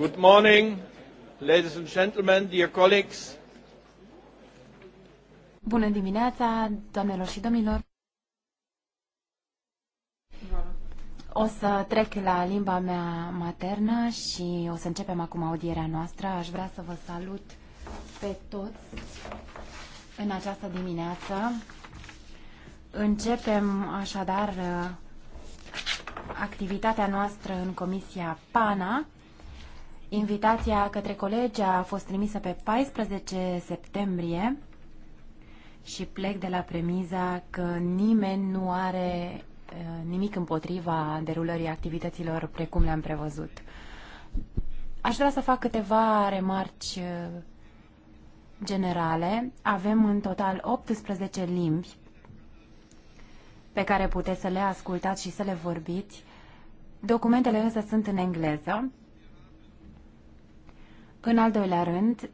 Good morning, ladies and gentlemen, dear colleagues. Bună dimineața, doamnelor și domnilor. O să trec la limba mea maternă și o să începem acum audierea noastră. Aș vrea să vă salut pe toți în această dimineață. Începem așadar uh, activitatea noastră în Comisia PANA Invitația către colegi a fost trimisă pe 14 septembrie și plec de la premiza că nimeni nu are uh, nimic împotriva derulării activităților precum le-am prevăzut. Aș vrea să fac câteva remarci uh, generale. Avem în total 18 limbi pe care puteți să le ascultați și să le vorbiți. Documentele însă sunt în engleză în al doilea rând,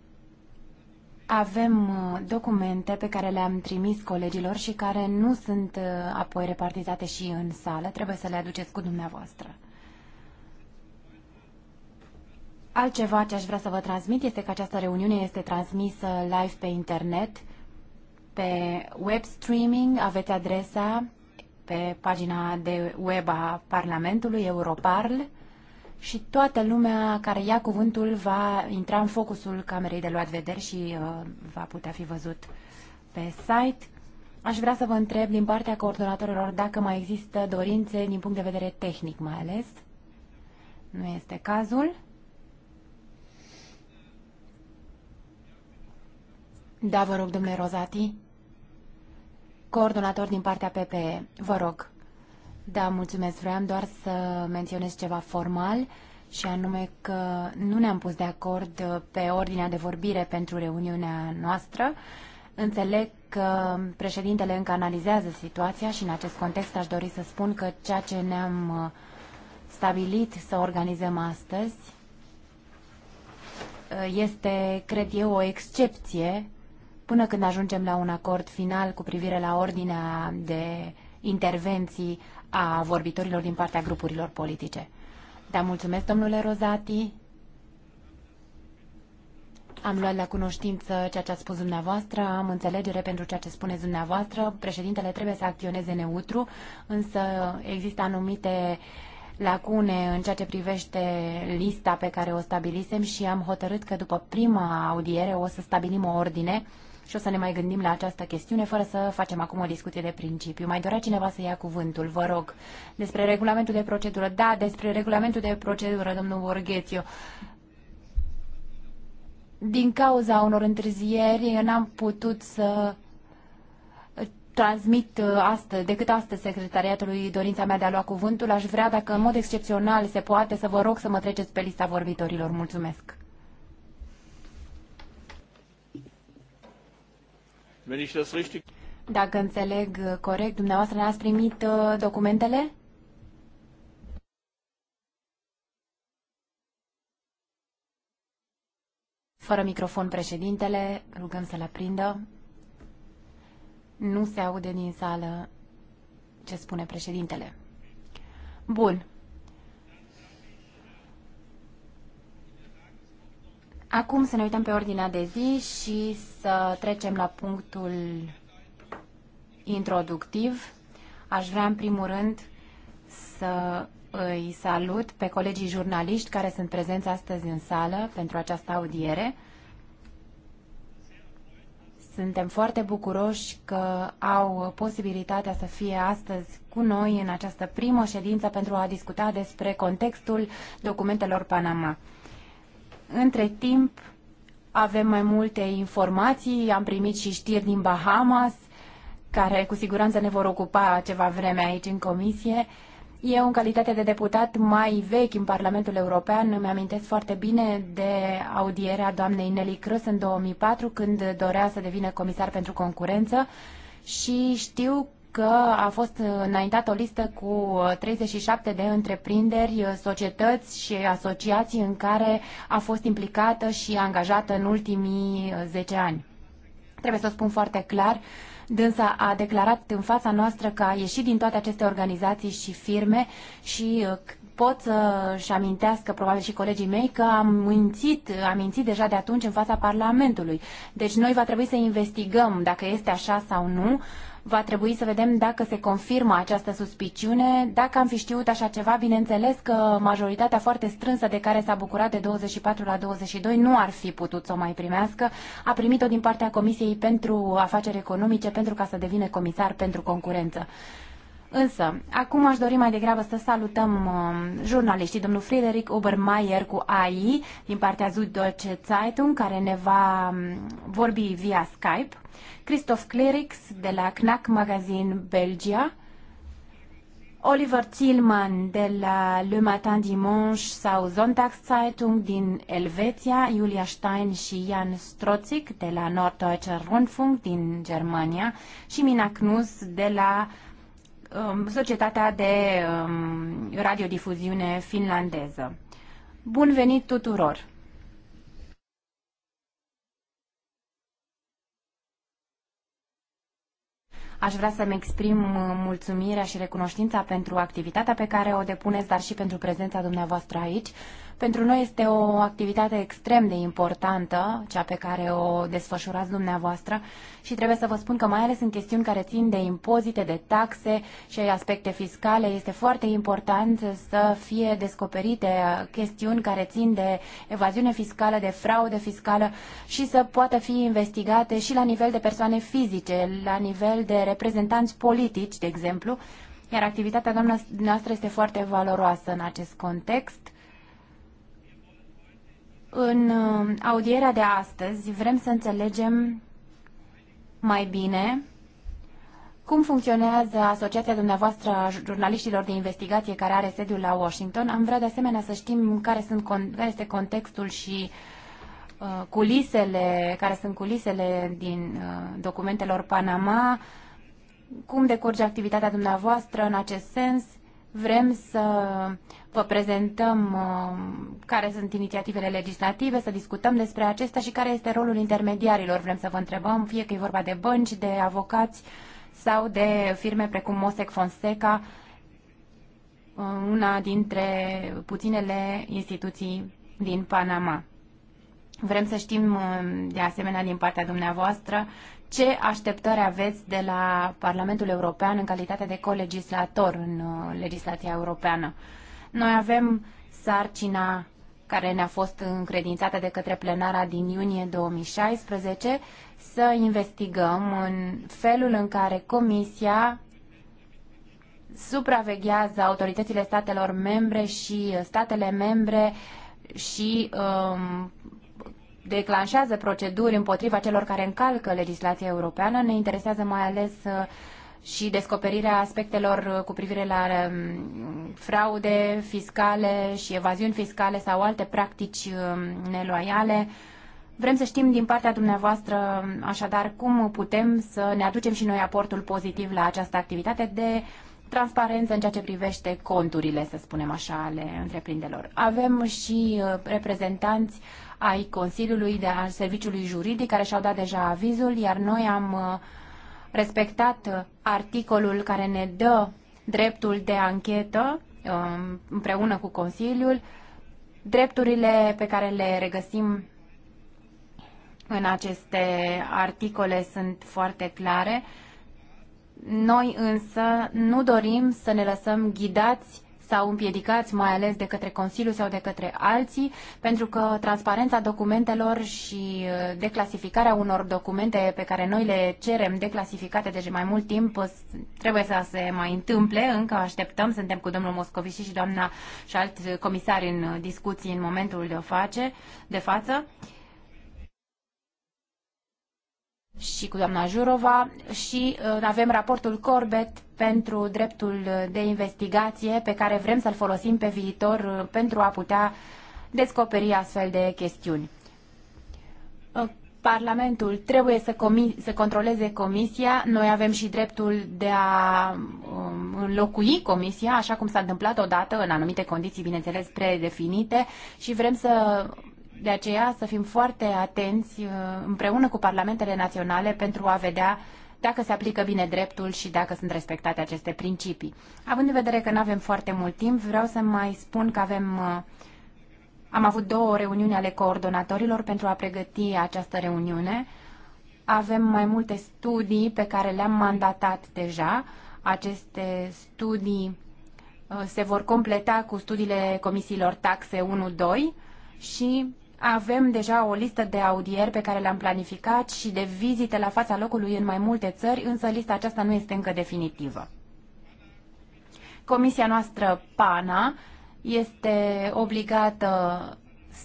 avem uh, documente pe care le-am trimis colegilor și care nu sunt uh, apoi repartizate și în sală. Trebuie să le aduceți cu dumneavoastră. Altceva ce aș vrea să vă transmit este că această reuniune este transmisă live pe internet, pe web streaming, aveți adresa pe pagina de web a Parlamentului Europarl și toată lumea care ia cuvântul va intra în focusul camerei de luat vederi și uh, va putea fi văzut pe site. Aș vrea să vă întreb din partea coordonatorilor dacă mai există dorințe din punct de vedere tehnic mai ales. Nu este cazul. Da, vă rog, domnule Rozati. Coordonator din partea PPE, vă rog. Da, mulțumesc. Vreau doar să menționez ceva formal și anume că nu ne-am pus de acord uh, pe ordinea de vorbire pentru reuniunea noastră. Înțeleg că președintele încă analizează situația și în acest context aș dori să spun că ceea ce ne-am uh, stabilit să organizăm astăzi uh, este, cred eu, o excepție până când ajungem la un acord final cu privire la ordinea de intervenții a vorbitorilor din partea grupurilor politice. Da, mulțumesc, domnule Rozati. Am luat la cunoștință ceea ce ați spus dumneavoastră, am înțelegere pentru ceea ce spuneți dumneavoastră. Președintele trebuie să acționeze neutru, însă există anumite lacune în ceea ce privește lista pe care o stabilisem și am hotărât că după prima audiere o să stabilim o ordine și o să ne mai gândim la această chestiune fără să facem acum o discuție de principiu. Mai dorea cineva să ia cuvântul, vă rog, despre regulamentul de procedură. Da, despre regulamentul de procedură, domnul Borghețiu. Din cauza unor întârzieri, eu n-am putut să transmit uh, astăzi, decât astăzi secretariatului dorința mea de a lua cuvântul. Aș vrea, dacă în mod excepțional se poate, să vă rog să mă treceți pe lista vorbitorilor. Mulțumesc. Dacă înțeleg corect, dumneavoastră ne-ați primit uh, documentele? Fără microfon președintele, rugăm să-l aprindă. Nu se aude din sală ce spune președintele. Bun. Acum să ne uităm pe ordinea de zi și să trecem la punctul introductiv. Aș vrea în primul rând să îi salut pe colegii jurnaliști care sunt prezenți astăzi în sală pentru această audiere. Suntem foarte bucuroși că au posibilitatea să fie astăzi cu noi în această primă ședință pentru a discuta despre contextul documentelor Panama. Între timp, avem mai multe informații, am primit și știri din Bahamas, care cu siguranță ne vor ocupa ceva vreme aici în comisie. Eu, în calitate de deputat mai vechi în Parlamentul European, îmi amintesc foarte bine de audierea doamnei Nelly Crăs în 2004, când dorea să devină comisar pentru concurență și știu că a fost înaintată o listă cu 37 de întreprinderi, societăți și asociații în care a fost implicată și angajată în ultimii 10 ani. Trebuie să o spun foarte clar, dânsa a declarat în fața noastră că a ieșit din toate aceste organizații și firme și uh, pot să-și amintească, probabil și colegii mei, că am mințit, am mințit deja de atunci în fața Parlamentului. Deci noi va trebui să investigăm dacă este așa sau nu Va trebui să vedem dacă se confirmă această suspiciune. Dacă am fi știut așa ceva, bineînțeles că majoritatea foarte strânsă de care s-a bucurat de 24 la 22 nu ar fi putut să o mai primească. A primit-o din partea Comisiei pentru Afaceri Economice pentru ca să devină comisar pentru concurență. Însă, acum aș dori mai degrabă să salutăm uh, jurnaliștii, domnul Friedrich Obermeier cu AI din partea Süddeutsche Zeitung, care ne va um, vorbi via Skype Christoph Clerix de la Knack Magazine Belgia, Oliver Thielman de la Le Matin Dimanche sau Sonntagszeitung din Elveția, Julia Stein și Jan Stroțic de la Norddeutscher Rundfunk din Germania și Mina Knus de la um, Societatea de um, Radiodifuziune Finlandeză. Bun venit tuturor! Aș vrea să-mi exprim uh, mulțumirea și recunoștința pentru activitatea pe care o depuneți, dar și pentru prezența dumneavoastră aici pentru noi este o activitate extrem de importantă, cea pe care o desfășurați dumneavoastră și trebuie să vă spun că mai ales în chestiuni care țin de impozite, de taxe și aspecte fiscale, este foarte important să fie descoperite chestiuni care țin de evaziune fiscală, de fraudă fiscală și să poată fi investigate și la nivel de persoane fizice, la nivel de reprezentanți politici, de exemplu, iar activitatea noastră este foarte valoroasă în acest context în uh, audierea de astăzi vrem să înțelegem mai bine cum funcționează asociația dumneavoastră a jurnaliștilor de investigație care are sediul la Washington. Am vrea de asemenea să știm care, sunt, care este contextul și uh, culisele, care sunt culisele din uh, documentelor Panama, cum decurge activitatea dumneavoastră în acest sens Vrem să vă prezentăm uh, care sunt inițiativele legislative, să discutăm despre acestea și care este rolul intermediarilor. Vrem să vă întrebăm, fie că e vorba de bănci, de avocați sau de firme precum Mosec Fonseca, uh, una dintre puținele instituții din Panama. Vrem să știm, uh, de asemenea, din partea dumneavoastră, ce așteptări aveți de la Parlamentul European în calitate de colegislator în uh, legislația europeană. Noi avem sarcina care ne-a fost încredințată de către plenara din iunie 2016 să investigăm în felul în care Comisia supraveghează autoritățile statelor membre și uh, statele membre și um, declanșează proceduri împotriva celor care încalcă legislația europeană. Ne interesează mai ales uh, și descoperirea aspectelor uh, cu privire la um, fraude fiscale și evaziuni fiscale sau alte practici um, neloiale. Vrem să știm din partea dumneavoastră, um, așadar, cum putem să ne aducem și noi aportul pozitiv la această activitate de transparență în ceea ce privește conturile, să spunem așa, ale întreprinderilor. Avem și uh, reprezentanți uh, ai Consiliului de al Serviciului Juridic, care și-au dat deja avizul, iar noi am uh, respectat uh, articolul care ne dă dreptul de anchetă um, împreună cu Consiliul, drepturile pe care le regăsim în aceste articole sunt foarte clare. Noi însă nu dorim să ne lăsăm ghidați sau împiedicați mai ales de către Consiliu sau de către alții, pentru că transparența documentelor și uh, declasificarea unor documente pe care noi le cerem declasificate deja mai mult timp uh, trebuie să se mai întâmple, încă așteptăm, suntem cu domnul Moscovici și doamna și alți comisar în uh, discuții în momentul de, face, de față și cu doamna Jurova și uh, avem raportul Corbett pentru dreptul de investigație pe care vrem să-l folosim pe viitor uh, pentru a putea descoperi astfel de chestiuni. Uh, Parlamentul trebuie să, comi- să controleze comisia, noi avem și dreptul de a um, înlocui comisia, așa cum s-a întâmplat odată, în anumite condiții, bineînțeles, predefinite și vrem să de aceea să fim foarte atenți uh, împreună cu parlamentele naționale pentru a vedea dacă se aplică bine dreptul și dacă sunt respectate aceste principii. Având în vedere că nu avem foarte mult timp, vreau să mai spun că avem, uh, am avut două reuniuni ale coordonatorilor pentru a pregăti această reuniune. Avem mai multe studii pe care le-am mandatat deja. Aceste studii uh, se vor completa cu studiile comisiilor taxe 1-2 și avem deja o listă de audieri pe care le-am planificat și de vizite la fața locului în mai multe țări, însă lista aceasta nu este încă definitivă. Comisia noastră PANA este obligată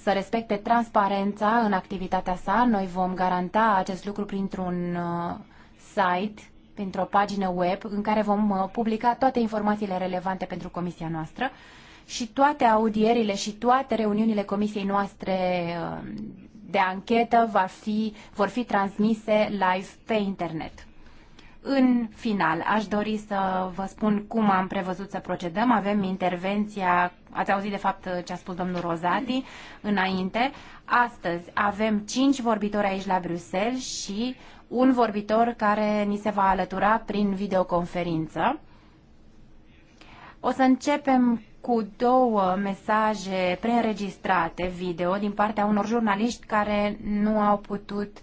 să respecte transparența în activitatea sa. Noi vom garanta acest lucru printr-un uh, site, printr-o pagină web în care vom uh, publica toate informațiile relevante pentru comisia noastră și toate audierile și toate reuniunile comisiei noastre um, de anchetă va fi, vor fi transmise live pe internet. În final, aș dori să vă spun cum am prevăzut să procedăm. Avem intervenția, ați auzit de fapt ce a spus domnul Rozati înainte. Astăzi avem cinci vorbitori aici la Bruxelles și un vorbitor care ni se va alătura prin videoconferință. O să începem cu două mesaje preînregistrate video din partea unor jurnaliști care nu au putut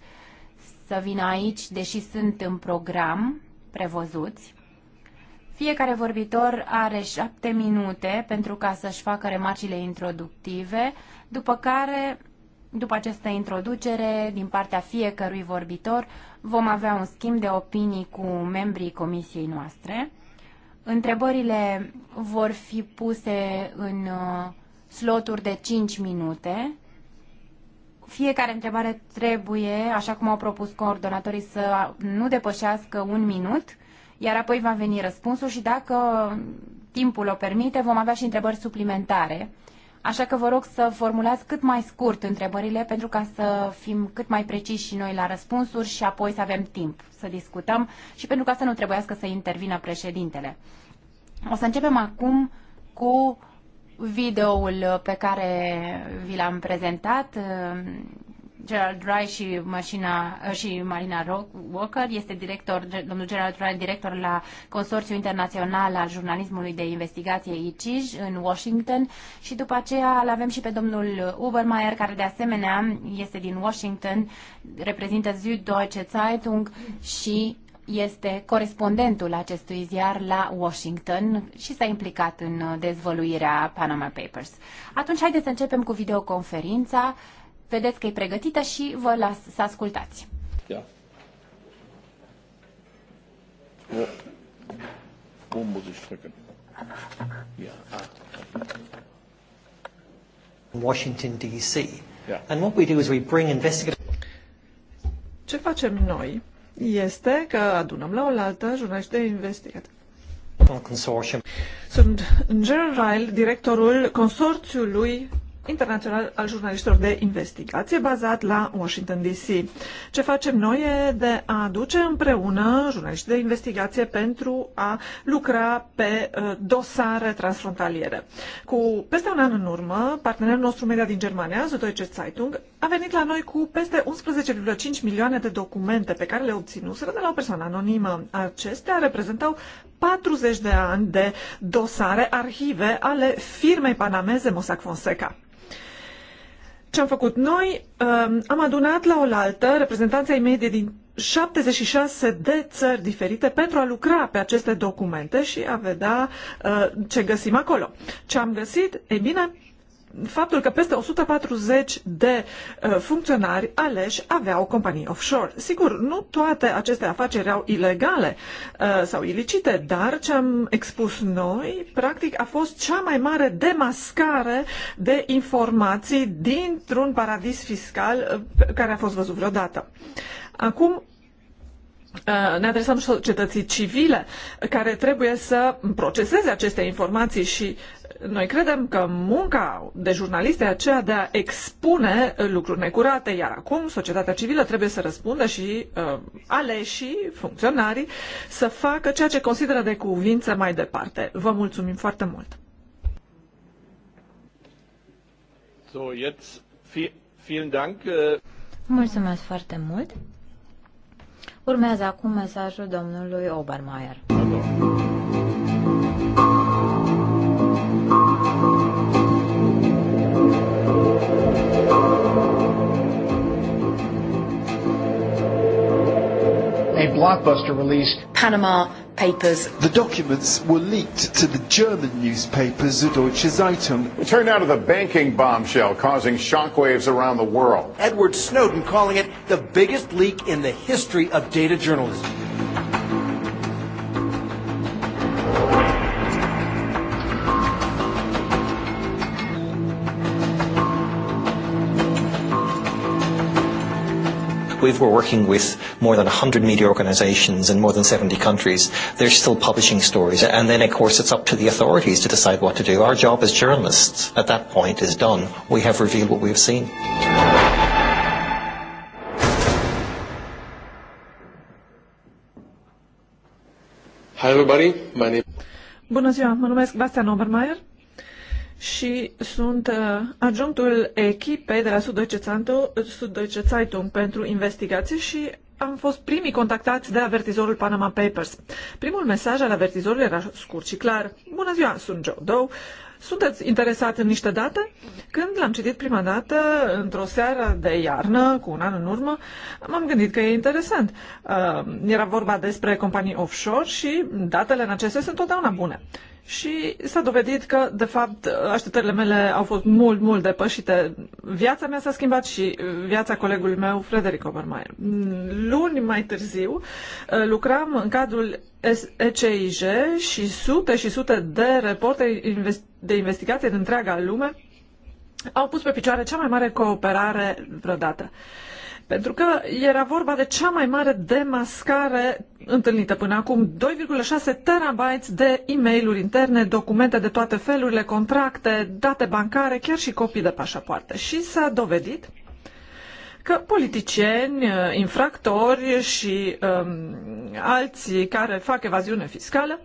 să vină aici, deși sunt în program prevăzuți. Fiecare vorbitor are șapte minute pentru ca să-și facă remarcile introductive, după care, după această introducere, din partea fiecărui vorbitor, vom avea un schimb de opinii cu membrii comisiei noastre. Întrebările vor fi puse în uh, sloturi de 5 minute. Fiecare întrebare trebuie, așa cum au propus coordonatorii, să nu depășească un minut, iar apoi va veni răspunsul și dacă timpul o permite, vom avea și întrebări suplimentare Așa că vă rog să formulați cât mai scurt întrebările pentru ca să fim cât mai preciși și noi la răspunsuri și apoi să avem timp să discutăm și pentru ca să nu trebuiască să intervină președintele. O să începem acum cu videoul pe care vi l-am prezentat Gerald Dry și, mașina, uh, și Marina Walker, este director, domnul Gerald Dry, director la Consorțiul Internațional al Jurnalismului de Investigație ICIJ în Washington și după aceea îl avem și pe domnul Ubermeier, care de asemenea este din Washington, reprezintă Süddeutsche Zeitung și este corespondentul acestui ziar la Washington și s-a implicat în uh, dezvăluirea Panama Papers. Atunci, haideți să începem cu videoconferința vedeți că e pregătită și vă las să ascultați. Washington DC. Yeah. And what we do is we bring investigators. Ce facem noi este că adunăm la oaltă jurnaliști de investigație. Sunt, în general, directorul consorțiului internațional al jurnaliștilor de investigație bazat la Washington DC. Ce facem noi e de a aduce împreună jurnaliști de investigație pentru a lucra pe uh, dosare transfrontaliere. Cu peste un an în urmă, partenerul nostru media din Germania, Zutoice Zeitung, a venit la noi cu peste 11,5 milioane de documente pe care le obținuseră de la o persoană anonimă. Acestea reprezentau 40 de ani de dosare, arhive ale firmei panameze Mossack Fonseca ce am făcut noi? Ehm, am adunat la oaltă reprezentanța ai medie din 76 de țări diferite pentru a lucra pe aceste documente și a vedea eh, ce găsim acolo. Ce am găsit? Ei bine, faptul că peste 140 de uh, funcționari aleși aveau companii offshore. Sigur, nu toate aceste afaceri erau ilegale uh, sau ilicite, dar ce am expus noi, practic, a fost cea mai mare demascare de informații dintr-un paradis fiscal uh, care a fost văzut vreodată. Acum, Uh, ne adresăm societății civile care trebuie să proceseze aceste informații și noi credem că munca de jurnalist e aceea de a expune lucruri necurate, iar acum societatea civilă trebuie să răspundă și uh, aleșii, funcționarii, să facă ceea ce consideră de cuvință mai departe. Vă mulțumim foarte mult! So, jetzt, vielen Dank. Uh. Mulțumesc foarte mult! Urmează acum mesajul domnului Obermeier. A blockbuster release Panama papers. The documents were leaked to the German newspaper Süddeutsche Zeitung. It turned out of the banking bombshell causing shockwaves around the world. Edward Snowden calling it the biggest leak in the history of data journalism. We've, we're working with more than 100 media organisations in more than 70 countries. They're still publishing stories. And then, of course, it's up to the authorities to decide what to do. Our job as journalists at that point is done. We have revealed what we've seen. Hi everybody, my name... Bună ziua, mă numesc Bastian Obermeier și sunt uh, adjunctul echipei de la sud Zeitung pentru investigații și am fost primii contactați de avertizorul Panama Papers. Primul mesaj al avertizorului era scurt și clar. Bună ziua, sunt Joe Doe, sunteți interesat în niște date? Când l-am citit prima dată, într-o seară de iarnă, cu un an în urmă, m-am gândit că e interesant. Uh, era vorba despre companii offshore și datele în acestea sunt totdeauna bune. Și s-a dovedit că, de fapt, așteptările mele au fost mult, mult depășite. Viața mea s-a schimbat și viața colegului meu, Frederic Obermeier. Luni mai târziu uh, lucram în cadrul ECIJ și sute și sute de reporteri investi- de investigație din întreaga lume au pus pe picioare cea mai mare cooperare vreodată. Pentru că era vorba de cea mai mare demascare întâlnită până acum. 2,6 terabytes de e mail interne, documente de toate felurile, contracte, date bancare, chiar și copii de pașapoarte. Și s-a dovedit că politicieni, uh, infractori și um, alții care fac evaziune fiscală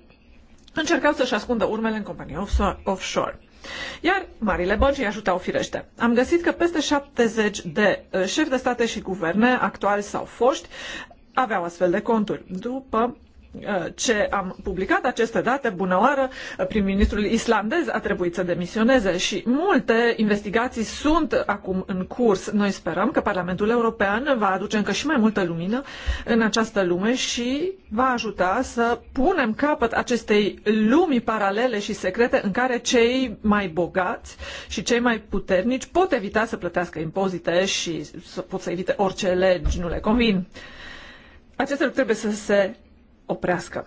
încercau să-și ascundă urmele în companii offshore. Iar marile bănci îi ajutau firește. Am găsit că peste 70 de eh, șefi de state și guverne, actuali sau foști, aveau astfel de conturi. După Uh, ce am publicat aceste date, bună oară, uh, prim-ministrul islandez a trebuit să demisioneze și multe investigații sunt acum în curs. Noi sperăm că Parlamentul European va aduce încă și mai multă lumină în această lume și va ajuta să punem capăt acestei lumii paralele și secrete în care cei mai bogați și cei mai puternici pot evita să plătească impozite și să pot să evite orice legi nu le convin. Aceste lucruri trebuie să se oprească.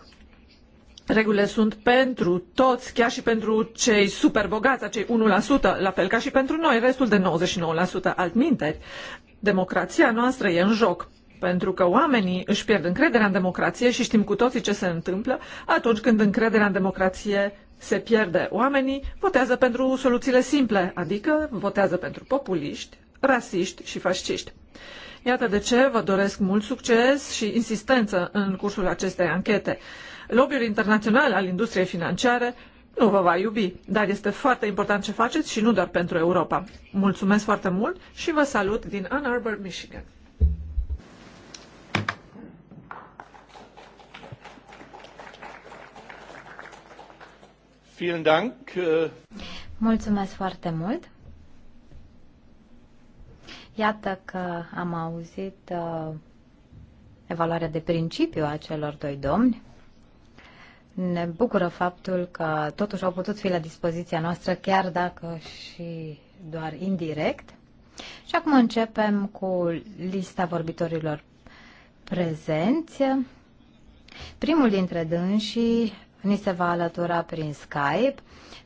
Regulile sunt pentru toți, chiar și pentru cei super bogați, acei 1%, la fel ca și pentru noi, restul de 99% altminteri. Democrația noastră e în joc, pentru că oamenii își pierd încrederea în democrație și știm cu toții ce se întâmplă atunci când încrederea în democrație se pierde. Oamenii votează pentru soluțiile simple, adică votează pentru populiști, rasiști și fasciști. Iată de ce vă doresc mult succes și insistență în cursul acestei anchete. Lobby-ul internațional al industriei financiare nu vă va iubi, dar este foarte important ce faceți și nu doar pentru Europa. Mulțumesc foarte mult și vă salut din Ann Arbor, Michigan. Äh, Mulțumesc foarte mult. Iată că am auzit uh, evaluarea de principiu a celor doi domni. Ne bucură faptul că totuși au putut fi la dispoziția noastră, chiar dacă și doar indirect. Și acum începem cu lista vorbitorilor prezenți. Primul dintre dânsii ni se va alătura prin Skype.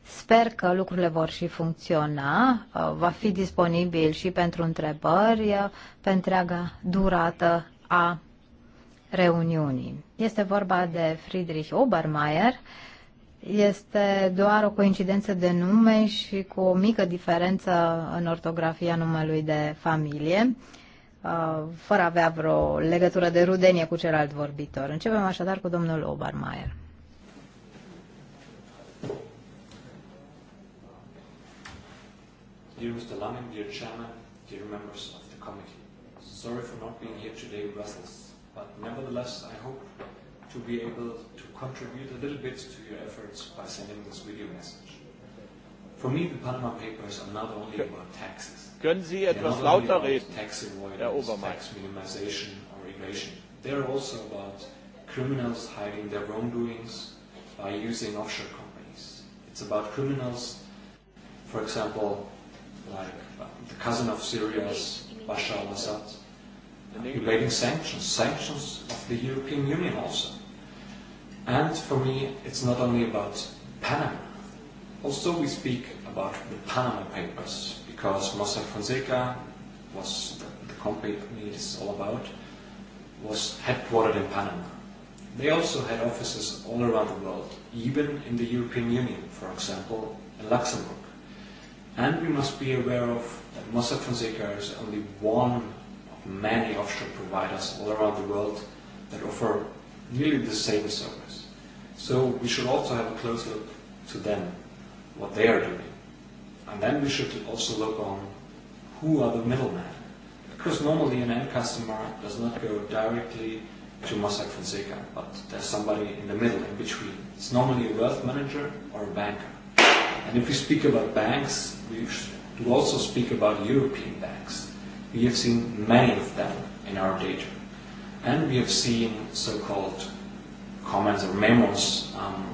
Sper că lucrurile vor și funcționa, uh, va fi disponibil și pentru întrebări uh, pe întreaga durată a reuniunii. Este vorba de Friedrich Obermeier, este doar o coincidență de nume și cu o mică diferență în ortografia numelui de familie, uh, fără a avea vreo legătură de rudenie cu celălalt vorbitor. Începem așadar cu domnul Obermeier. Dear Mr. Langen, dear Chairman, dear members of the committee, sorry for not being here today in Brussels, but nevertheless I hope to be able to contribute a little bit to your efforts by sending this video message. For me, the Panama Papers are not only about taxes. Können Sie etwas lauter reden, tax avoidance, Herr Obermeier? Tax minimization or evasion. They are also about criminals hiding their wrongdoings by using offshore companies. It's about criminals, for example, like uh, the cousin of Syria's Bashar al-Assad, evading sanctions, sanctions of the European Union also. And for me, it's not only about Panama. Also, we speak about the Panama Papers because Mossack Fonseca was the, the company it's all about was headquartered in Panama. They also had offices all around the world, even in the European Union, for example, in Luxembourg. And we must be aware of that Mossad Fonseca is only one of many offshore providers all around the world that offer nearly the same service. So we should also have a close look to them, what they are doing. And then we should also look on who are the middlemen. Because normally an end customer does not go directly to Mossack Fonseca, but there's somebody in the middle, in between. It's normally a wealth manager or a banker. And if we speak about banks, we should also speak about European banks. We have seen many of them in our data. And we have seen so-called comments or memos um,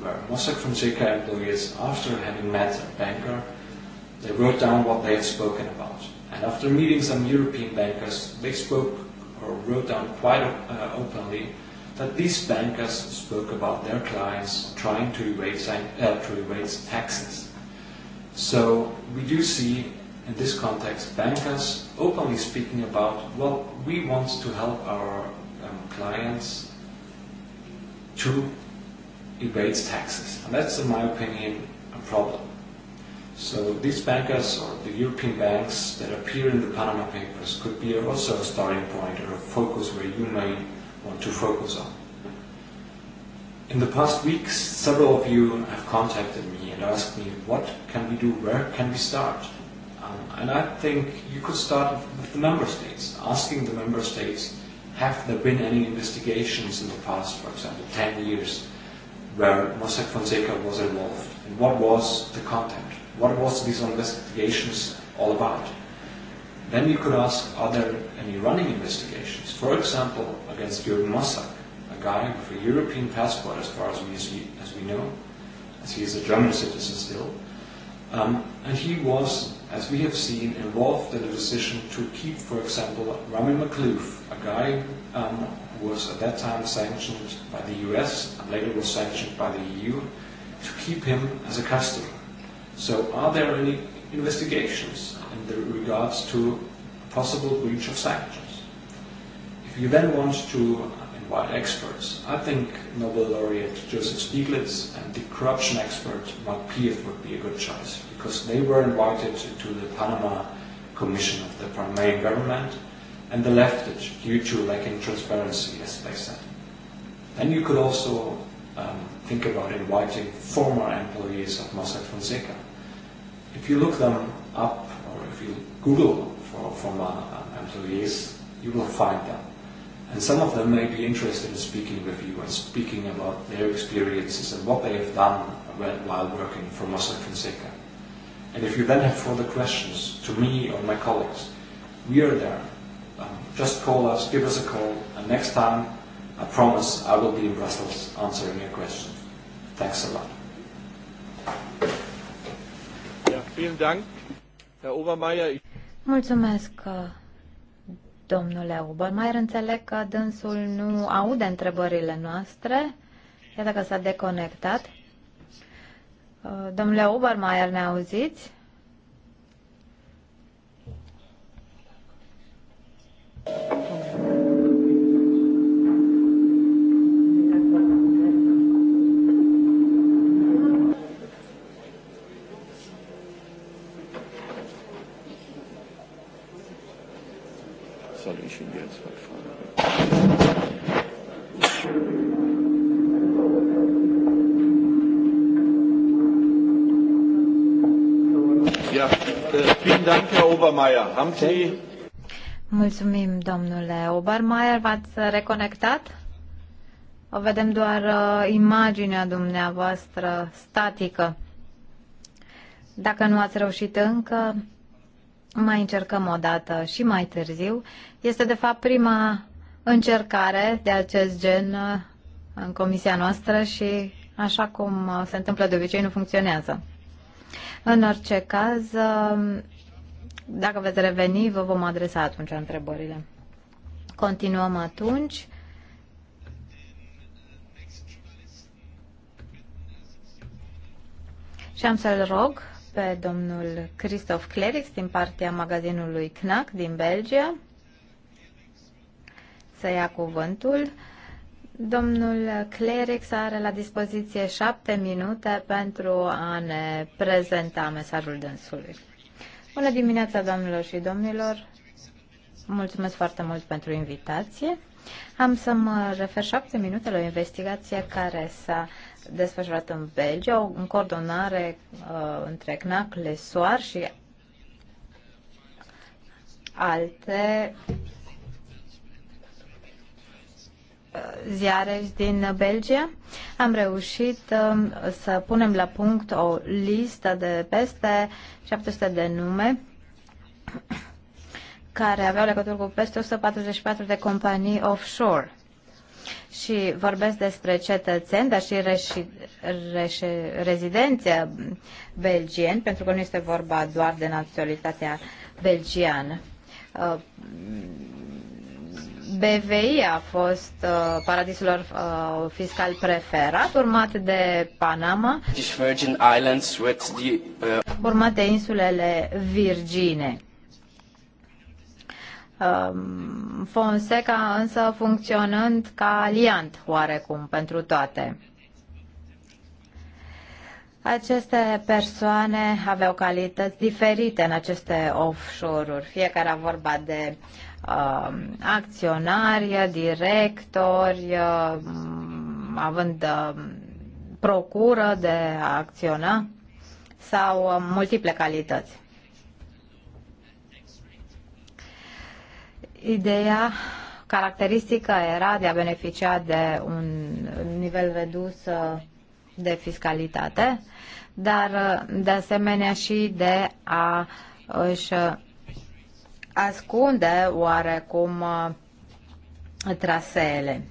where Mossack Fonseca employees, after having met a banker, they wrote down what they had spoken about. And after meeting some European bankers, they spoke or wrote down quite uh, openly that these bankers spoke about their clients trying to evade, uh, to evade taxes. So we do see in this context bankers openly speaking about, well, we want to help our um, clients to evade taxes. And that's, in my opinion, a problem. So these bankers or the European banks that appear in the Panama Papers could be also a starting point or a focus where you may want to focus on. In the past weeks, several of you have contacted me and asked me, what can we do, where can we start? Um, and I think you could start with the member states, asking the member states, have there been any investigations in the past, for example, 10 years, where Mossack Fonseca was involved? And what was the content? What was these investigations all about? Then we could ask, are there any running investigations? For example, against Jürgen Mossack, a guy with a European passport as far as we, see, as we know, as he is a German citizen still. Um, and he was, as we have seen, involved in the decision to keep, for example, Rami McLuth, a guy um, who was at that time sanctioned by the US and later was sanctioned by the EU, to keep him as a customer. So are there any investigations in regards to possible breach of sanctions. If you then want to invite experts, I think Nobel laureate Joseph Stiglitz and the corruption expert Mark Pief would be a good choice because they were invited to the Panama Commission of the Panamanian government and they left it due to lacking transparency, as they said. Then you could also um, think about inviting former employees of Mossack Fonseca If you look them up, or if you Google for, former employees, you will find them. And some of them may be interested in speaking with you and speaking about their experiences and what they have done while working for Mossack Fonseca. And if you then have further questions to me or my colleagues, we are there. Um, just call us, give us a call, and next time, I promise I will be in Brussels answering your questions. Thanks a lot. Mulțumesc, domnule Obermeier. Înțeleg că dânsul nu aude întrebările noastre. Iată că s-a deconectat. Domnule Obermeier, ne auziți? Dank, Herr Obermeier. Haben Sie... Mulțumim, domnule Obermeier. V-ați reconectat? O vedem doar uh, imaginea dumneavoastră statică. Dacă nu ați reușit încă, mai încercăm o dată și mai târziu. Este, de fapt, prima încercare de acest gen uh, în comisia noastră și, așa cum uh, se întâmplă de obicei, nu funcționează. În orice caz, uh, dacă veți reveni, vă vom adresa atunci întrebările. Continuăm atunci. Și am să-l rog pe domnul Christoph Clerix din partea magazinului Knack din Belgia să ia cuvântul. Domnul Clerix are la dispoziție șapte minute pentru a ne prezenta mesajul dânsului. Bună dimineața, doamnelor și domnilor! Mulțumesc foarte mult pentru invitație. Am să mă refer șapte minute la o investigație care s-a desfășurat în Belgia, o în coordonare uh, între CNAC, Lesoar și alte ziare din Belgia. Am reușit um, să punem la punct o listă de peste 700 de nume care aveau legătură cu peste 144 de companii offshore. Și vorbesc despre cetățeni, dar și reși, reși, rezidenția belgieni, pentru că nu este vorba doar de naționalitatea belgiană uh, BVI a fost uh, paradisul lor uh, fiscal preferat, urmat de Panama, Virgin Islands with the, uh... urmat de insulele Virgine. Uh, Fonseca însă funcționând ca aliant oarecum pentru toate. Aceste persoane aveau calități diferite în aceste offshore-uri. Fiecare a vorba de uh, uh, acționari, directori, uh, având uh, um, procură de a acționa sau uh, multiple calități. Ideea caracteristică era de a beneficia de un nivel redus uh, de fiscalitate, dar uh, de asemenea și de a uh, își ascunde oarecum uh, traseele.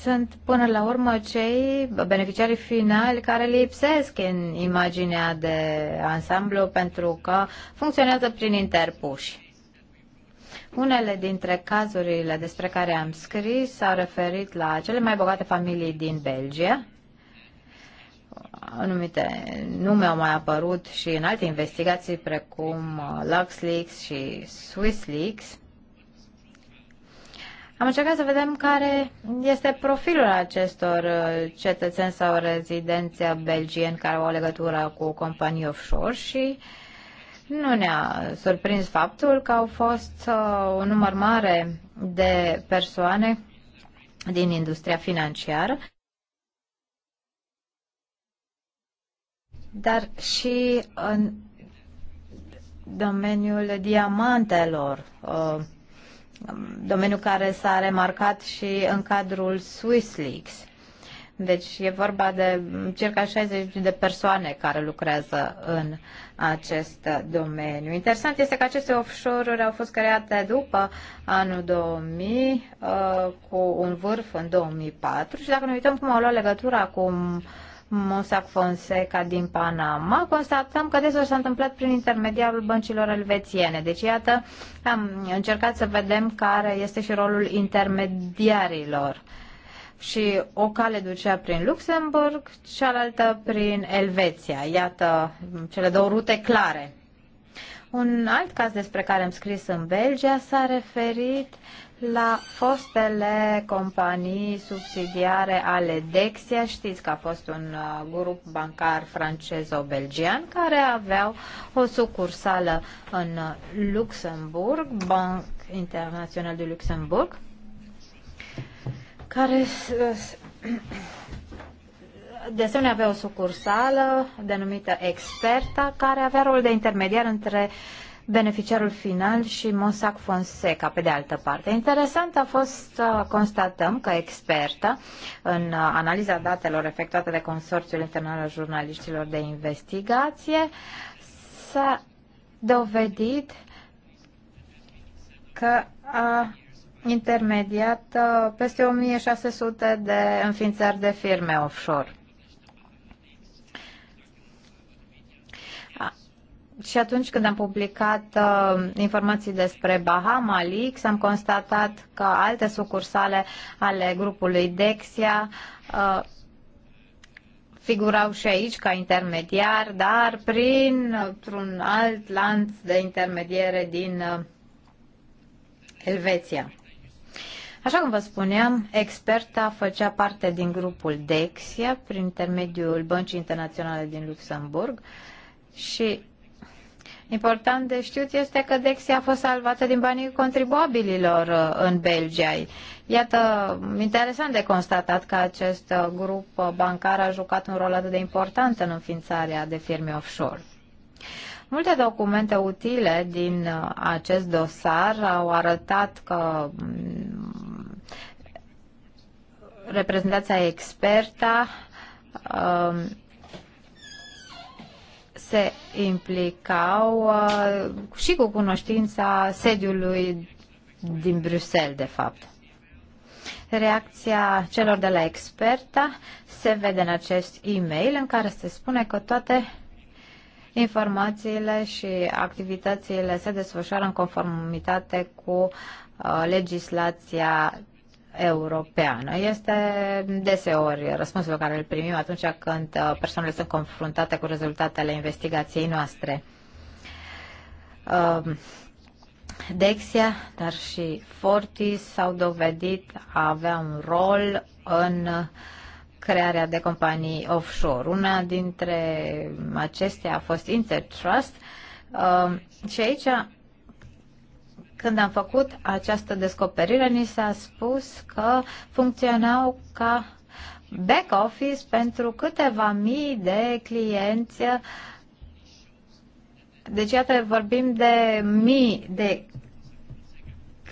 Sunt până la urmă cei beneficiarii finali care lipsesc în imaginea de ansamblu pentru că funcționează prin interpuși. Unele dintre cazurile despre care am scris s-au referit la cele mai bogate familii din Belgia, anumite nume au mai apărut și în alte investigații precum uh, LuxLeaks și SwissLeaks. Am încercat să vedem care este profilul acestor uh, cetățeni sau rezidenți belgieni care au legătură cu companii offshore și nu ne-a surprins faptul că au fost o uh, un număr mare de persoane din industria financiară dar și în domeniul diamantelor, uh, domeniul care s-a remarcat și în cadrul Swiss Leaks. Deci e vorba de circa 60 de persoane care lucrează în acest domeniu. Interesant este că aceste offshore-uri au fost create după anul 2000 uh, cu un vârf în 2004 și dacă ne uităm cum au luat legătura cu uh, Mossack Fonseca din Panama, constatăm că desul s-a întâmplat prin intermediarul băncilor elvețiene. Deci, iată, am încercat să vedem care este și rolul intermediarilor. Și o cale ducea prin Luxemburg, cealaltă prin Elveția. Iată cele două rute clare. Un alt caz despre care am scris în Belgia s-a referit la fostele companii subsidiare ale Dexia. Știți că a fost un uh, grup bancar francez-belgian care aveau o sucursală în uh, Luxemburg, Banc Internațional de Luxemburg, care de asemenea avea o sucursală denumită Experta, care avea rol de intermediar între uh, beneficiarul final și Mossack Fonseca, pe de altă parte. Interesant a fost să uh, constatăm că expertă în uh, analiza datelor efectuate de Consorțiul Internal al Jurnaliștilor de Investigație s-a dovedit că a intermediat uh, peste 1600 de înființări de firme offshore. și atunci când am publicat uh, informații despre Bahama Leaks, am constatat că alte sucursale ale grupului Dexia uh, figurau și aici ca intermediar, dar prin un alt lanț de intermediere din uh, Elveția. Așa cum vă spuneam, experta făcea parte din grupul Dexia prin intermediul Băncii Internaționale din Luxemburg și Important de știut este că Dexia a fost salvată din banii contribuabililor uh, în Belgia. Iată, interesant de constatat că acest uh, grup uh, bancar a jucat un rol atât de important în înființarea de firme offshore. Multe documente utile din acest dosar au arătat că mm, reprezentația experta se implicau uh, și cu cunoștința sediului din Bruxelles, de fapt. Reacția celor de la experta se vede în acest e-mail în care se spune că toate informațiile și activitățile se desfășoară în conformitate cu uh, legislația europeană. Este deseori răspunsul pe care îl primim atunci când persoanele sunt confruntate cu rezultatele investigației noastre. Um, Dexia, dar și Fortis s-au dovedit a avea un rol în crearea de companii offshore. Una dintre acestea a fost Intertrust um, și aici când am făcut această descoperire, ni s-a spus că funcționau ca back office pentru câteva mii de clienți. Deci, iată, vorbim de mii de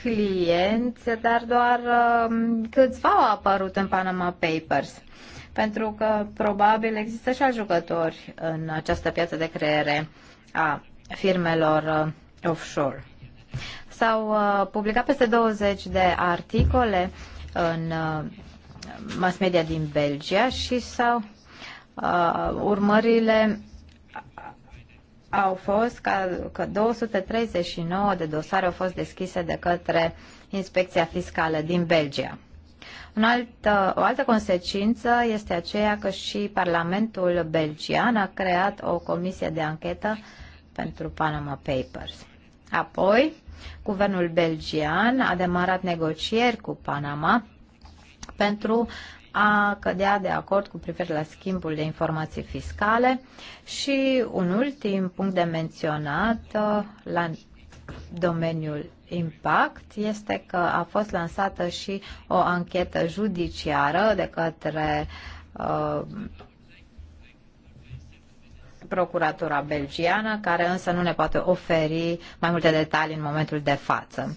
clienți, dar doar um, câțiva au apărut în Panama Papers. Pentru că probabil există și alți jucători în această piață de creere a firmelor uh, offshore. S-au uh, publicat peste 20 de articole în uh, mass media din Belgia și sau uh, urmările au fost ca, că 239 de dosare au fost deschise de către Inspecția Fiscală din Belgia. Un alt, o altă consecință este aceea că și Parlamentul belgian a creat o comisie de anchetă pentru Panama Papers. Apoi, Guvernul belgian a demarat negocieri cu Panama pentru a cădea de acord cu privire la schimbul de informații fiscale și un ultim punct de menționat uh, la domeniul impact este că a fost lansată și o anchetă judiciară de către uh, procuratura belgiană, care însă nu ne poate oferi mai multe detalii în momentul de față.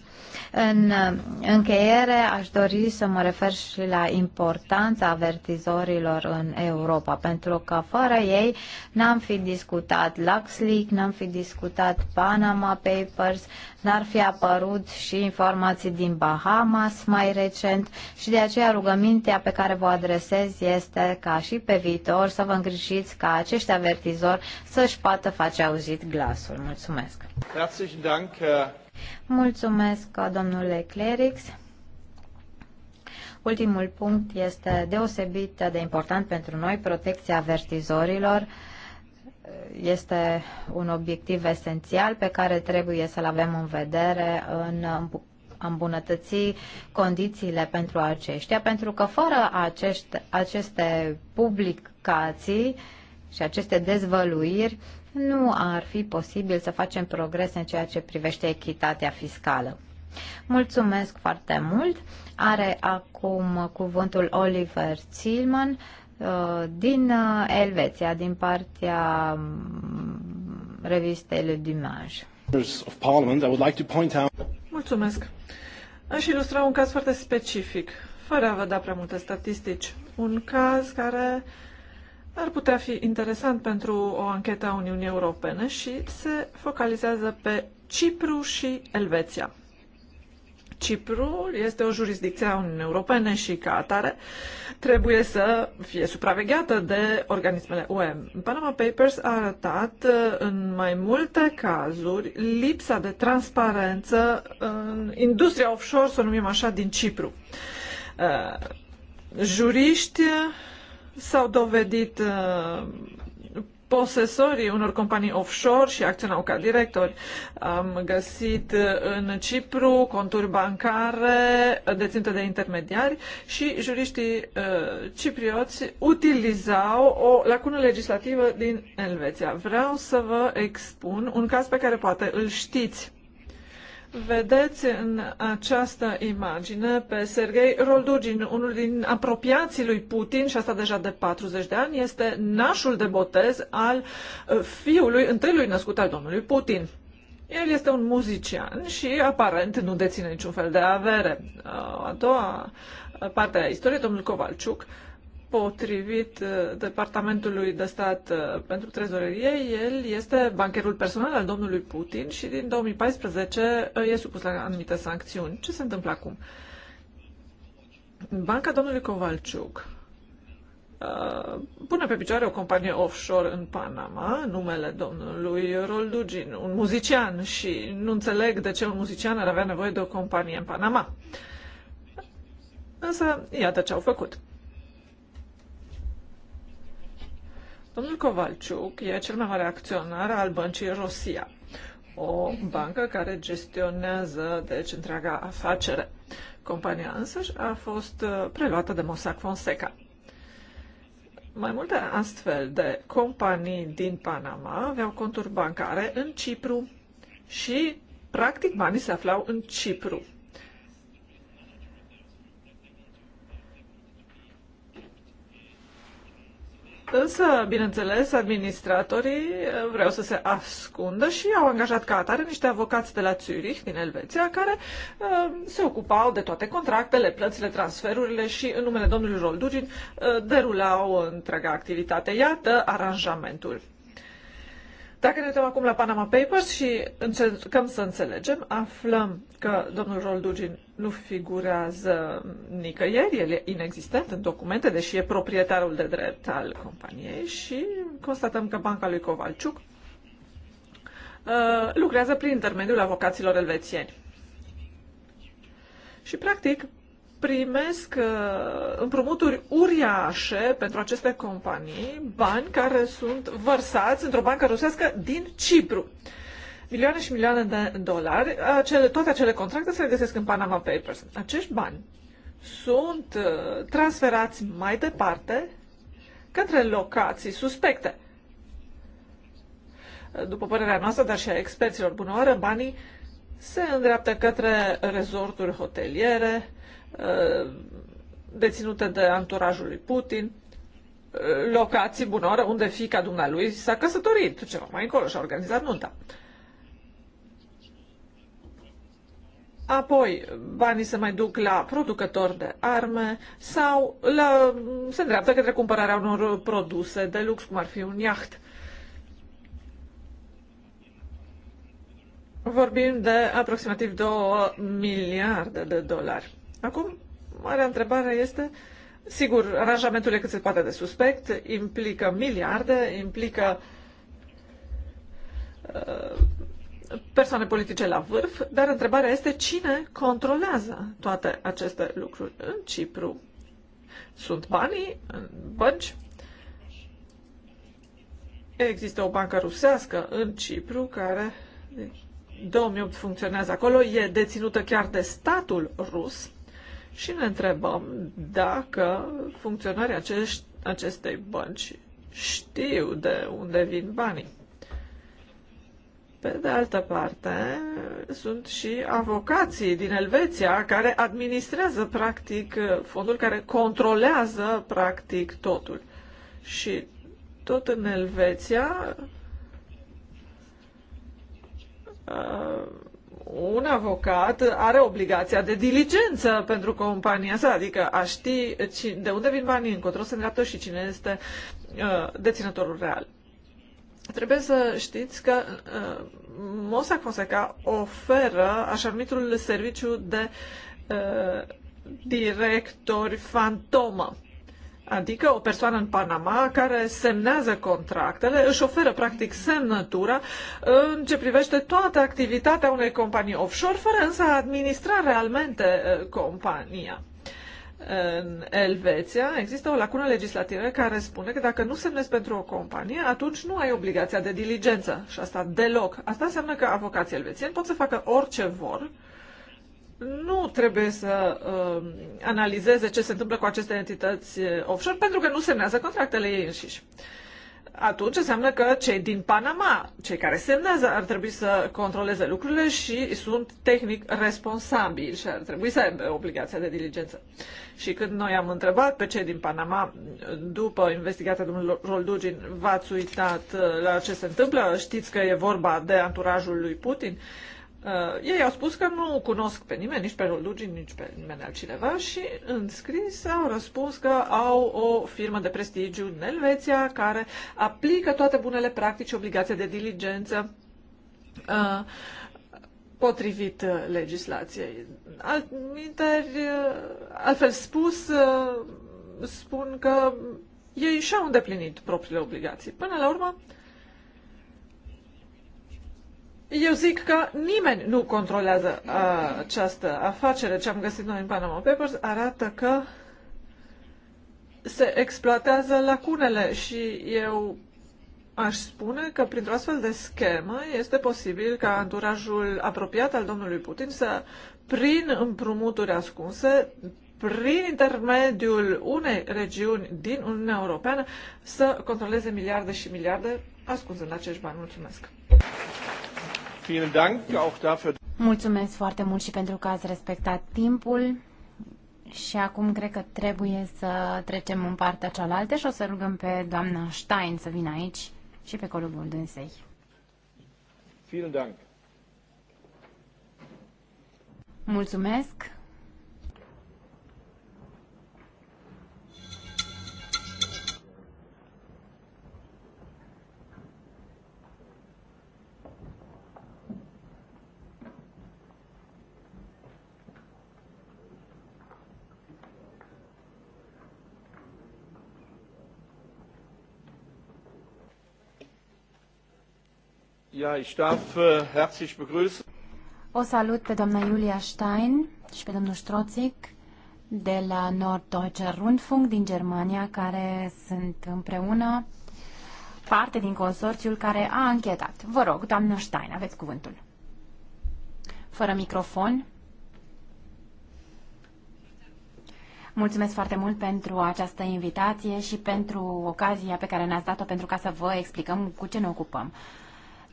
În uh, încheiere, aș dori să mă refer și la importanța avertizorilor în Europa, pentru că fără ei n-am fi discutat LuxLeak, n-am fi discutat Panama Papers, n-ar fi apărut și informații din Bahamas mai recent și de aceea rugămintea pe care vă adresez este ca și pe viitor să vă îngrijiți ca acești avertizori să-și poată face auzit glasul. Mulțumesc! Herzlichen Dank, Mulțumesc, domnule Clerix. Ultimul punct este deosebit de important pentru noi, protecția avertizorilor este un obiectiv esențial pe care trebuie să-l avem în vedere în a îmbunătăți condițiile pentru aceștia, pentru că fără acești, aceste publicații și aceste dezvăluiri, nu ar fi posibil să facem progres în ceea ce privește echitatea fiscală. Mulțumesc foarte mult. Are acum cuvântul Oliver Zilman uh, din uh, Elveția, din partea mm, revistei Le Dimanche. Mulțumesc. Aș ilustra un caz foarte specific, fără a vă da prea multe statistici. Un caz care ar putea fi interesant pentru o anchetă a Uniunii Europene și se focalizează pe Cipru și Elveția. Cipru este o jurisdicție a Uniunii Europene și ca atare trebuie să fie supravegheată de organismele UE. Panama Papers a arătat uh, în mai multe cazuri lipsa de transparență în industria offshore, să o numim așa, din Cipru. Uh, juriști s-au dovedit uh, posesorii unor companii offshore și acționau ca directori. Am găsit uh, în Cipru conturi bancare deținute de intermediari și juriștii uh, ciprioți utilizau o lacună legislativă din Elveția. Vreau să vă expun un caz pe care poate îl știți. Vedeți în această imagine pe Sergei Roldugin, unul din apropiații lui Putin, și asta deja de 40 de ani, este nașul de botez al uh, fiului întâiului născut al domnului Putin. El este un muzician și aparent nu deține niciun fel de avere. Uh, a doua uh, parte a istoriei, domnul Covalciuc, potrivit uh, Departamentului de Stat uh, pentru Trezorerie, el este bancherul personal al domnului Putin și din 2014 uh, e supus la anumite sancțiuni. Ce se întâmplă acum? Banca domnului Kovalciuc pune pe picioare o companie offshore în Panama, numele domnului Roldugin, un muzician și nu înțeleg de ce un muzician ar avea nevoie de o companie în Panama. Însă, iată ce au făcut. Domnul Covalciuc e cel mai mare acționar al băncii Rosia, o bancă care gestionează deci întreaga afacere. Compania însăși a fost uh, preluată de Mossack Fonseca. Mai multe astfel de companii din Panama aveau conturi bancare în Cipru și, practic, banii se aflau în Cipru. Însă, bineînțeles, administratorii eh, vreau să se ascundă și au angajat ca atare niște avocați de la Zurich, din Elveția, care uh, se ocupau de toate contractele, plățile, transferurile și, în numele domnului Roldugin, uh, derulau întreaga activitate. Iată aranjamentul. Dacă ne uităm acum la Panama Papers și încercăm să înțelegem, aflăm că domnul Roldugin nu figurează nicăieri, el e inexistent în documente, deși e proprietarul de drept al companiei și constatăm că banca lui Covalciuc uh, lucrează prin intermediul avocaților elvețieni. Și, practic, primesc uh, împrumuturi uriașe pentru aceste companii, bani care sunt vărsați într-o bancă rusească din Cipru. Milioane și milioane de dolari, acele, toate acele contracte se găsesc în Panama Papers. Acești bani sunt uh, transferați mai departe către locații suspecte. După părerea noastră, dar și a experților bună oară, banii se îndreaptă către rezorturi hoteliere, Uh, deținute de anturajul lui Putin, uh, locații bunoră unde fica dumnealui s-a căsătorit, ceva mai încolo și-a organizat nunta. Apoi, banii se mai duc la producători de arme sau la, se îndreaptă către cumpărarea unor produse de lux, cum ar fi un iaht. Vorbim de aproximativ 2 miliarde de dolari. Acum, marea întrebare este, sigur, aranjamentul e cât se poate de suspect, implică miliarde, implică uh, persoane politice la vârf, dar întrebarea este cine controlează toate aceste lucruri în Cipru. Sunt banii în bănci, Există o bancă rusească în Cipru care 2008 funcționează acolo, e deținută chiar de statul rus și ne întrebăm dacă funcționarii acești, acestei bănci știu de unde vin banii. Pe de altă parte, sunt și avocații din Elveția care administrează practic fondul, care controlează practic totul. Și tot în Elveția uh, un avocat are obligația de diligență pentru compania sa, adică a ști de unde vin banii, încotro se îndreaptă și cine este uh, deținătorul real. Trebuie să știți că uh, Mossack Fonseca oferă așa numitul serviciu de uh, directori fantomă. Adică o persoană în Panama care semnează contractele își oferă practic semnătura în ce privește toată activitatea unei companii offshore, fără însă a administra realmente uh, compania în Elveția există o lacună legislativă care spune că dacă nu semnezi pentru o companie, atunci nu ai obligația de diligență și asta deloc. Asta înseamnă că avocații elvețieni pot să facă orice vor nu trebuie să uh, analizeze ce se întâmplă cu aceste entități uh, offshore pentru că nu semnează contractele ei înșiși. Atunci înseamnă că cei din Panama, cei care semnează, ar trebui să controleze lucrurile și sunt tehnic responsabili și ar trebui să aibă obligația de diligență. Și când noi am întrebat pe cei din Panama, după investigația domnului Roldugin, v-ați uitat uh, la ce se întâmplă? Știți că e vorba de anturajul lui Putin? Uh, Uh, ei au spus că nu cunosc pe nimeni, nici pe Lugi, nici pe nimeni altcineva și în scris au răspuns că au o firmă de prestigiu în Elveția care aplică toate bunele practici, obligația de diligență uh, potrivit uh, legislației. Altminteri, uh, altfel spus, uh, spun că ei și-au îndeplinit propriile obligații. Până la urmă, uh, eu zic că nimeni nu controlează uh, această afacere. Ce am găsit noi în Panama Papers arată că se exploatează lacunele și eu aș spune că printr-o astfel de schemă este posibil ca anturajul apropiat al domnului Putin să, prin împrumuturi ascunse, prin intermediul unei regiuni din Uniunea Europeană, să controleze miliarde și miliarde ascunse în acești bani. Mulțumesc! Mulțumesc foarte mult și pentru că ați respectat timpul. Și acum cred că trebuie să trecem în partea cealaltă și o să rugăm pe doamna Stein să vină aici și pe colegul dânsei. Vielen Dank. Mulțumesc. Äh, o salut pe doamna Julia Stein și pe domnul Stroțic de la Norddeutscher Rundfunk din Germania, care sunt împreună parte din consorțiul care a anchetat. Vă rog, doamnă Stein, aveți cuvântul. Fără microfon. Mulțumesc foarte mult pentru această invitație și pentru ocazia pe care ne-ați dat-o pentru ca să vă explicăm cu ce ne ocupăm. Uh,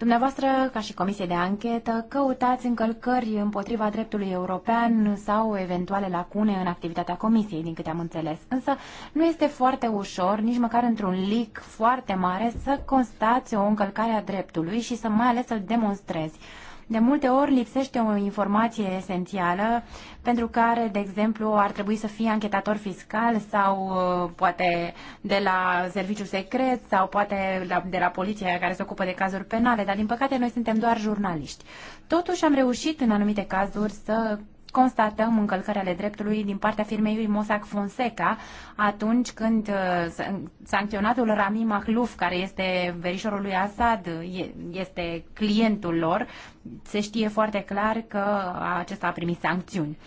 Dumneavoastră, ca și comisie de anchetă, căutați încălcări împotriva dreptului european sau eventuale lacune în activitatea comisiei, din câte am înțeles. Însă nu este foarte ușor, nici măcar într-un leak foarte mare, să constați o încălcare a dreptului și să mai ales să-l demonstrezi. De multe ori lipsește o informație esențială pentru care, de exemplu, ar trebui să fie anchetator fiscal sau uh, poate de la serviciu secret sau poate de la poliția care se ocupă de cazuri penale, dar din păcate noi suntem doar jurnaliști. Totuși am reușit în anumite cazuri să constatăm încălcări ale dreptului din partea firmei Mossack Fonseca atunci când uh, sancționatul Rami Mahluf, care este verișorul lui Assad, este clientul lor, se știe foarte clar că acesta a primit sancțiuni.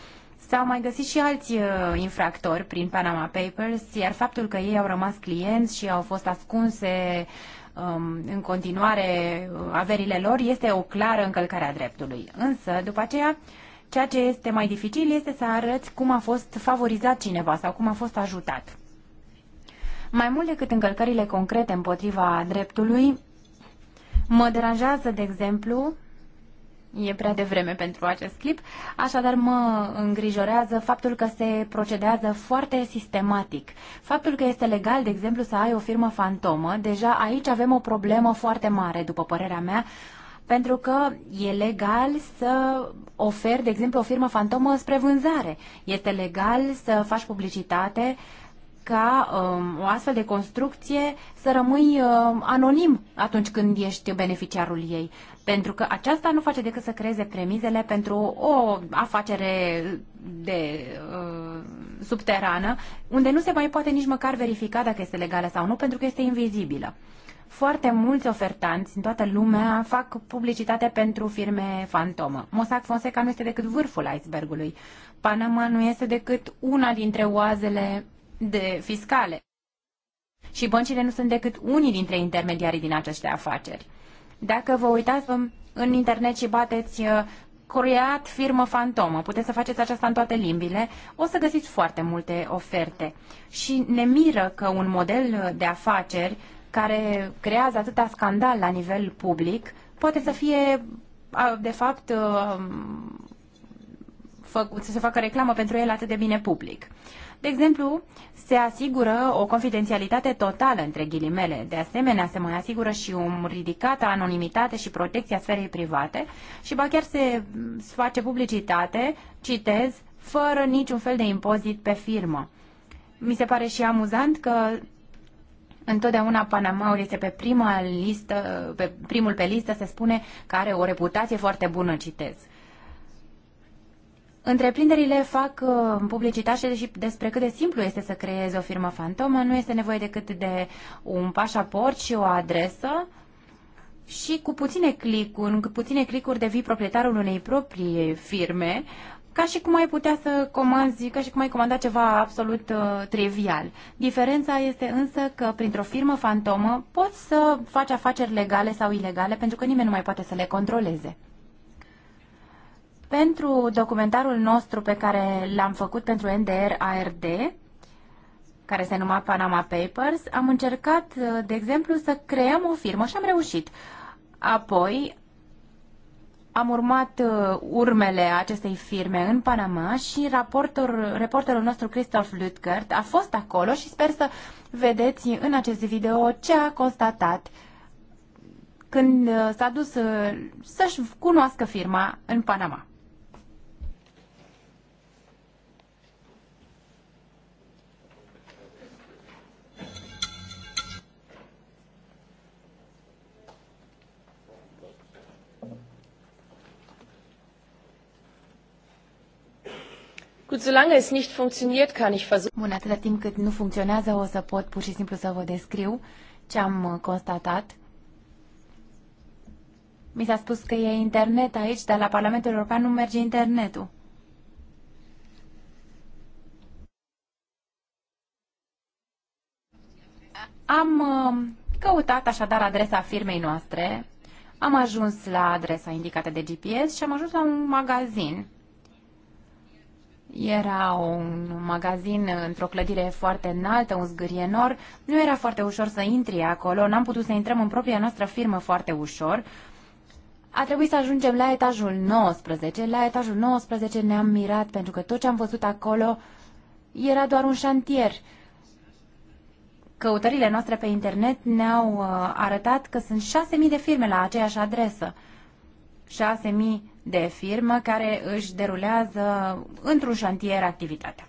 S-au mai găsit și alți uh, infractori prin Panama Papers, iar faptul că ei au rămas clienți și au fost ascunse um, în continuare uh, averile lor este o clară încălcare a dreptului. Însă, după aceea, Ceea ce este mai dificil este să arăți cum a fost favorizat cineva sau cum a fost ajutat. Mai mult decât încălcările concrete împotriva dreptului, mă deranjează, de exemplu, e prea devreme pentru acest clip, așadar mă îngrijorează faptul că se procedează foarte sistematic. Faptul că este legal, de exemplu, să ai o firmă fantomă, deja aici avem o problemă foarte mare, după părerea mea, pentru că e legal să oferi, de exemplu, o firmă fantomă spre vânzare. Este legal să faci publicitate ca um, o astfel de construcție să rămâi um, anonim atunci când ești beneficiarul ei. Pentru că aceasta nu face decât să creeze premizele pentru o afacere de uh, subterană, unde nu se mai poate nici măcar verifica dacă este legală sau nu, pentru că este invizibilă. Uh, foarte mulți ofertanți în toată lumea fac publicitate pentru firme fantomă. Mossack Fonseca nu este decât vârful icebergului. Panama nu este decât una dintre oazele de fiscale. Și băncile nu sunt decât unii dintre intermediarii din aceste afaceri. Dacă vă uitați în internet și bateți uh, creat firmă fantomă, puteți să faceți aceasta în toate limbile, o să găsiți foarte multe oferte. Și ne miră că un model de afaceri care creează atâta scandal la nivel public poate să fie, de fapt, să se facă reclamă pentru el atât de bine public. De exemplu, se asigură o confidențialitate totală, între ghilimele. De asemenea, se mai asigură și o ridicată anonimitate și protecția sferei private și ba chiar se face publicitate, citez, fără niciun fel de impozit pe firmă. Mi se pare și amuzant că Întotdeauna Panamaul este pe prima listă, pe primul pe listă, se spune că are o reputație foarte bună, citez. Întreprinderile fac uh, publicitate și despre cât de simplu este să creezi o firmă fantomă. Nu este nevoie decât de un pașaport și o adresă și cu puține clicuri, cu puține clicuri devii proprietarul unei proprii firme, ca și cum ai putea să comanzi, ca și cum ai comanda ceva absolut uh, trivial. Diferența este însă că printr-o firmă fantomă poți să faci afaceri legale sau ilegale pentru că nimeni nu mai poate să le controleze. Pentru documentarul nostru pe care l-am făcut pentru NDR-ARD, care se numea Panama Papers, am încercat, uh, de exemplu, să creăm o firmă și am reușit. Apoi am urmat uh, urmele acestei firme în Panama și raportor, reporterul nostru Christoph Lütkert a fost acolo și sper să vedeți în acest video ce a constatat când uh, s-a dus uh, să-și cunoască firma în Panama. Bun, atâta timp cât nu funcționează, o să pot pur și simplu să vă descriu ce am uh, constatat. Mi s-a spus că e internet aici, dar la Parlamentul European nu merge internetul. Am uh, căutat așadar adresa firmei noastre, am ajuns la adresa indicată de GPS și am ajuns la un magazin era un magazin într-o clădire foarte înaltă, un zgârienor. Nu era foarte ușor să intri acolo, n-am putut să intrăm în propria noastră firmă foarte ușor. A trebuit să ajungem la etajul 19. La etajul 19 ne-am mirat pentru că tot ce am văzut acolo era doar un șantier. Căutările noastre pe internet ne-au uh, arătat că sunt 6.000 de firme la aceeași adresă. 6.000 de firmă care își derulează într-un șantier activitatea.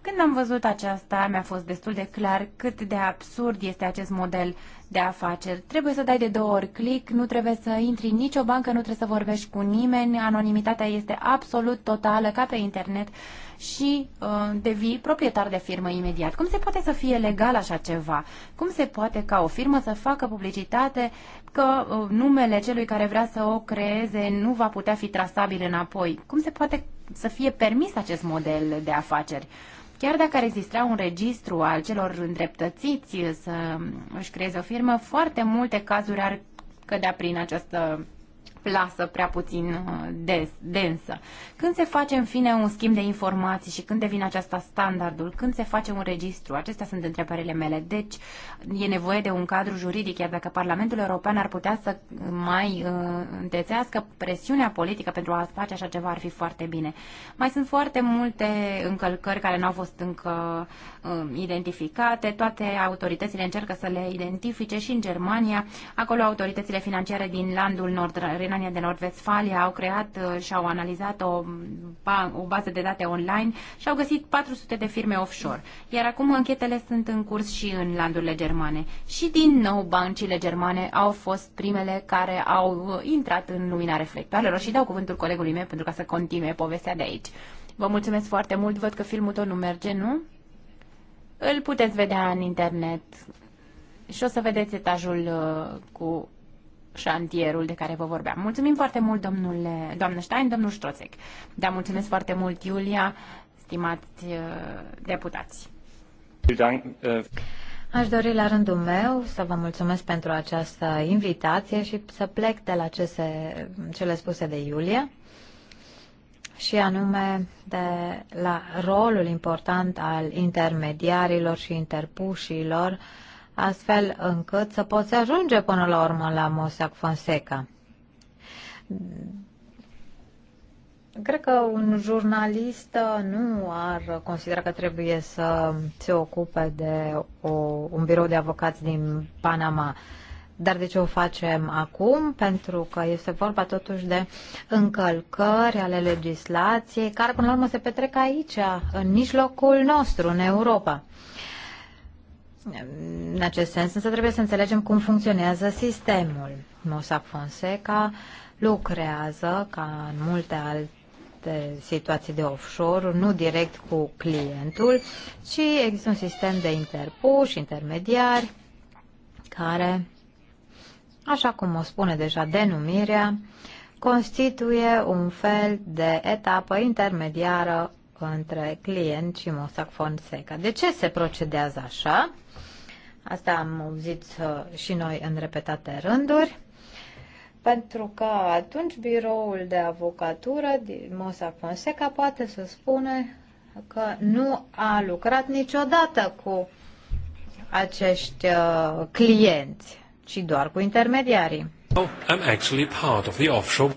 Când am văzut aceasta, mi-a fost destul de clar cât de absurd este acest model de afaceri. Trebuie să dai de două ori click, nu trebuie să intri în nicio bancă, nu trebuie să vorbești cu nimeni, anonimitatea este absolut totală ca pe internet și uh, devii proprietar de firmă imediat. Cum se poate să fie legal așa ceva? Cum se poate ca o firmă să facă publicitate că uh, numele celui care vrea să o creeze nu va putea fi trasabil înapoi? Cum se poate să fie permis acest model de afaceri? Uh, Chiar dacă ar exista un registru al celor îndreptățiți să își creeze o firmă, foarte multe cazuri ar cădea prin această plasă prea puțin uh, des, densă. Când se face, în fine, un schimb de informații și când devine aceasta standardul, când se face un registru, acestea sunt întrebările mele. Deci, e nevoie de un cadru juridic, iar dacă Parlamentul European ar putea să mai uh, întețească presiunea politică pentru a face așa ceva, ar fi foarte bine. Mai sunt foarte multe încălcări care nu au fost încă uh, Um, identificate, toate autoritățile încercă să le identifice și în Germania. Acolo autoritățile financiare din landul Nord, Renania de Nord-Vestfalia au creat uh, și au analizat o, ba, o bază de date online și au găsit 400 de firme offshore. Iar acum anchetele sunt în curs și în landurile germane. Și din nou bancile germane au fost primele care au uh, intrat în lumina reflectoarelor și dau cuvântul colegului meu pentru ca să continue povestea de aici. Vă mulțumesc foarte mult, văd că filmul tău nu merge, nu? Îl puteți vedea în internet și o să vedeți etajul uh, cu șantierul de care vă vorbeam. Mulțumim foarte mult, domnule, doamnă Stein, domnul Ștroțec. Da, mulțumesc foarte mult, Iulia, stimați uh, deputați. Aș dori la rândul meu să vă mulțumesc pentru această invitație și să plec de la ce se, cele spuse de Iulia și anume de la rolul important al intermediarilor și interpușilor, astfel încât să poți ajunge până la urmă la Mossack Fonseca. Cred că un jurnalist nu ar considera că trebuie să se ocupe de o, un birou de avocați din Panama. Uh, dar de ce o facem acum? Pentru că este vorba totuși de încălcări ale legislației, care până la urmă se petrec aici, în mijlocul nostru, în Europa. În acest sens, însă trebuie să înțelegem cum funcționează sistemul. Mossack Fonseca lucrează, ca în multe alte situații de offshore, nu direct cu clientul, ci există un sistem de interpuși, intermediari, care așa cum o spune deja denumirea, constituie un fel de etapă intermediară între client și Mossack Fonseca. De ce se procedează așa? Asta am auzit uh, și noi în repetate rânduri. Pentru că atunci biroul de avocatură din Mossack Fonseca poate să spune că nu a lucrat niciodată cu acești uh, clienți ci doar cu intermediarii. I'm actually part of the offshore.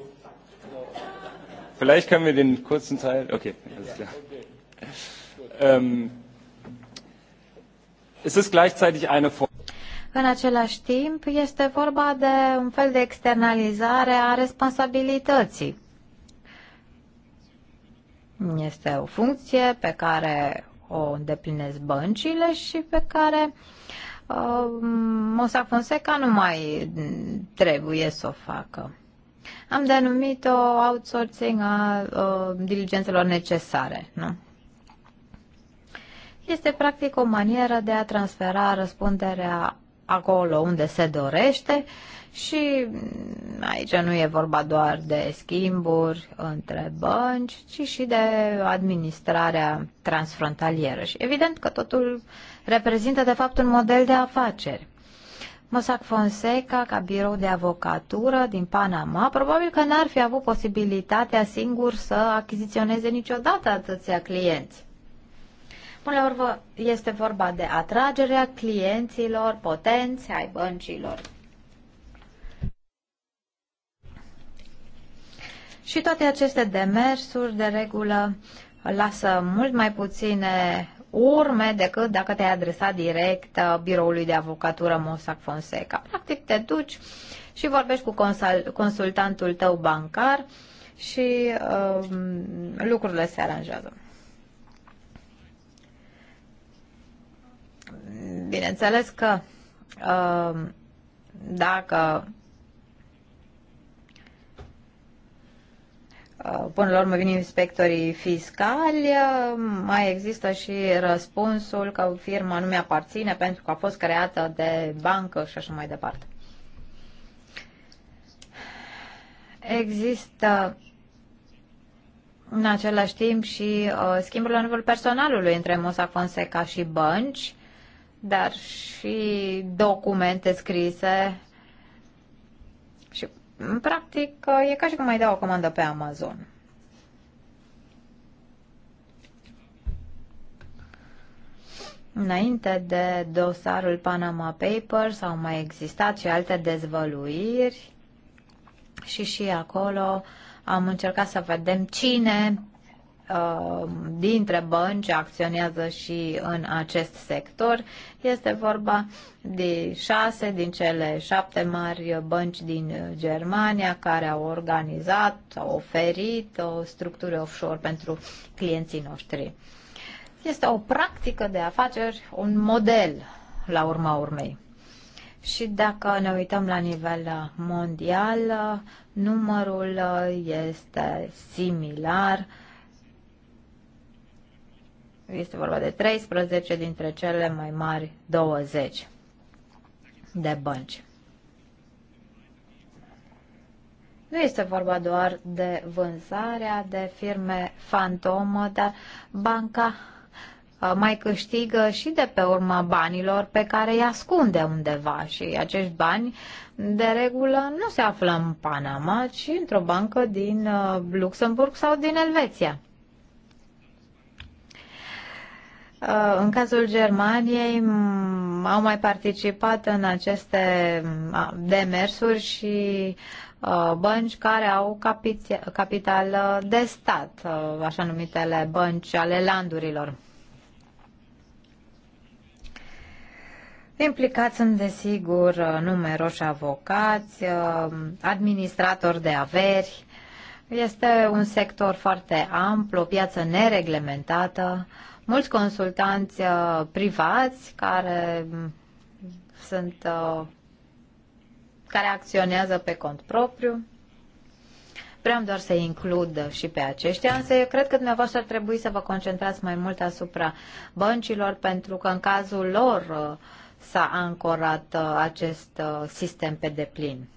Vielleicht können wir den kurzen Teil. Okay, alles klar. Ähm, es ist gleichzeitig eine Form. În același timp, este vorba de un fel de externalizare a responsabilității. Este o funcție pe care o îndeplinesc băncile și pe care uh, Um, Mossack Fonseca nu mai trebuie să o facă. Am denumit-o outsourcing a uh, diligențelor necesare, nu? Este practic o manieră de a transfera răspunderea acolo unde se dorește și aici nu e vorba doar de schimburi între bănci, ci și de administrarea transfrontalieră. Și evident că totul reprezintă de fapt un model de afaceri. Mossack Fonseca, ca birou de avocatură din Panama, probabil că n-ar fi avut posibilitatea singur să achiziționeze niciodată atâția clienți. Până la urmă, este vorba de atragerea clienților potenți ai băncilor. Și toate aceste demersuri, de regulă, lasă mult mai puține urme decât dacă te-ai adresat direct uh, biroului de avocatură Mossack Fonseca. Practic te duci și vorbești cu consultantul tău bancar și uh, lucrurile se aranjează. bineînțeles că uh, dacă uh, Până la urmă vin inspectorii fiscali, uh, mai există și răspunsul că firma nu mi-aparține pentru că a fost creată de bancă și așa mai departe. Există în același timp și uh, schimbul la nivel personalului între Mossack Fonseca și bănci dar și documente scrise. Și, în practic, e ca și cum mai dau o comandă pe Amazon. Înainte de dosarul Panama Papers au mai existat și alte dezvăluiri și și acolo am încercat să vedem cine Uh, dintre bănci acționează și în acest sector. Este vorba de șase din cele șapte mari bănci din Germania care au organizat, au oferit o structură offshore pentru clienții noștri. Este o practică de afaceri, un model la urma urmei. Și dacă ne uităm la nivel mondial, numărul este similar este vorba de 13 dintre cele mai mari 20 de bănci. Nu este vorba doar de vânzarea de firme fantomă, dar banca mai câștigă și de pe urma banilor pe care îi ascunde undeva și acești bani de regulă nu se află în Panama, ci într-o bancă din Luxemburg sau din Elveția. Uh, în cazul Germaniei au mai participat în aceste uh, demersuri și uh, bănci care au capital de stat, așa numitele bănci ale landurilor. Implicați sunt, desigur, numeroși avocați, administratori de averi. Este un sector foarte amplu, o piață nereglementată, mulți consultanți uh, privați care mm, sunt uh, care acționează pe cont propriu. Vreau doar să includ și pe aceștia, însă eu cred că dumneavoastră ar trebui să vă concentrați mai mult asupra băncilor, pentru că în cazul lor uh, s-a ancorat acest sistem pe deplin.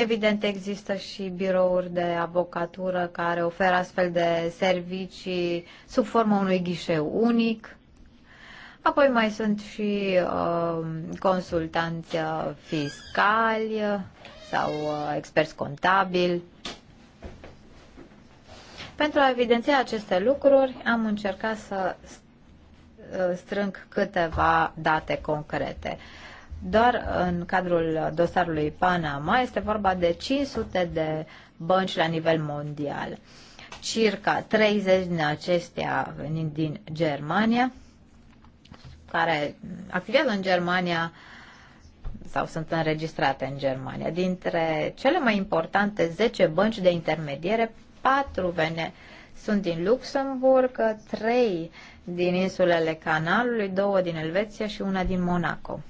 Evident, există și birouri de avocatură care oferă astfel de servicii sub forma unui ghișeu unic. Apoi mai sunt și uh, consultanți uh, fiscali uh, sau uh, experți contabili. Pentru a evidenția aceste lucruri, am încercat să uh, strâng câteva date concrete. Uh, doar în cadrul dosarului Panama este vorba de 500 de bănci la nivel mondial. Circa 30 din acestea venind din Germania, care activează în Germania sau sunt înregistrate în Germania. Dintre cele mai importante 10 bănci de intermediere, 4 vene, sunt din Luxemburg, 3 din insulele Canalului, 2 din Elveția și una din Monaco.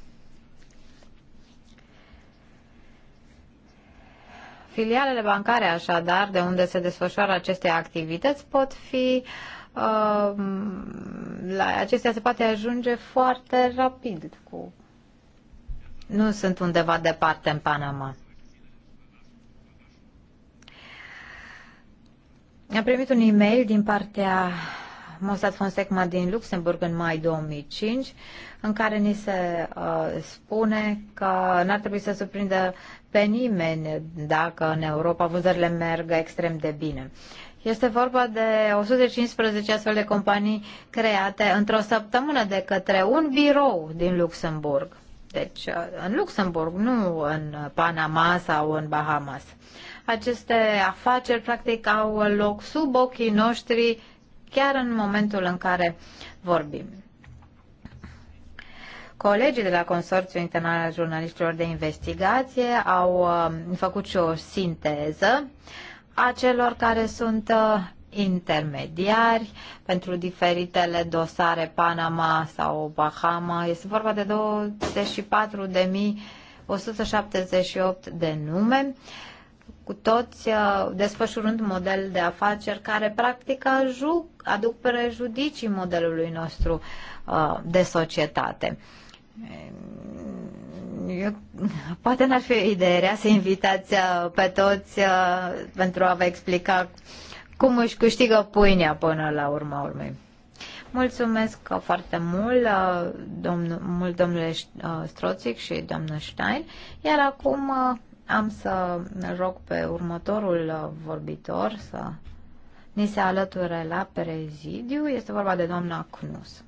Filialele bancare, așadar, de unde se desfășoară aceste activități, pot fi uh, la acestea se poate ajunge foarte rapid cu nu sunt undeva departe în Panama. Am primit un e-mail din partea Mossad Fonseca din Luxemburg în mai 2005, în care ni se uh, spune că n-ar trebui să surprindă pe nimeni dacă în Europa vânzările merg extrem de bine. Este vorba de 115 astfel de companii create într-o săptămână de către un birou din Luxemburg. Deci uh, în Luxemburg, nu în Panama sau în Bahamas. Aceste afaceri practic au loc sub ochii noștri chiar în momentul în care vorbim. Colegii de la Consorțiul Internațional al Jurnaliștilor de Investigație au uh, făcut și o sinteză a celor care sunt uh, intermediari pentru diferitele dosare Panama sau Bahama. Este vorba de 24.178 de nume cu toți uh, desfășurând model de afaceri care practic ajuc, aduc prejudicii modelului nostru uh, de societate. Eu, poate n-ar fi o idee rea să invitați uh, pe toți pentru a vă explica cum își câștigă pâinea până la urma urmei. Mulțumesc foarte mult, domnul, mult domnule Stroțic și domnul Stein. Iar acum am să rog pe următorul uh, vorbitor să ni se alăture la prezidiu. Este vorba de doamna Cnus.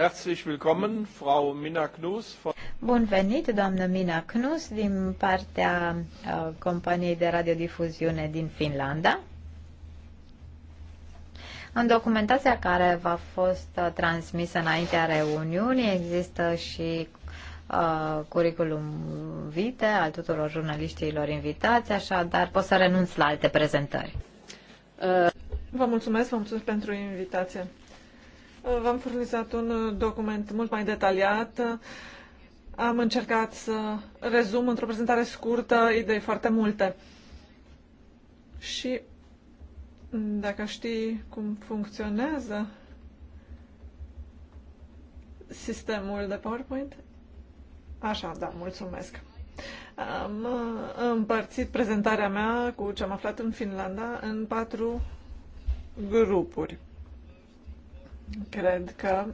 Herzlich willkommen, Frau Mina Knus. Bun venit, doamnă Mina Knus, din partea uh, companiei de radiodifuziune din Finlanda. În documentația care v-a fost uh, transmisă înaintea reuniunii există și uh, curriculum vitae al tuturor jurnaliștilor invitați, dar pot să renunț la alte prezentări. Vă mulțumesc, vă mulțumesc pentru invitație. V-am furnizat un uh, document mult mai detaliat. Am încercat să rezum într-o prezentare scurtă idei foarte multe. Și dacă știi cum funcționează sistemul de PowerPoint, așa, da, mulțumesc. Am uh, împărțit prezentarea mea cu ce am aflat în Finlanda în patru grupuri. Cred că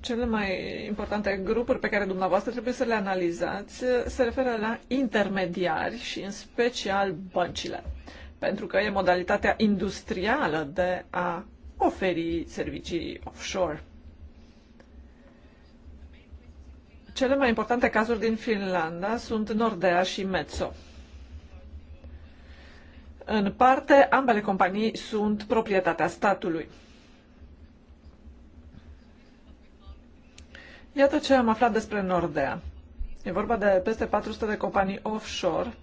cele mai importante grupuri pe care dumneavoastră trebuie să le analizați se referă la intermediari și în special băncile, pentru că e modalitatea industrială de a oferi servicii offshore. Cele mai importante cazuri din Finlanda sunt Nordea și Metso în parte, ambele companii sunt proprietatea statului. Iată ce am aflat despre Nordea. E vorba de peste 400 de companii offshore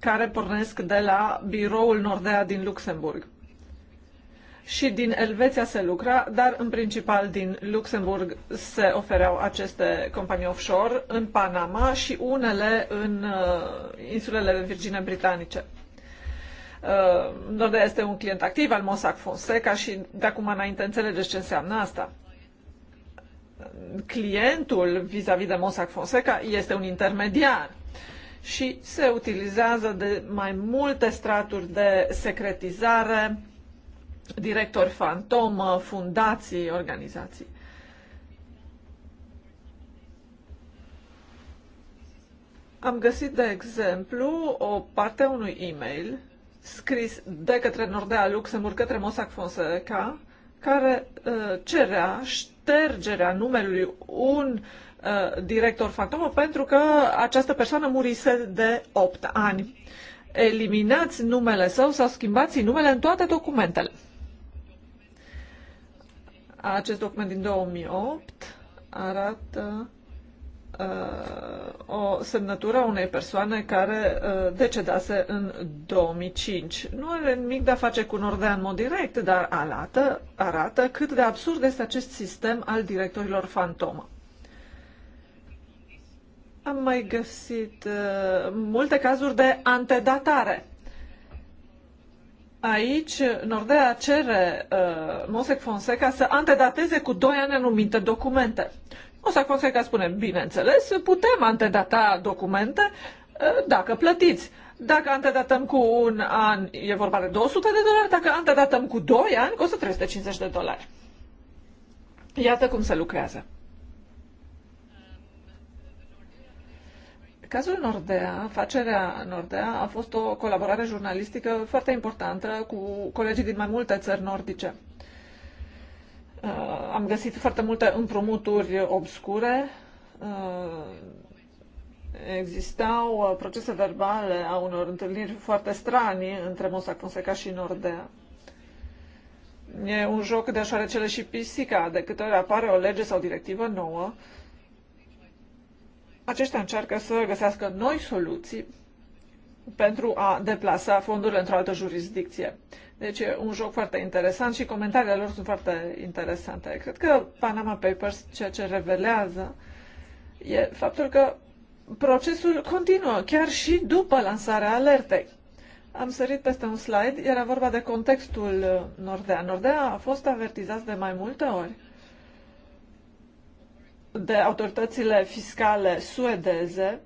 care pornesc de la biroul Nordea din Luxemburg. Și din Elveția se lucra, dar în principal din Luxemburg se ofereau aceste companii offshore în Panama și unele în uh, insulele Virgine Britanice. Uh, Nordea este un client activ al Mossack Fonseca și de acum înainte înțelegeți ce înseamnă asta. Clientul vis-a-vis -vis de Mossack Fonseca este un intermediar și se utilizează de mai multe straturi de secretizare, directori fantomă, fundații, organizații. Am găsit, de exemplu, o parte a unui e-mail scris de către Nordea Luxemburg către Mossack Fonseca, care uh, cerea ștergerea numelui un uh, director fantomă pentru că această persoană murise de 8 ani. Eliminați numele său sau schimbați numele în toate documentele. Acest document din 2008 arată Uh, o semnătură a unei persoane care uh, decedase în 2005. Nu are nimic de a face cu Nordea în mod direct, dar arată, arată cât de absurd este acest sistem al directorilor fantomă. Am mai găsit uh, multe cazuri de antedatare. Aici, Nordea cere uh, Mosec Fonseca să antedateze cu 2 ani anumite documente. O să Consec că spune, bineînțeles, putem antedata documente ă, dacă plătiți. Dacă antedatăm cu un an, e vorba de 200 de dolari, dacă antedatăm cu 2 ani, costă 350 de dolari. Iată cum se lucrează. Cazul Nordea, facerea Nordea, a fost o colaborare jurnalistică foarte importantă cu colegii din mai multe țări nordice. Uh, am găsit foarte multe împrumuturi obscure. Uh, existau uh, procese verbale a unor întâlniri foarte strani între Mossack Fonseca și Nordea. E un joc de șoarecele și pisica. De câte ori apare o lege sau directivă nouă, aceștia încearcă să găsească noi soluții pentru a deplasa fondurile într-o altă jurisdicție. Deci e un joc foarte interesant și comentariile lor sunt foarte interesante. Cred că Panama Papers, ceea ce revelează, e faptul că procesul continuă, chiar și după lansarea alertei. Am sărit peste un slide, era vorba de contextul Nordea. Nordea a fost avertizat de mai multe ori de autoritățile fiscale suedeze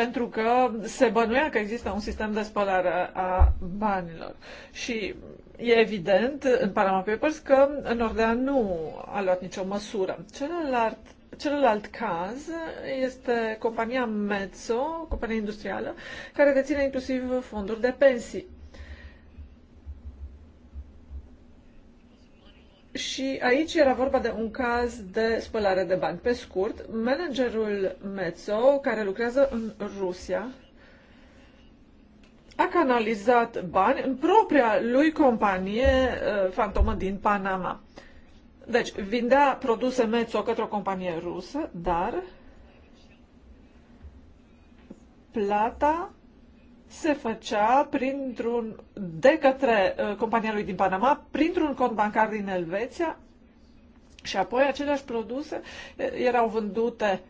pentru că se bănuia că există un sistem de spălare a banilor. Și e evident în Panama Papers că Nordea nu a luat nicio măsură. Celălalt Celălalt caz este compania Mezzo, companie industrială, care deține inclusiv fonduri de pensii. Și aici era vorba de un caz de spălare de bani. Pe scurt, managerul Mezzo, care lucrează în Rusia, a canalizat bani în propria lui companie uh, fantomă din Panama. Deci, vindea produse Mezzo către o companie rusă, dar plata se făcea printr-un, de către uh, compania lui din Panama, printr-un cont bancar din Elveția și apoi aceleași produse uh, erau vândute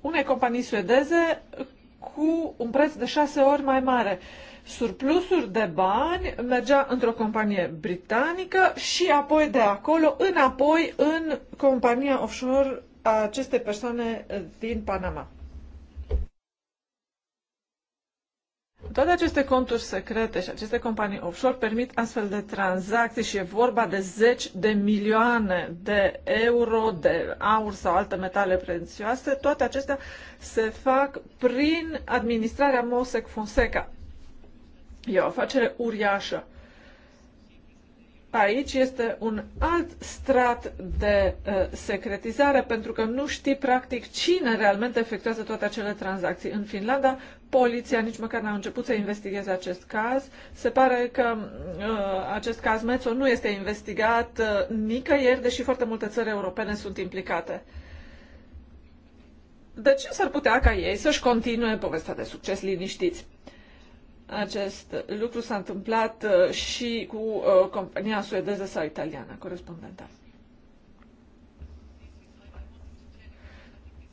unei companii suedeze cu un preț de șase ori mai mare. Surplusuri de bani mergea într-o companie britanică și apoi de acolo înapoi în compania offshore a acestei persoane din Panama. Toate aceste conturi secrete și aceste companii offshore permit astfel de tranzacții și e vorba de zeci de milioane de euro, de aur sau alte metale prețioase. Toate acestea se fac prin administrarea Mosec Fonseca. E o afacere uriașă. Aici este un alt strat de uh, secretizare pentru că nu știi practic cine realmente efectuează toate acele tranzacții. În Finlanda, poliția nici măcar n-a început să investigheze acest caz. Se pare că uh, acest caz Mețo nu este investigat uh, nicăieri, deși foarte multe țări europene sunt implicate. De ce s-ar putea ca ei să-și continue povestea de succes liniștiți. Acest lucru s-a întâmplat uh, și cu uh, compania suedeză sau italiană corespondenta.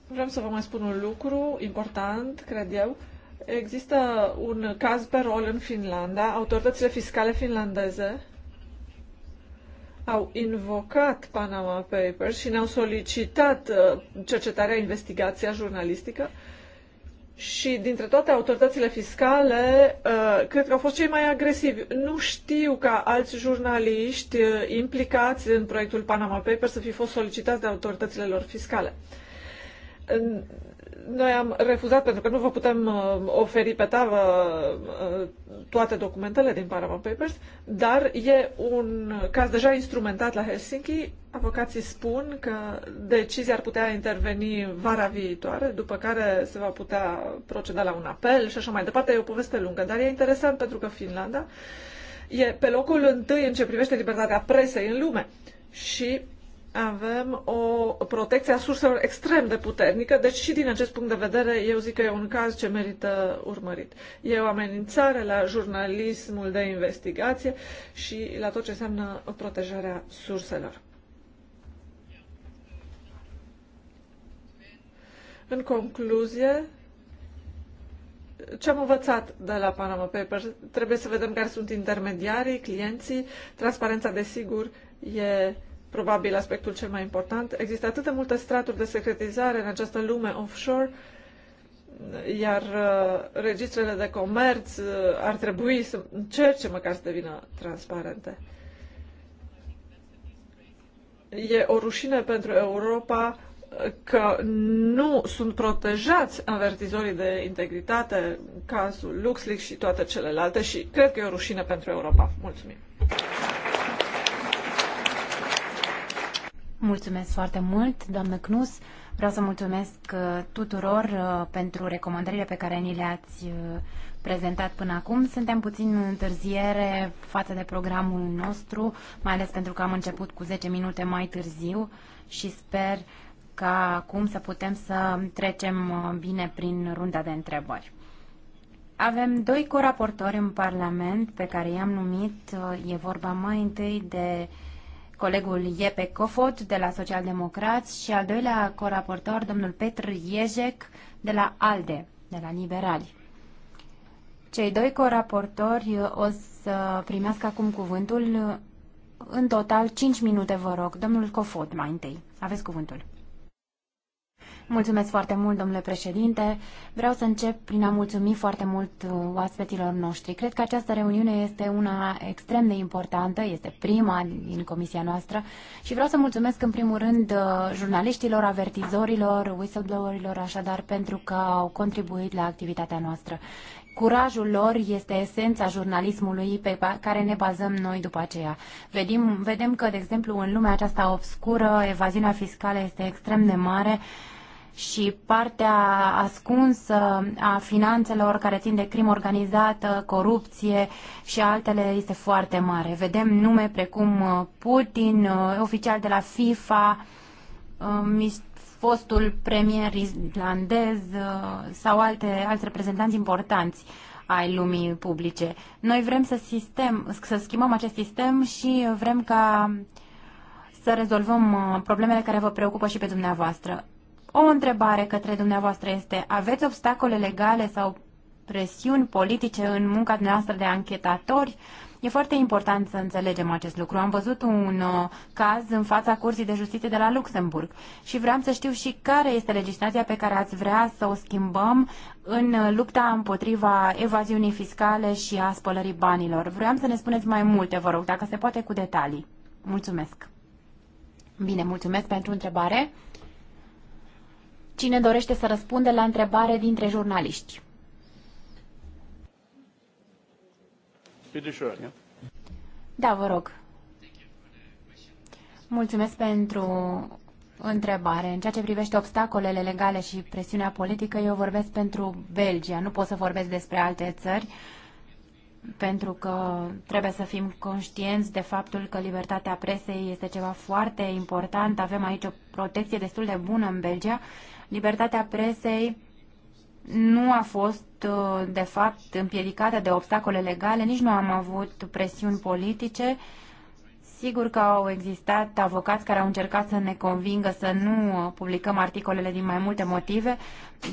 Vreau să vă mai spun un lucru important, cred eu. Uh, Există un caz pe rol în Finlanda. Autoritățile fiscale finlandeze au invocat Panama Papers și ne-au solicitat uh, cercetarea, investigația jurnalistică și dintre toate autoritățile fiscale, uh, cred că au fost cei mai agresivi. Nu știu ca alți jurnaliști uh, implicați în proiectul Panama Papers să fi fost solicitați de autoritățile lor fiscale noi am refuzat pentru că nu vă putem uh, oferi pe tavă uh, toate documentele din Panama Papers, dar e un caz deja instrumentat la Helsinki. Avocații spun că decizia ar putea interveni vara viitoare, după care se va putea proceda la un apel și așa mai departe. E o poveste lungă, dar e interesant pentru că Finlanda e pe locul întâi în ce privește libertatea presei în lume. Și avem o protecție a surselor extrem de puternică, deci și din acest punct de vedere eu zic că e un caz ce merită urmărit. E o amenințare la jurnalismul de investigație și la tot ce înseamnă protejarea surselor. În concluzie, ce am învățat de la Panama Papers? Trebuie să vedem care sunt intermediarii, clienții. Transparența, desigur, e probabil aspectul cel mai important. Există atât de multe straturi de secretizare în această lume offshore, iar uh, registrele de comerț uh, ar trebui să încerce măcar să devină transparente. E o rușine pentru Europa uh, că nu sunt protejați avertizorii de integritate, cazul LuxLeaks și toate celelalte și cred că e o rușine pentru Europa. Mulțumim! Mulțumesc foarte mult, doamnă Knus. Vreau să mulțumesc uh, tuturor uh, pentru recomandările pe care ni le-ați uh, prezentat până acum. Suntem puțin în întârziere față de programul nostru, mai ales pentru că am început cu 10 minute mai târziu și sper ca acum să putem să trecem bine prin runda de întrebări. Avem doi coraportori în Parlament pe care i-am numit. E vorba mai întâi de uh, colegul Iepe Cofot de la Socialdemocrați și al doilea coraportor, domnul Petr Iezec de la ALDE, de la Liberali. Cei doi coraportori o să primească acum cuvântul. În total, 5 minute, vă rog. Domnul Cofot, mai întâi. Aveți cuvântul. Mulțumesc foarte mult, domnule președinte. Vreau să încep prin a mulțumi foarte mult uh, oaspeților noștri. Cred că această reuniune este una extrem de importantă, este prima din comisia noastră și vreau să mulțumesc în primul rând uh, jurnaliștilor, avertizorilor, whistleblowerilor, așadar, pentru că au contribuit la activitatea noastră. Curajul lor este esența jurnalismului pe care ne bazăm noi după aceea. Vedim, vedem că, de exemplu, în lumea aceasta obscură, evaziunea fiscală este extrem de mare, și partea ascunsă a finanțelor care țin de crimă organizată, corupție și altele este foarte mare. Vedem nume precum uh, Putin, uh, oficial de la FIFA, uh, fostul premier islandez sau alte, alți reprezentanți importanți ai lumii publice. Noi vrem să, sistem, să schimbăm acest sistem și vrem ca să rezolvăm problemele care vă preocupă și pe dumneavoastră. O întrebare către dumneavoastră este, aveți obstacole legale sau presiuni politice în munca dumneavoastră de anchetatori? E foarte important să înțelegem acest lucru. Am văzut un uh, caz în fața Curții de Justiție de la Luxemburg și vreau să știu și care este legislația pe care ați vrea să o schimbăm în lupta împotriva evaziunii fiscale și a spălării banilor. Vreau să ne spuneți mai multe, vă rog, dacă se poate cu detalii. Mulțumesc. Bine, mulțumesc pentru întrebare. Cine dorește să răspunde la întrebare dintre jurnaliști? Da, vă rog. Mulțumesc pentru întrebare. În ceea ce privește obstacolele legale și presiunea politică, eu vorbesc pentru Belgia. Nu pot să vorbesc despre alte țări, pentru că trebuie să fim conștienți de faptul că libertatea presei este ceva foarte important. Avem aici o protecție destul de bună în Belgia Libertatea presei nu a fost, uh, de fapt, împiedicată de obstacole legale, nici nu am avut presiuni politice. Sigur că au existat avocați care au încercat să ne convingă să nu uh, publicăm articolele din mai multe motive,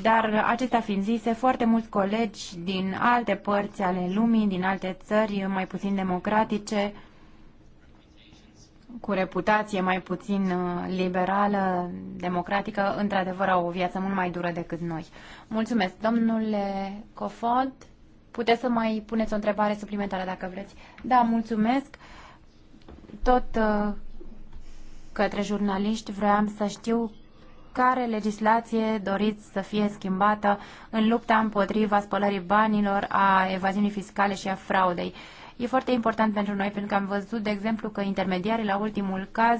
dar acestea fiind zise, foarte mulți colegi din alte părți ale lumii, din alte țări mai puțin democratice, cu reputație mai puțin uh, liberală, democratică, într-adevăr au o viață mult mai dură decât noi. Mulțumesc. Domnule Cofod, puteți să mai puneți o întrebare suplimentară dacă vreți. Da, mulțumesc. Tot uh, către jurnaliști vreau să știu care legislație doriți să fie schimbată în lupta împotriva spălării banilor, a evaziunii fiscale și a fraudei. E foarte important pentru noi pentru că am văzut, de exemplu, că intermediarii la ultimul caz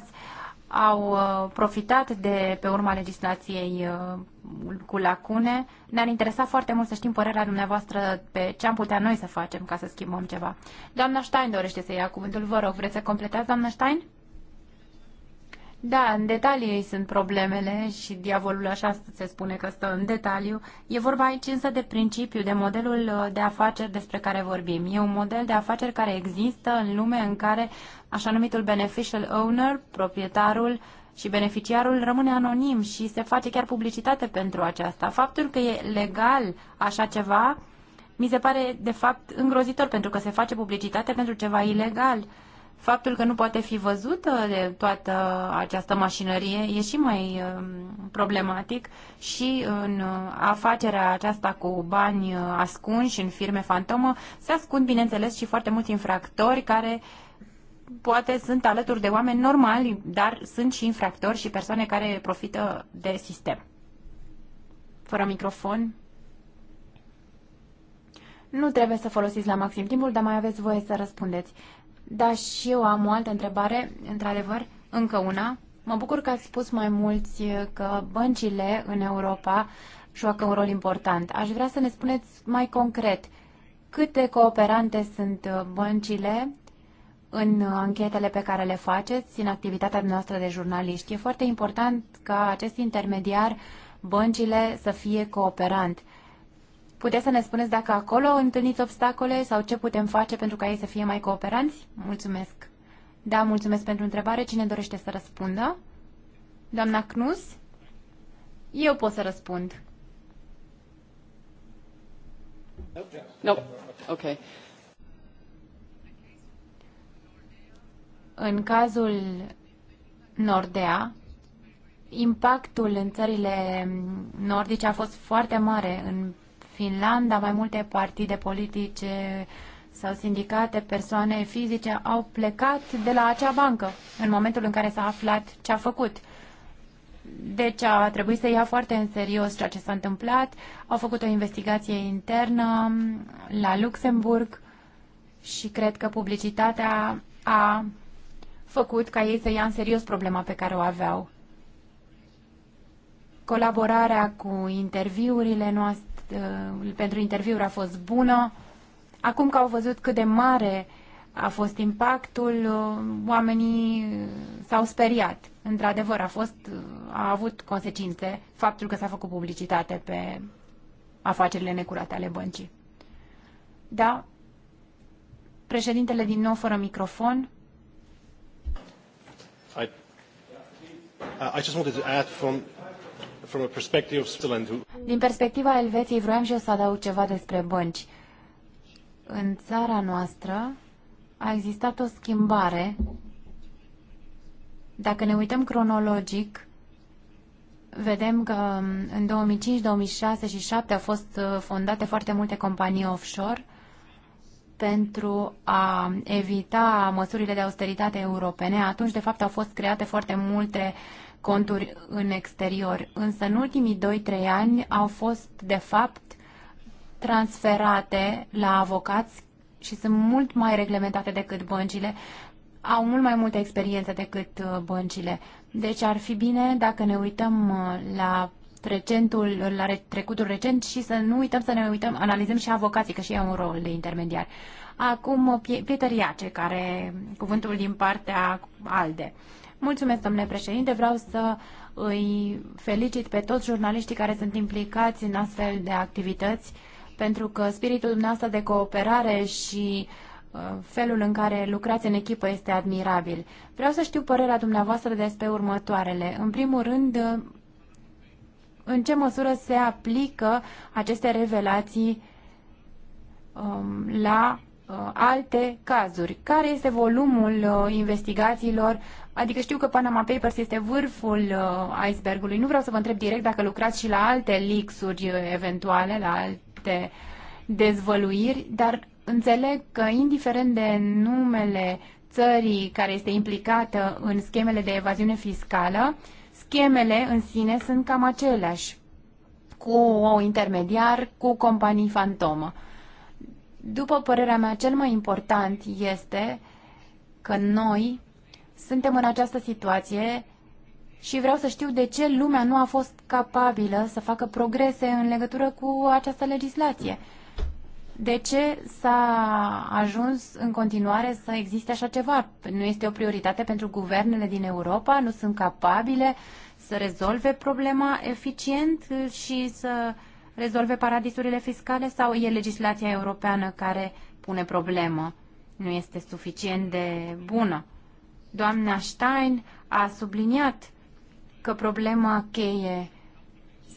au uh, profitat de pe urma legislației uh, cu lacune. Ne-ar interesa foarte mult să știm părerea dumneavoastră pe ce am putea noi să facem ca să schimbăm ceva. Doamna Stein dorește să ia cuvântul. Vă rog, vreți să completați, doamna Stein? Da, în detalii ei sunt problemele și diavolul așa se spune că stă în detaliu. E vorba aici însă de principiu, de modelul uh, de afaceri despre care vorbim. E un model de afaceri care există în lume în care așa numitul beneficial owner, proprietarul, și beneficiarul rămâne anonim și se face chiar publicitate pentru aceasta. Faptul că e legal așa ceva mi se pare de fapt îngrozitor pentru că se face publicitate pentru ceva ilegal. Faptul că nu poate fi văzută de toată această mașinărie e și mai um, problematic și în uh, afacerea aceasta cu bani uh, ascunși în firme fantomă se ascund, bineînțeles, și foarte mulți infractori care poate sunt alături de oameni normali, dar sunt și infractori și persoane care profită de sistem. Fără microfon. Nu trebuie să folosiți la maxim timpul, dar mai aveți voie să răspundeți. Da, și eu am o altă întrebare, într-adevăr, încă una. Mă bucur că ați spus mai mulți că băncile în Europa joacă un rol important. Aș vrea să ne spuneți mai concret câte cooperante sunt băncile în anchetele pe care le faceți, în activitatea noastră de jurnaliști. E foarte important ca acest intermediar băncile să fie cooperant. Puteți să ne spuneți dacă acolo întâlniți obstacole sau ce putem face pentru ca ei să fie mai cooperanți? Mulțumesc. Da, mulțumesc pentru întrebare. Cine dorește să răspundă? Doamna Cnus? Eu pot să răspund. No. Ok. În cazul Nordea, impactul în țările nordice a fost foarte mare în Finlanda, mai multe partide politice sau sindicate, persoane fizice au plecat de la acea bancă în momentul în care s-a aflat ce a făcut. Deci a trebuit să ia foarte în serios ceea ce s-a întâmplat. Au făcut o investigație internă la Luxemburg și cred că publicitatea a făcut ca ei să ia în serios problema pe care o aveau. Colaborarea cu interviurile noastre Uh, pentru interviuri a fost bună. Acum că au văzut cât de mare a fost impactul, uh, oamenii uh, s-au speriat. Într-adevăr, a, fost, a avut consecințe faptul că s-a făcut publicitate pe afacerile necurate ale băncii. Da? Președintele din nou fără microfon. I, I just wanted to add from din perspectiva Elveției, vroiam și eu să adaug ceva despre bănci. În țara noastră a existat o schimbare. Dacă ne uităm cronologic, vedem că um, în 2005, 2006 și 2007 au fost uh, fondate foarte multe companii offshore pentru a evita măsurile de austeritate europene. Atunci, de fapt, au fost create foarte multe uh, conturi în exterior, însă în ultimii 2-3 ani au fost, de fapt, transferate la avocați și sunt mult mai reglementate decât băncile, au mult mai multă experiență decât uh, băncile. Deci ar fi bine dacă ne uităm uh, la recentul, la trecutul recent și să nu uităm să ne uităm, analizăm și avocații, că și ei au un rol de intermediar. Acum, Pieter Iace, care cuvântul din partea ALDE. Uh, Mulțumesc, domnule președinte. Vreau să îi felicit pe toți jurnaliștii care sunt implicați în astfel de activități, pentru că spiritul dumneavoastră de cooperare și uh, felul în care lucrați în echipă este admirabil. Vreau să știu părerea dumneavoastră despre următoarele. În primul rând, uh, în ce măsură se aplică aceste revelații um, la Uh, alte cazuri. Care este volumul uh, investigațiilor? Adică știu că Panama Papers este vârful uh, icebergului. Nu vreau să vă întreb direct dacă lucrați și la alte lixuri eventuale, la alte dezvăluiri, dar înțeleg că indiferent de numele țării care este implicată în schemele de evaziune fiscală, schemele în sine sunt cam aceleași, cu o intermediar, cu companii fantomă. După părerea mea, cel mai important este că noi suntem în această situație și vreau să știu de ce lumea nu a fost capabilă să facă progrese în legătură cu această legislație. De ce s-a ajuns în continuare să existe așa ceva? Nu este o prioritate pentru guvernele din Europa? Nu sunt capabile să rezolve problema eficient și să uh, rezolve paradisurile fiscale sau e legislația europeană care pune problemă? Nu este suficient de bună. Doamna Stein a subliniat că problema cheie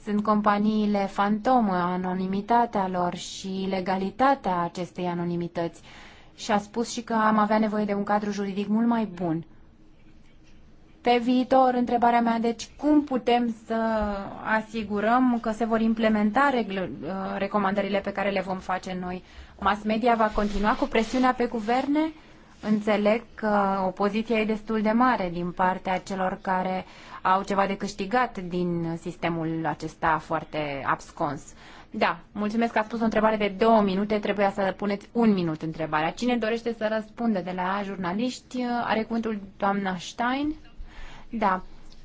sunt companiile fantomă, anonimitatea lor și legalitatea acestei anonimități. Și a spus și că am avea nevoie de un cadru juridic mult mai bun. Pe viitor, întrebarea mea, deci cum putem să asigurăm că se vor implementa uh, recomandările pe care le vom face noi? Mass media va continua cu presiunea pe guverne? Înțeleg că opoziția e destul de mare din partea celor care au ceva de câștigat din sistemul acesta foarte abscons. Da, mulțumesc că ați pus o întrebare de două minute, trebuia să puneți un minut întrebarea. Cine dorește să răspundă de la jurnaliști? Are cuvântul doamna Stein. Da,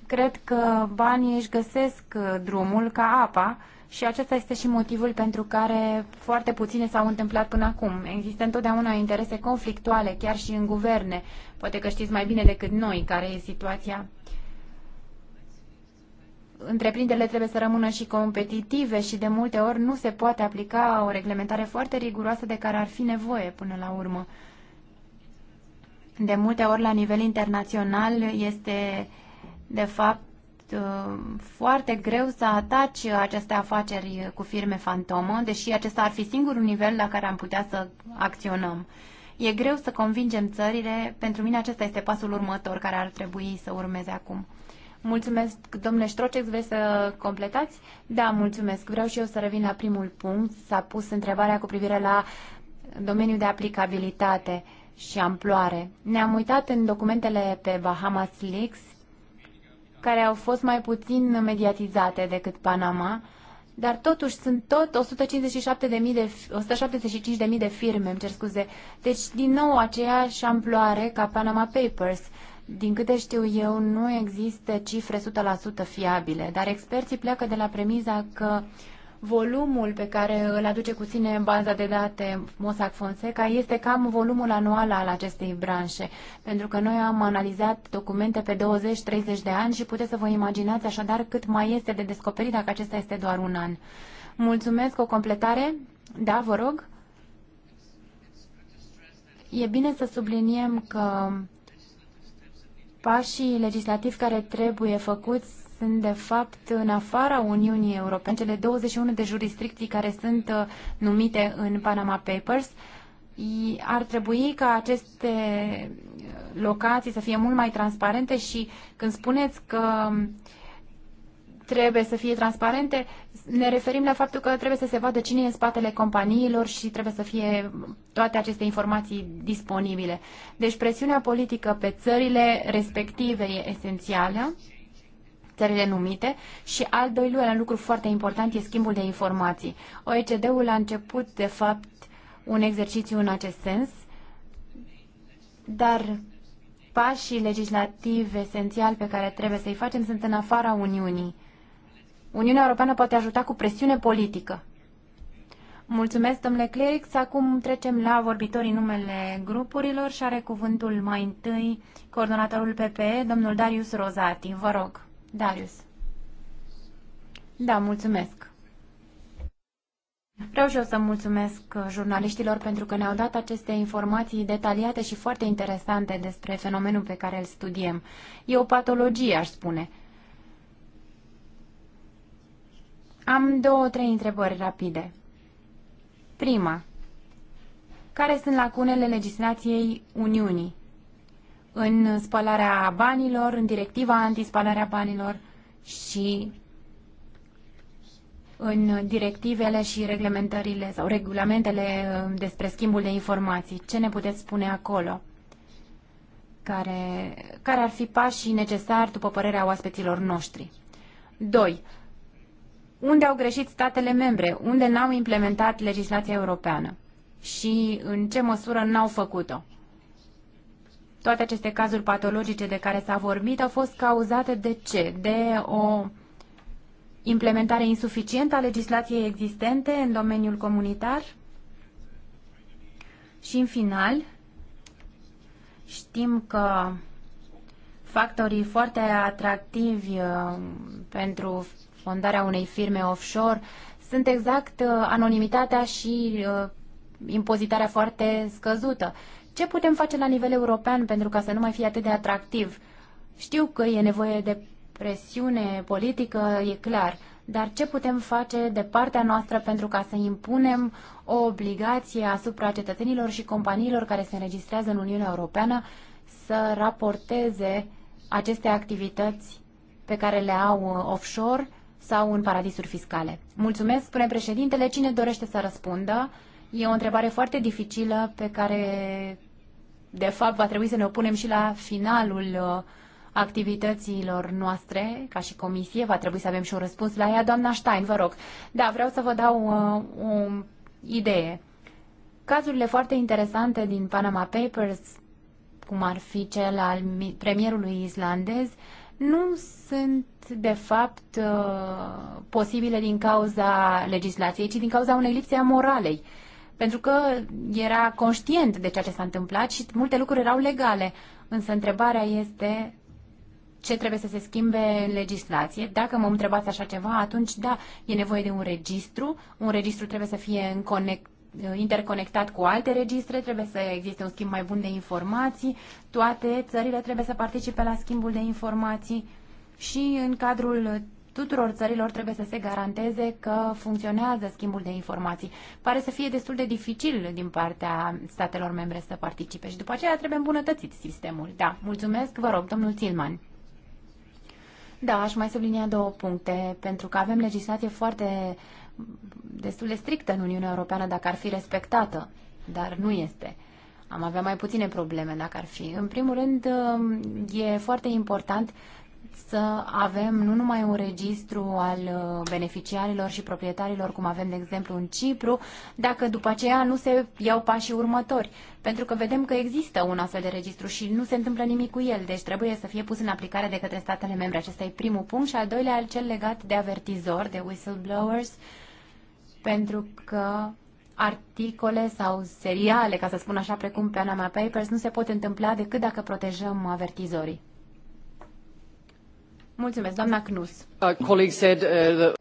cred că banii își găsesc uh, drumul ca apa și acesta este și motivul pentru care foarte puține s-au întâmplat până acum. Există întotdeauna interese conflictuale, chiar și în guverne. Poate că știți mai bine decât noi care e situația. Întreprinderile trebuie să rămână și competitive și de multe ori nu se poate aplica o reglementare foarte riguroasă de care ar fi nevoie până la urmă de multe ori la nivel internațional este de fapt foarte greu să ataci aceste afaceri cu firme fantomă, deși acesta ar fi singurul nivel la care am putea să acționăm. E greu să convingem țările, pentru mine acesta este pasul următor care ar trebui să urmeze acum. Mulțumesc, domnule Ștrocex, vreți să completați? Da, mulțumesc. Vreau și eu să revin la primul punct. S-a pus întrebarea cu privire la domeniul de aplicabilitate. Uh, și amploare. Ne-am uitat în documentele pe Bahamas Leaks, care au fost mai puțin mediatizate decât Panama, dar totuși sunt tot 157.000 de, 175.000 de firme, îmi cer scuze. Deci, din nou, aceeași amploare ca Panama Papers. Din câte știu eu, nu există cifre 100% fiabile, dar experții pleacă de la premiza că uh, volumul pe care îl aduce cu sine baza de date Mossack Fonseca este cam volumul anual al acestei branșe, pentru că noi am analizat documente pe 20-30 de ani și puteți să vă imaginați așadar cât mai este de descoperit dacă acesta este doar un an. Mulțumesc, o completare? Da, vă rog. E bine să subliniem că pașii legislativi care trebuie făcuți sunt de fapt în afara Uniunii Europene. Cele 21 de jurisdicții care sunt uh, numite în Panama Papers ar trebui ca aceste uh, locații să fie mult mai transparente și când spuneți că um, trebuie să fie transparente, ne referim la faptul că trebuie să se vadă cine e în spatele companiilor și trebuie să fie toate aceste informații disponibile. Deci presiunea politică pe țările respective e esențială țările numite și al doilea lucru foarte important e schimbul de informații. OECD-ul a început, de fapt, un exercițiu în acest sens, dar pașii legislativi esențiali pe care trebuie să-i facem sunt în afara Uniunii. Uniunea Europeană poate ajuta cu presiune politică. Mulțumesc, domnule Clerix. Acum trecem la vorbitorii numele grupurilor și are cuvântul mai întâi coordonatorul PPE, domnul Darius Rozati. Vă rog. Darius. Da, mulțumesc. Vreau și eu să mulțumesc uh, jurnaliștilor pentru că ne-au dat aceste informații detaliate și foarte interesante despre fenomenul pe care îl studiem. E o patologie, aș spune. Am două, trei întrebări rapide. Prima. Care sunt lacunele legislației Uniunii? în spălarea banilor, în directiva antispălarea banilor și în directivele și reglementările sau regulamentele um, despre schimbul de informații. Ce ne puteți spune acolo? Care, care ar fi pașii necesari, după părerea oaspeților noștri? 2. Unde au greșit statele membre? Unde n-au implementat legislația europeană? Și în ce măsură n-au făcut-o? Toate aceste cazuri patologice de care s-a vorbit au fost cauzate de ce? De o implementare insuficientă a legislației existente în domeniul comunitar? Și în final, știm că factorii foarte atractivi uh, pentru fondarea unei firme offshore sunt exact uh, anonimitatea și uh, impozitarea foarte scăzută. Ce putem face la nivel european pentru ca să nu mai fie atât de atractiv? Știu că e nevoie de presiune politică, e clar, dar ce putem face de partea noastră pentru ca să impunem o obligație asupra cetățenilor și companiilor care se înregistrează în Uniunea Europeană să raporteze aceste activități pe care le au uh, offshore sau în paradisuri fiscale? Mulțumesc, spune președintele. Cine dorește să răspundă? E o întrebare foarte dificilă pe care, de fapt, va trebui să ne opunem și la finalul uh, activităților noastre, ca și comisie. Va trebui să avem și un răspuns la ea. Doamna Stein, vă rog. Da, vreau să vă dau o, uh, o idee. Cazurile foarte interesante din Panama Papers, cum ar fi cel al premierului islandez, nu sunt, de fapt, uh, posibile din cauza legislației, ci din cauza unei lipse a moralei pentru că era conștient de ceea ce s-a întâmplat și multe lucruri erau legale. Însă întrebarea este ce trebuie să se schimbe în legislație. Dacă mă întrebați așa ceva, atunci da, e nevoie de un registru. Un registru trebuie să fie în conect interconectat cu alte registre, trebuie să existe un schimb mai bun de informații, toate țările trebuie să participe la schimbul de informații și în cadrul tuturor țărilor trebuie să se garanteze că funcționează schimbul de informații. Pare să fie destul de dificil din partea statelor membre să participe și după aceea trebuie îmbunătățit sistemul. Da, mulțumesc, vă rog, domnul Tilman. Da, aș mai sublinia două puncte, pentru că avem legislație foarte destul de strictă în Uniunea Europeană dacă ar fi respectată, dar nu este am avea mai puține probleme dacă ar fi. În primul rând, e foarte important să avem nu numai un registru al uh, beneficiarilor și proprietarilor, cum avem, de exemplu, în Cipru, dacă după aceea nu se iau pașii următori. Pentru că vedem că există un astfel de registru și nu se întâmplă nimic cu el, deci trebuie să fie pus în aplicare de către statele membre. Acesta e primul punct și al doilea, cel legat de avertizor, de whistleblowers, pentru că articole sau seriale, ca să spun așa, precum Panama Papers, nu se pot întâmpla decât dacă protejăm avertizorii. Mulțumesc, doamna Knus. Uh,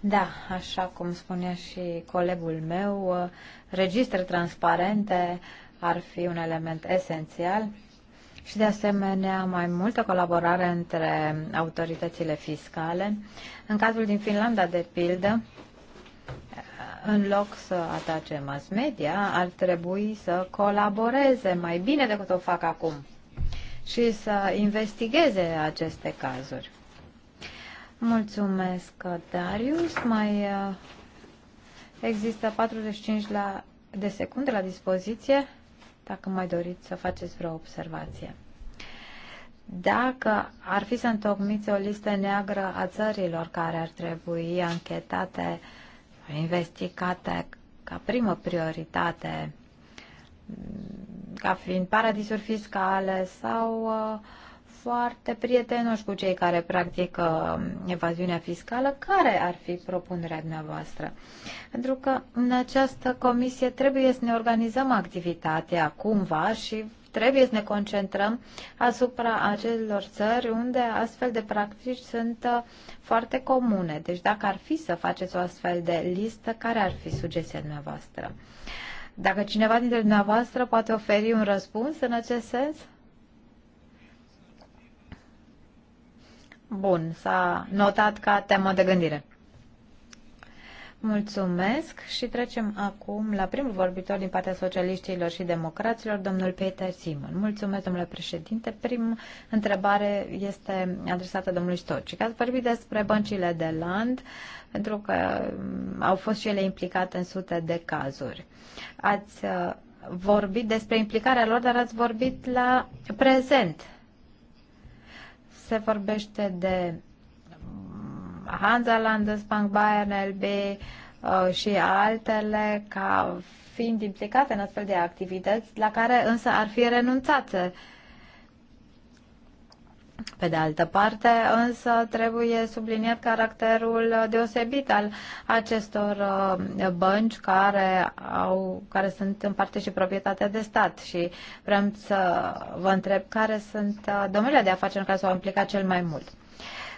da, așa cum spunea și colegul meu, uh, registre transparente ar fi un element esențial și de asemenea mai multă colaborare între autoritățile fiscale. În cazul din Finlanda, de pildă, în loc să atace mass media, ar trebui să colaboreze mai bine decât o fac acum și să investigheze aceste cazuri. Mulțumesc, Darius. Mai uh, există 45 la, de secunde la dispoziție dacă mai doriți să faceți vreo observație. Dacă ar fi să întocmiți o listă neagră a țărilor care ar trebui anchetate, investigate ca primă prioritate ca fiind paradisuri fiscale sau uh, foarte prietenoși cu cei care practică um, evaziunea fiscală, care ar fi propunerea dumneavoastră? Pentru că în această comisie trebuie să ne organizăm activitatea cumva și trebuie să ne concentrăm asupra acelor țări unde astfel de practici sunt uh, foarte comune. Deci dacă ar fi să faceți o astfel de listă, care ar fi sugestia dumneavoastră? Uh, dacă cineva dintre dumneavoastră poate oferi un răspuns în acest sens? Bun, s-a notat ca temă de gândire. Mulțumesc și trecem acum la primul vorbitor din partea socialiștilor și democraților, domnul Peter Simon. Mulțumesc, domnule președinte. Prim întrebare este adresată domnului Stocic. Ați vorbit despre băncile de land, pentru că mm, au fost și ele implicate în sute de cazuri. Ați uh, vorbit despre implicarea lor, dar ați vorbit la prezent. Se vorbește de Hansa Landesbank, Bayern LB uh, și altele ca fiind implicate în astfel de activități la care însă ar fi renunțate. Pe de altă parte, însă, trebuie subliniat caracterul deosebit al acestor uh, bănci care, au, care sunt în parte și proprietate de stat și vreau să vă întreb care sunt uh, domeniile de afaceri în care s-au implicat cel mai mult.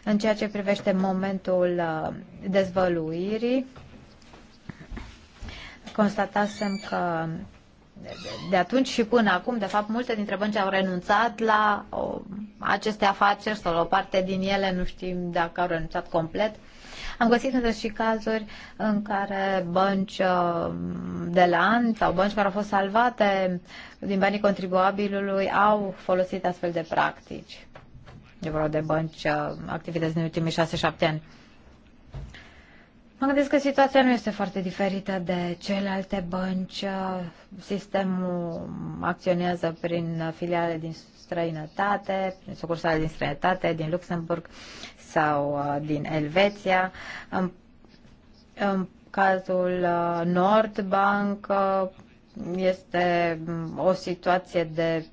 În ceea ce privește momentul uh, dezvăluirii, constatasem că de atunci și până acum, de fapt, multe dintre bănci au renunțat la o, aceste afaceri sau la o parte din ele, nu știm dacă au renunțat complet. Am găsit însă și cazuri în care bănci uh, de la an sau bănci care au fost salvate din banii contribuabilului au folosit astfel de practici. E vorba de bănci, uh, activități din ultimii 6-7 ani. Mă gândesc că situația nu este foarte diferită de celelalte bănci. Uh, sistemul acționează prin filiale din străinătate, prin sucursale din străinătate, din Luxemburg sau uh, din Elveția. În, în cazul Nordbank este um, o situație de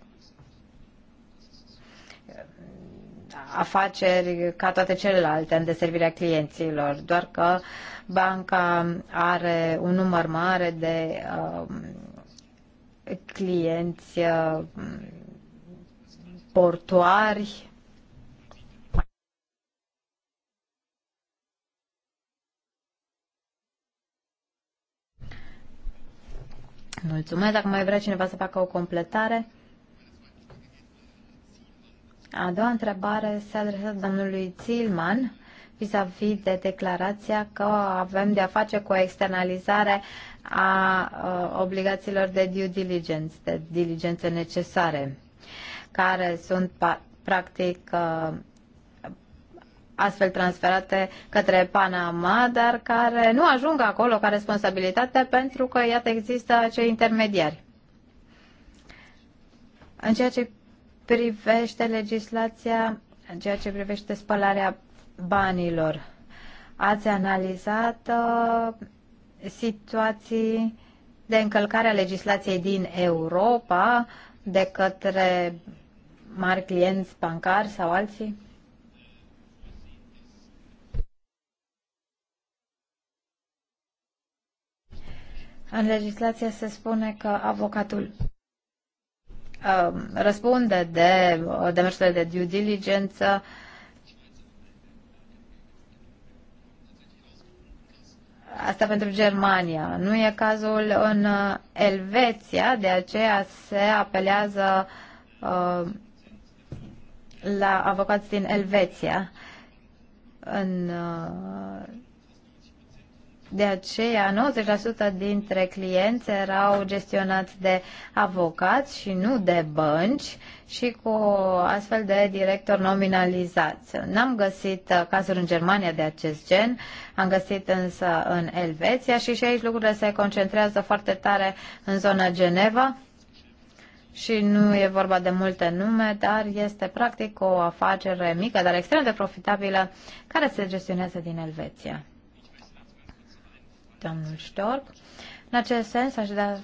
afaceri ca toate celelalte în deservirea clienților, doar că banca are un număr mare de uh, clienți uh, portuari, Mulțumesc. Dacă mai vrea cineva să facă o completare. A doua întrebare se adresează domnului Zilman vis-a-vis -vis de declarația că avem de a face cu o externalizare a uh, obligațiilor de due diligence, de diligențe necesare, care sunt practic uh, astfel transferate către Panama, dar care nu ajung acolo ca responsabilitate pentru că, iată, există acei intermediari. În ceea ce privește legislația în ceea ce privește spălarea banilor. Ați analizat uh, situații de încălcare a legislației din Europa de către mari clienți bancari sau alții? În legislație se spune că avocatul Um, răspunde de uh, demersurile de due diligence Asta pentru Germania. Nu e cazul în uh, Elveția, de aceea se apelează uh, la avocați din Elveția. În uh, de aceea, 90% dintre clienți erau gestionați de avocați și nu de bănci și cu astfel de directori nominalizați. N-am găsit uh, cazuri în Germania de acest gen, am găsit însă în Elveția și și aici lucrurile se concentrează foarte tare în zona Geneva și nu e vorba de multe nume, dar este practic o afacere mică, dar extrem de profitabilă, care se gestionează din Elveția domnul Stork. În acest sens, aș, da,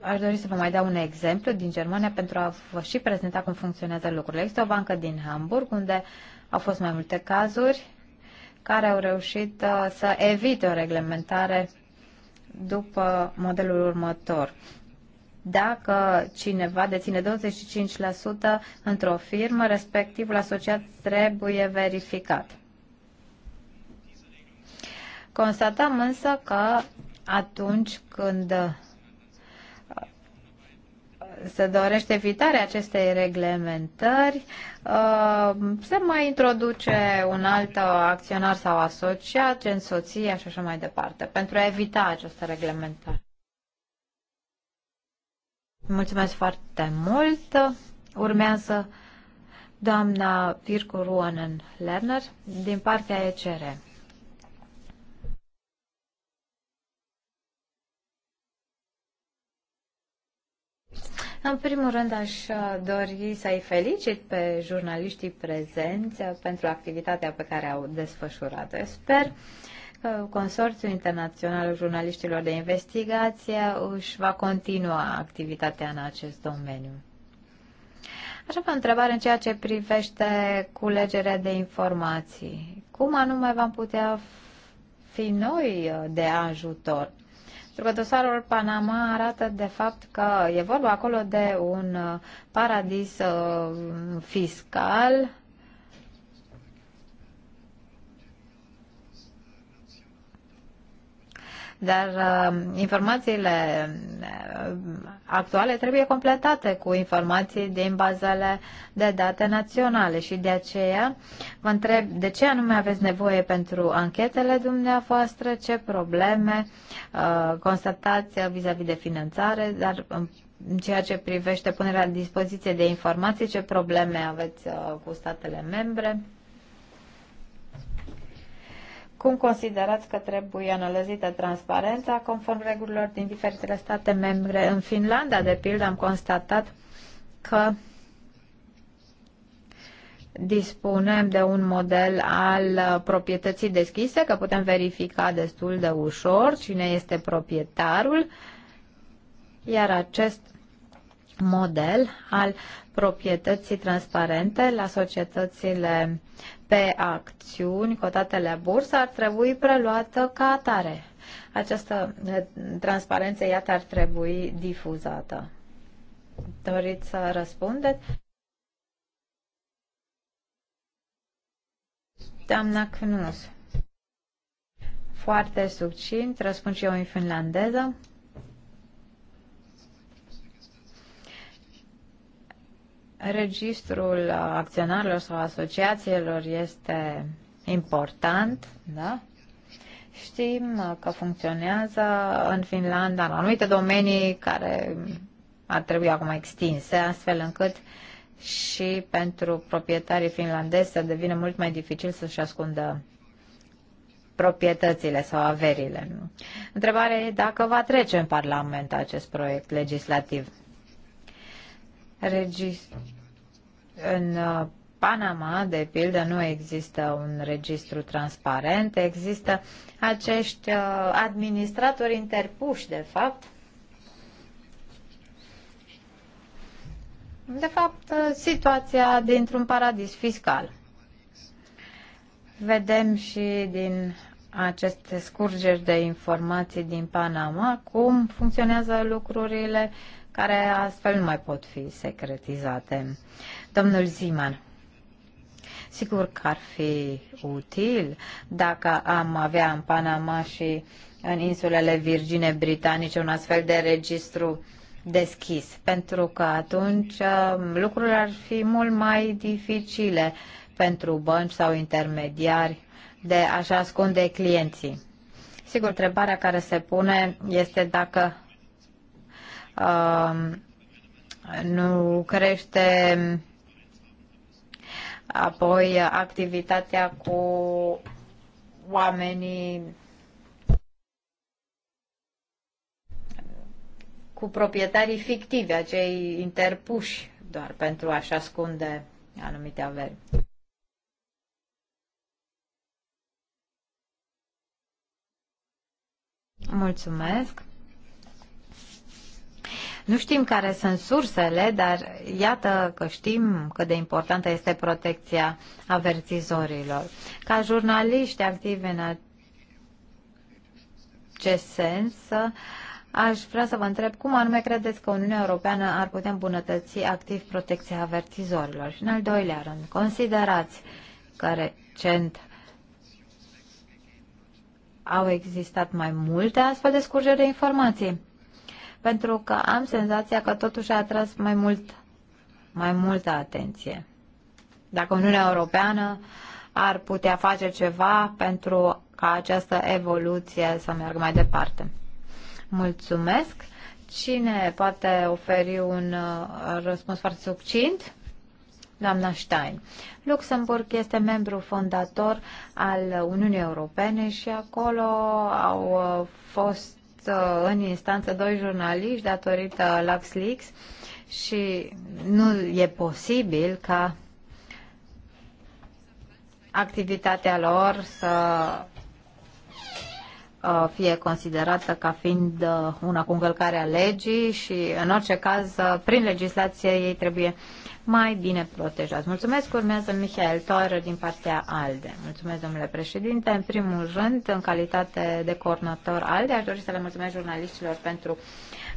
aș dori să vă mai dau un exemplu din Germania pentru a vă și prezenta cum funcționează lucrurile. Există o bancă din Hamburg unde au fost mai multe cazuri care au reușit uh, să evite o reglementare după modelul următor. Dacă cineva deține 25% într-o firmă, respectivul asociat trebuie verificat. Constatam însă că atunci când uh, se dorește evitarea acestei reglementări, uh, se mai introduce un alt acționar sau asociat, gen soția și așa mai departe, pentru a evita această reglementare. Mulțumesc foarte mult. Urmează doamna Virku Ruonen Lerner din partea ECR. În primul rând aș uh, dori să-i felicit pe jurnaliștii prezenți uh, pentru activitatea pe care au desfășurat-o. Sper că Consorțiul Internațional al Jurnaliștilor de Investigație își va continua activitatea în acest domeniu. Așa o întrebare în ceea ce privește culegerea de informații. Cum anume vom putea fi noi uh, de ajutor? Pentru că dosarul Panama arată de fapt că e vorba acolo de un uh, paradis uh, fiscal Dar uh, informațiile uh, actuale trebuie completate cu informații din bazele de date naționale și de aceea vă întreb de ce anume aveți nevoie pentru anchetele dumneavoastră, ce probleme uh, constatați vis-a-vis -vis de finanțare, dar în ceea ce privește punerea la dispoziție de informații, ce probleme aveți uh, cu statele membre. Cum considerați că trebuie analizată transparența conform regulilor din diferitele state membre? În Finlanda, de pildă, am constatat că dispunem de un model al proprietății deschise, că putem verifica destul de ușor cine este proprietarul, iar acest model al proprietății transparente la societățile pe acțiuni cotate la bursă ar trebui preluată ca atare. Această eh, transparență, iată, ar trebui difuzată. Doriți să răspundeți? Doamna Cunus. Foarte succint, răspund și eu în finlandeză. registrul acționarilor sau asociațiilor este important, da? Știm că funcționează în Finlanda în anumite domenii care ar trebui acum extinse, astfel încât și pentru proprietarii finlandezi să devină mult mai dificil să-și ascundă proprietățile sau averile. Întrebarea e dacă va trece în Parlament acest proiect legislativ în uh, Panama, de pildă, nu există un registru transparent, există acești uh, administratori interpuși, de fapt. De fapt, uh, situația dintr-un paradis fiscal. Vedem și din aceste scurgeri de informații din Panama cum funcționează lucrurile care astfel nu mai pot fi secretizate. Domnul Ziman. Sigur că ar fi util dacă am avea în Panama și în insulele Virgine Britanice un astfel de registru deschis, pentru că atunci um, lucrurile ar fi mult mai dificile pentru bănci sau intermediari de a-și ascunde clienții. Sigur, întrebarea care se pune este dacă Um, nu crește apoi activitatea cu oamenii cu proprietarii fictivi, acei interpuși doar pentru a-și ascunde anumite averi. Mulțumesc! Nu știm care sunt sursele, dar iată că știm cât de importantă este protecția avertizorilor. Ca jurnaliști activi în acest sens, aș vrea să vă întreb cum anume credeți că Uniunea Europeană ar putea îmbunătăți activ protecția avertizorilor. Și în al doilea rând, considerați că recent au existat mai multe astfel de scurgeri de informații pentru că am senzația că totuși a atras mai mult mai multă atenție. Dacă Uniunea Europeană ar putea face ceva pentru ca această evoluție să meargă mai departe. Mulțumesc! Cine poate oferi un uh, răspuns foarte succint? Doamna Stein. Luxemburg este membru fondator al Uniunii Europene și acolo au uh, fost Uh, în instanță doi jurnaliști datorită LuxLeaks și nu e posibil ca activitatea lor să uh, fie considerată ca fiind uh, una cu încălcarea legii și, în orice caz, prin legislație ei trebuie mai bine protejați. Mulțumesc, urmează Michael Toară din partea ALDE. Mulțumesc, domnule președinte. În primul rând, în calitate de coordonator ALDE, aș dori să le mulțumesc jurnaliștilor pentru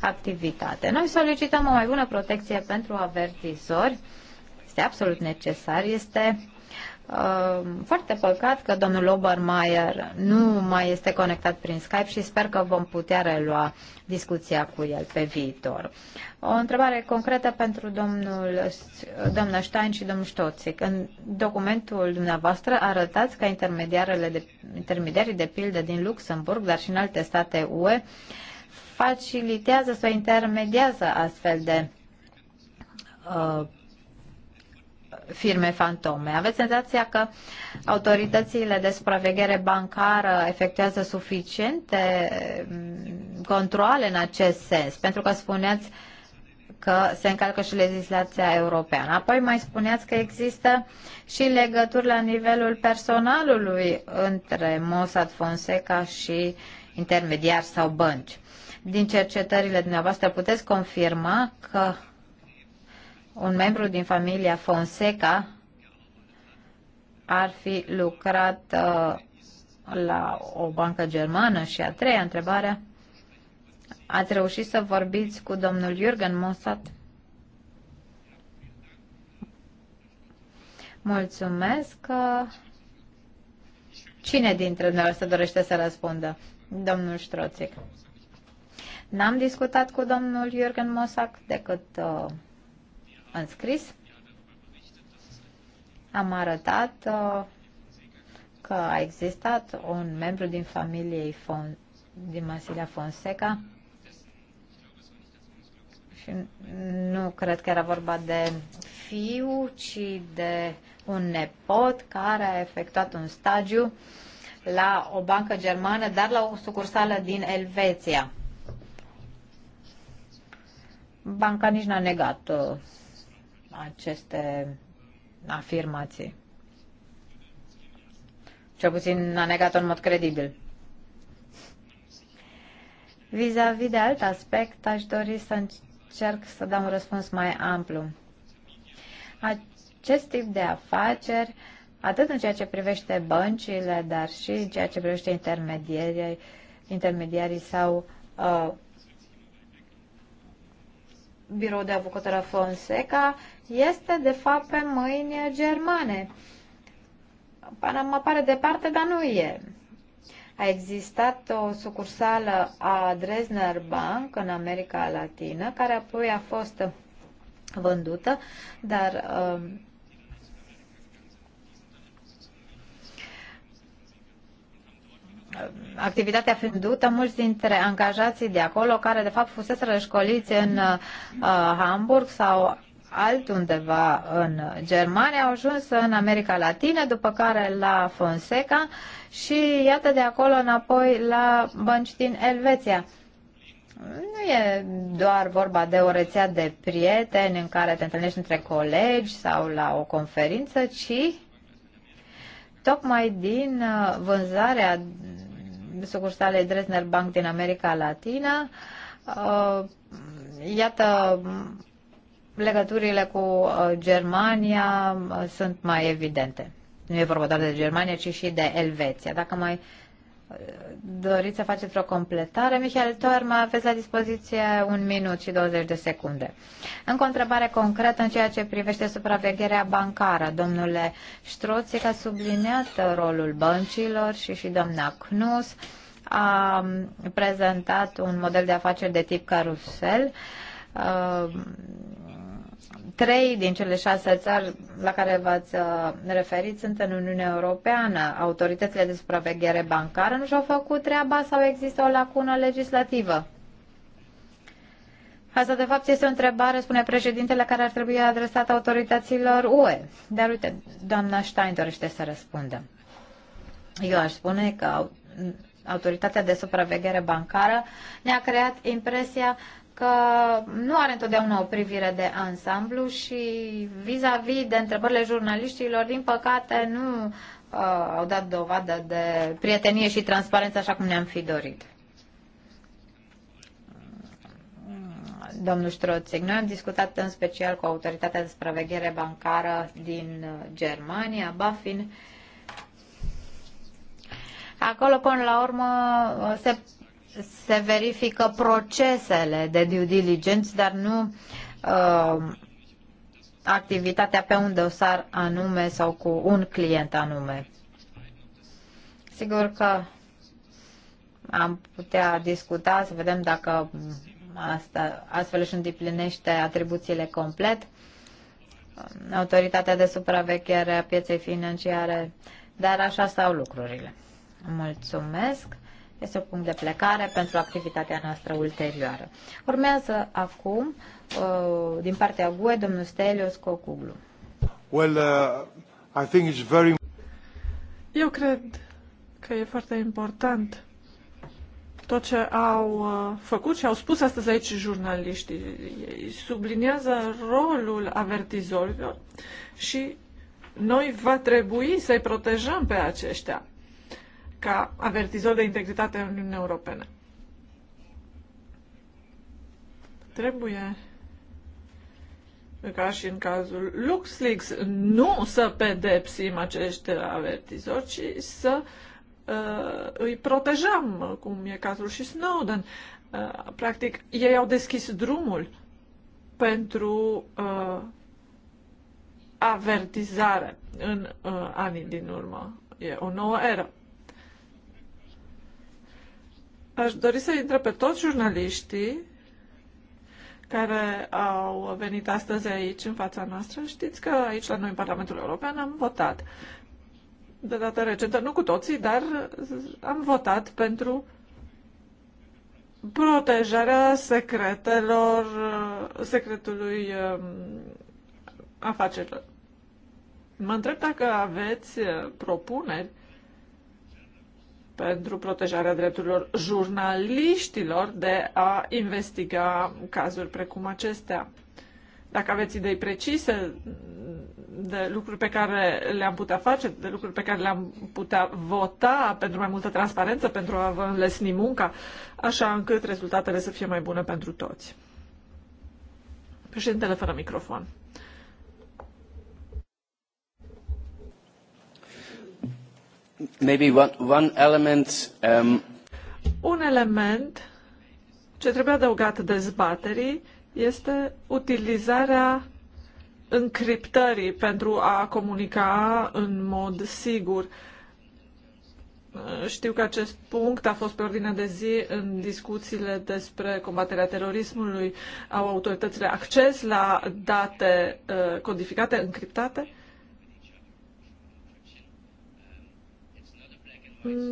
activitate. Noi solicităm o mai bună protecție pentru avertizori. Este absolut necesar. Este Ehm, foarte păcat că domnul Obermeier nu mai este conectat prin Skype și sper că vom putea relua discuția cu el pe viitor. O întrebare concretă pentru domnul, domnul Stein și domnul Ștoțic. În documentul dumneavoastră arătați că intermediarele de, intermediarii de pildă din Luxemburg, dar și în alte state UE, facilitează sau intermediază astfel de uh, firme fantome. Aveți senzația că autoritățile de supraveghere bancară efectuează suficiente mm, controle în acest sens? Pentru că spuneați că se încalcă și legislația europeană. Apoi mai spuneați că există și legături la nivelul personalului între Mossad Fonseca și intermediari sau bănci. Din cercetările dumneavoastră puteți confirma că un membru din familia Fonseca ar fi lucrat uh, la o bancă germană? Și a treia întrebare, ați reușit să vorbiți cu domnul Jürgen Mossad? Mulțumesc. Cine dintre noi să dorește să răspundă? Domnul Ștroțic. N-am discutat cu domnul Jürgen Mosac decât uh, în scris. Am arătat uh, că a existat un membru din familiei Fon, din Masilia Fonseca și nu cred că era vorba de fiu, ci de un nepot care a efectuat un stagiu la o bancă germană, dar la o sucursală din Elveția. Banca nici n-a negat uh, aceste afirmații. Cel puțin a negat-o în mod credibil. Vis-a-vis -vis de alt aspect, aș dori să încerc să dau un răspuns mai amplu. Acest tip de afaceri, atât în ceea ce privește băncile, dar și în ceea ce privește intermediarii, intermediarii sau uh, birou de avocatura Fonseca, este de fapt pe mâini germane. mă pare departe, dar nu e. A existat o sucursală a Dresner Bank în America Latină, care apoi a fost vândută, dar uh, activitatea vândută, mulți dintre angajații de acolo, care de fapt fusese școliți în uh, Hamburg, sau altundeva în Germania, au ajuns în America Latină, după care la Fonseca și iată de acolo înapoi la bănci din Elveția. Nu e doar vorba de o rețea de prieteni în care te întâlnești între colegi sau la o conferință, ci tocmai din uh, vânzarea sucursalei Dresner Bank din America Latină, uh, iată legăturile cu uh, Germania uh, sunt mai evidente. Nu e vorba doar de Germania, ci și de Elveția. Dacă mai uh, doriți să faceți o completare, Michael Tor, mai aveți la dispoziție un minut și 20 de secunde. În o întrebare concretă în ceea ce privește supravegherea bancară. Domnule Ștroțic a subliniat rolul băncilor și și doamna Cnus a um, prezentat un model de afaceri de tip carusel Trei din cele șase țări la care v-ați uh, referit sunt în Uniunea Europeană. Autoritățile de supraveghere bancară nu și-au făcut treaba sau există o lacună legislativă? Asta, de fapt, este o întrebare, spune președintele, care ar trebui adresată autorităților UE. Dar, uite, doamna Stein dorește să răspundă. Eu aș spune că autoritatea de supraveghere bancară ne-a creat impresia că nu are întotdeauna o privire de ansamblu și vis-a-vis -vis de întrebările jurnaliștilor, din păcate, nu uh, au dat dovadă de prietenie și transparență așa cum ne-am fi dorit. Domnul Ștroțic, noi am discutat în special cu Autoritatea de Supraveghere Bancară din Germania, BaFin, Acolo, până la urmă, se se verifică procesele de due diligence, dar nu uh, activitatea pe un dosar anume sau cu un client anume. Sigur că am putea discuta să vedem dacă asta, astfel își îndeplinește atribuțiile complet. Autoritatea de supraveghere a pieței financiare, dar așa stau lucrurile. Mulțumesc! Este un punct de plecare pentru activitatea noastră ulterioară. Urmează acum, uh, din partea GUE, domnul Stelios Cocuglu. Well, uh, I think it's very... Eu cred că e foarte important tot ce au uh, făcut și au spus astăzi aici jurnaliștii. Ei subliniază rolul avertizorilor și noi va trebui să-i protejăm pe aceștia ca avertizor de integritate în Uniunea Europene. Trebuie ca și în cazul LuxLeaks, nu să pedepsim acești avertizori, ci să uh, îi protejăm, cum e cazul și Snowden. Uh, practic, ei au deschis drumul pentru uh, avertizare în uh, anii din urmă. E o nouă eră. Aș dori să intre pe toți jurnaliștii care au venit astăzi aici în fața noastră. Știți că aici la noi în Parlamentul European am votat de data recentă, nu cu toții, dar am votat pentru protejarea secretelor, secretului um, afacerilor. Mă întreb dacă aveți uh, propuneri pentru protejarea drepturilor jurnaliștilor de a investiga cazuri precum acestea. Dacă aveți idei precise de lucruri pe care le-am putea face, de lucruri pe care le-am putea vota pentru mai multă transparență, pentru a vă înlesni munca, așa încât rezultatele să fie mai bune pentru toți. Președintele fără microfon. maybe one, one element, um... Un element ce trebuie adăugat dezbaterii este utilizarea încriptării pentru a comunica în mod sigur. Știu că acest punct a fost pe ordinea de zi în discuțiile despre combaterea terorismului. Au autoritățile acces la date uh, codificate, încriptate?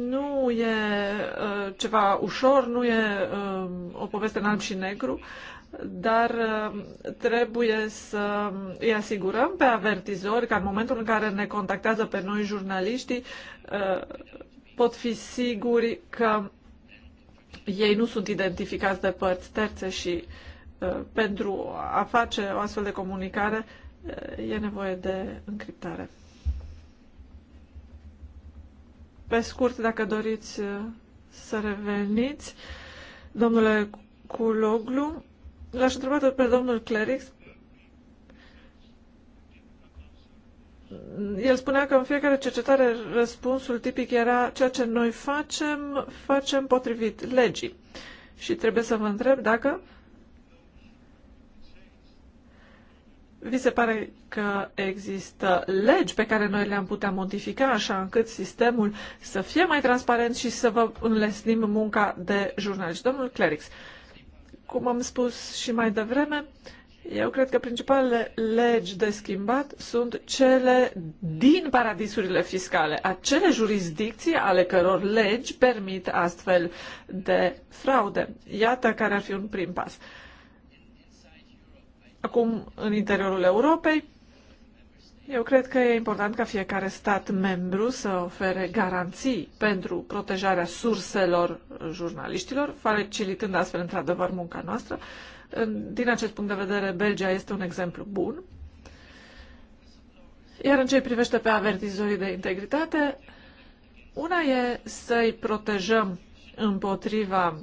nu e uh, ceva ușor, nu e uh, o poveste în alb și negru, dar uh, trebuie să îi asigurăm pe avertizori că în momentul în care ne contactează pe noi jurnaliștii, uh, pot fi siguri că ei nu sunt identificați de părți terțe și uh, pentru a face o astfel de comunicare uh, e nevoie de încriptare. Pe scurt, dacă doriți uh, să reveniți, domnule Culoglu, l-aș întreba pe domnul Clerix. El spunea că în fiecare cercetare răspunsul tipic era ceea ce noi facem, facem potrivit legii. Și trebuie să vă întreb dacă Vi se pare că există legi pe care noi le-am putea modifica așa încât sistemul să fie mai transparent și să vă înlesnim munca de jurnalist, Domnul Clerix, cum am spus și mai devreme, eu cred că principalele legi de schimbat sunt cele din paradisurile fiscale, acele jurisdicții ale căror legi permit astfel de fraude. Iată care ar fi un prim pas. Acum, în interiorul Europei, eu cred că e important ca fiecare stat membru să ofere garanții pentru protejarea surselor jurnaliștilor, facilitând astfel, într-adevăr, munca noastră. Din acest punct de vedere, Belgia este un exemplu bun. Iar în ce privește pe avertizorii de integritate, una e să-i protejăm împotriva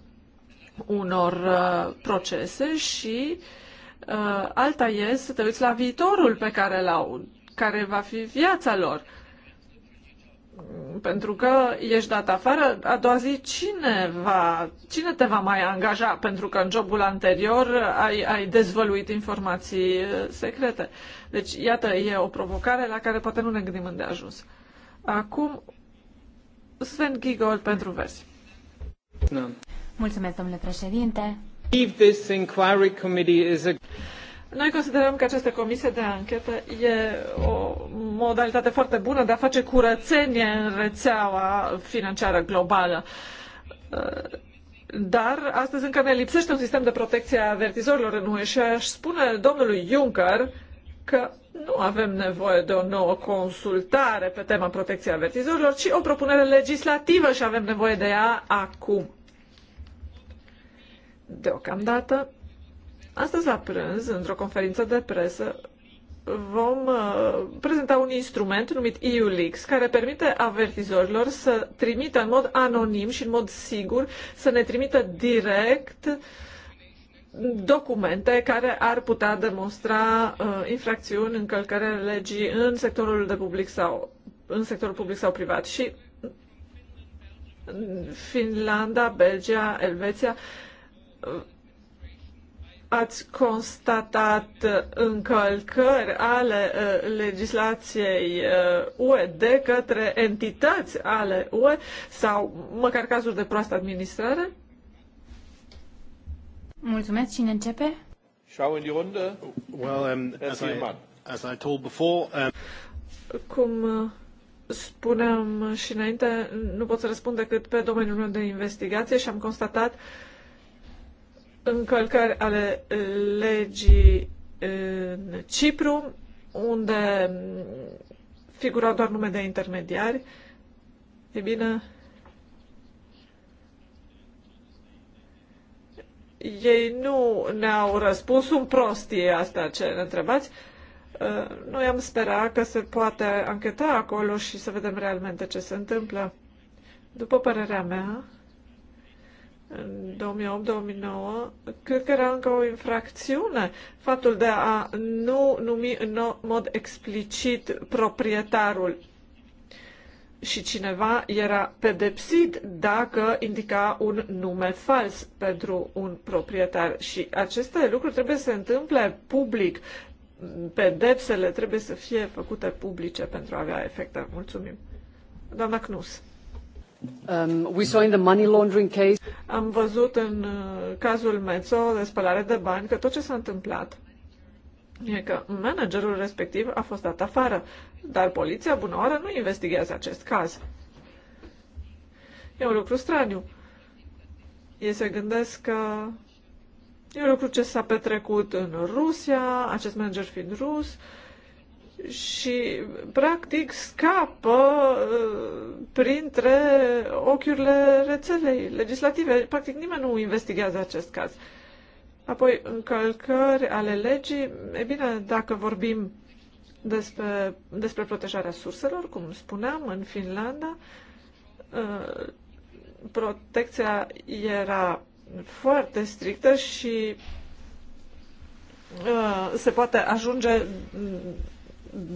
unor uh, procese și uh, Uh, alta e să te uiți la viitorul pe care l au, care va fi viața lor. Pentru că ești dat afară, a doua zi cine, va, cine te va mai angaja? Pentru că în jobul anterior ai, ai dezvăluit informații uh, secrete. Deci, iată, e o provocare la care poate nu ne gândim ajuns. Acum, Sven Gigol pentru versi. Da. Mulțumesc, domnule președinte. Noi considerăm că această comisie de anchetă e o modalitate foarte bună de a face curățenie în rețeaua financiară globală. Uh, dar astăzi încă ne lipsește un sistem de protecție a avertizorilor în UE și aș spune domnului Juncker că nu avem nevoie de o nouă consultare pe tema protecției avertizorilor, ci o propunere legislativă și avem nevoie de ea acum. Deocamdată, astăzi la prânz, într-o conferință de presă, vom uh, prezenta un instrument numit EULeaks, care permite avertizorilor să trimită în mod anonim și în mod sigur, să ne trimită direct documente care ar putea demonstra uh, infracțiuni, încălcări legii în sectorul de public sau în sectorul public sau privat. Și Finlanda, Belgia, Elveția uh, ați constatat încălcări ale uh, legislației uh, UE de către entități ale UE sau măcar cazuri de proastă administrare? Mulțumesc. Cine începe? Schau in die Runde. Well, um, as, I, as I told before... Um... Cum uh, spuneam și înainte, nu pot să răspund decât pe domeniul meu de investigație și am constatat uh, încălcări ale eh, legii în Cipru, unde mm, figurau doar nume de intermediari. E bine, ei nu ne-au răspuns un prostie asta ce ne întrebați. Eh, noi am sperat că se poate ancheta acolo și să vedem realmente ce se întâmplă. După părerea mea, în 2008-2009, cred că era încă o infracțiune faptul de a nu numi în mod explicit proprietarul. Și cineva era pedepsit dacă indica un nume fals pentru un proprietar. Și aceste lucruri trebuie să se întâmple public. Pedepsele trebuie să fie făcute publice pentru a avea efecte. Mulțumim. Doamna Knus. Um, we saw in the money laundering case... Am văzut în uh, cazul Mezzo de spălare de bani că tot ce s-a întâmplat e că managerul respectiv a fost dat afară, dar poliția bună oară nu investigează acest caz. E un lucru straniu. Ei se gândesc că e un lucru ce s-a petrecut în Rusia, acest manager fiind rus, uh, și practic scapă uh, printre ochiurile rețelei legislative. Practic nimeni nu investigează acest caz. Apoi, încălcări ale legii. E bine, dacă vorbim despre, despre protejarea surselor, cum spuneam, în Finlanda, uh, protecția era foarte strictă și uh, se poate ajunge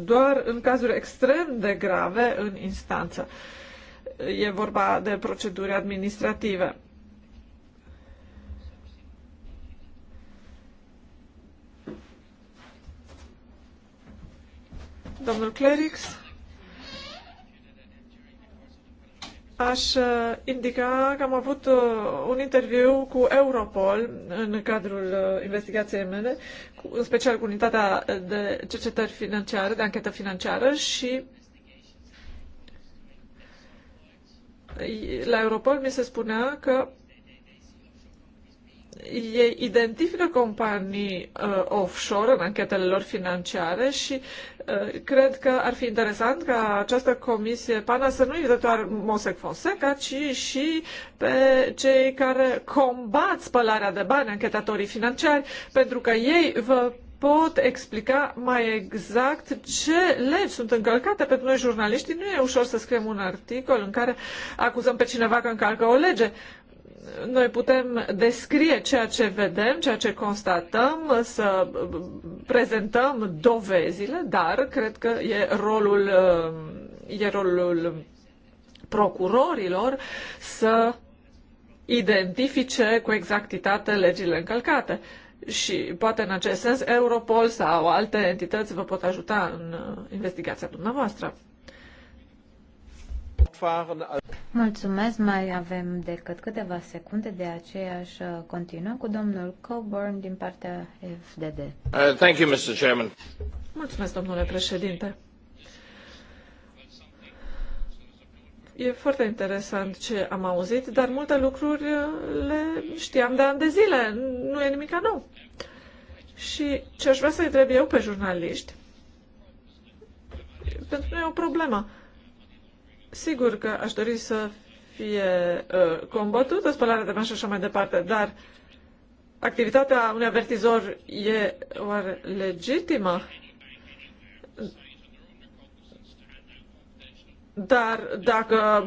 doar în cazuri extrem de grave în instanță. E vorba de proceduri administrative. Domnul clerics. aș uh, indica că am avut uh, un interviu cu Europol în cadrul uh, investigației mele, în special cu unitatea de cercetări financiare, de anchetă financiară și la Europol mi se spunea că ei identifică companii uh, offshore în anchetele lor financiare și uh, cred că ar fi interesant ca această comisie PANA să nu invite doar Mosec Fonseca, ci și pe cei care combat spălarea de bani, anchetatorii financiari, pentru că ei vă pot explica mai exact ce legi sunt încălcate. Pentru noi, jurnaliștii, nu e ușor să scriem un articol în care acuzăm pe cineva că încalcă o lege noi putem descrie ceea ce vedem, ceea ce constatăm, să prezentăm dovezile, dar cred că e rolul, uh, e rolul procurorilor să identifice cu exactitate legile încălcate. Și poate în acest sens Europol sau alte entități vă pot ajuta în uh, investigația dumneavoastră. Mulțumesc, mai avem decât câteva secunde, de aceea aș uh, continua cu domnul Coburn din partea FDD. Uh, thank you, Mr. Chairman. Mulțumesc, domnule președinte. E foarte interesant ce am auzit, dar multe lucruri uh, le știam de ani de zile. Nu e nimic nou. Și ce aș vrea să-i întreb eu pe jurnaliști, pentru noi e o problemă. Sigur că aș dori să fie uh, combătută spălarea de bani și așa mai departe, dar activitatea unui avertizor e oare legitimă? Dar dacă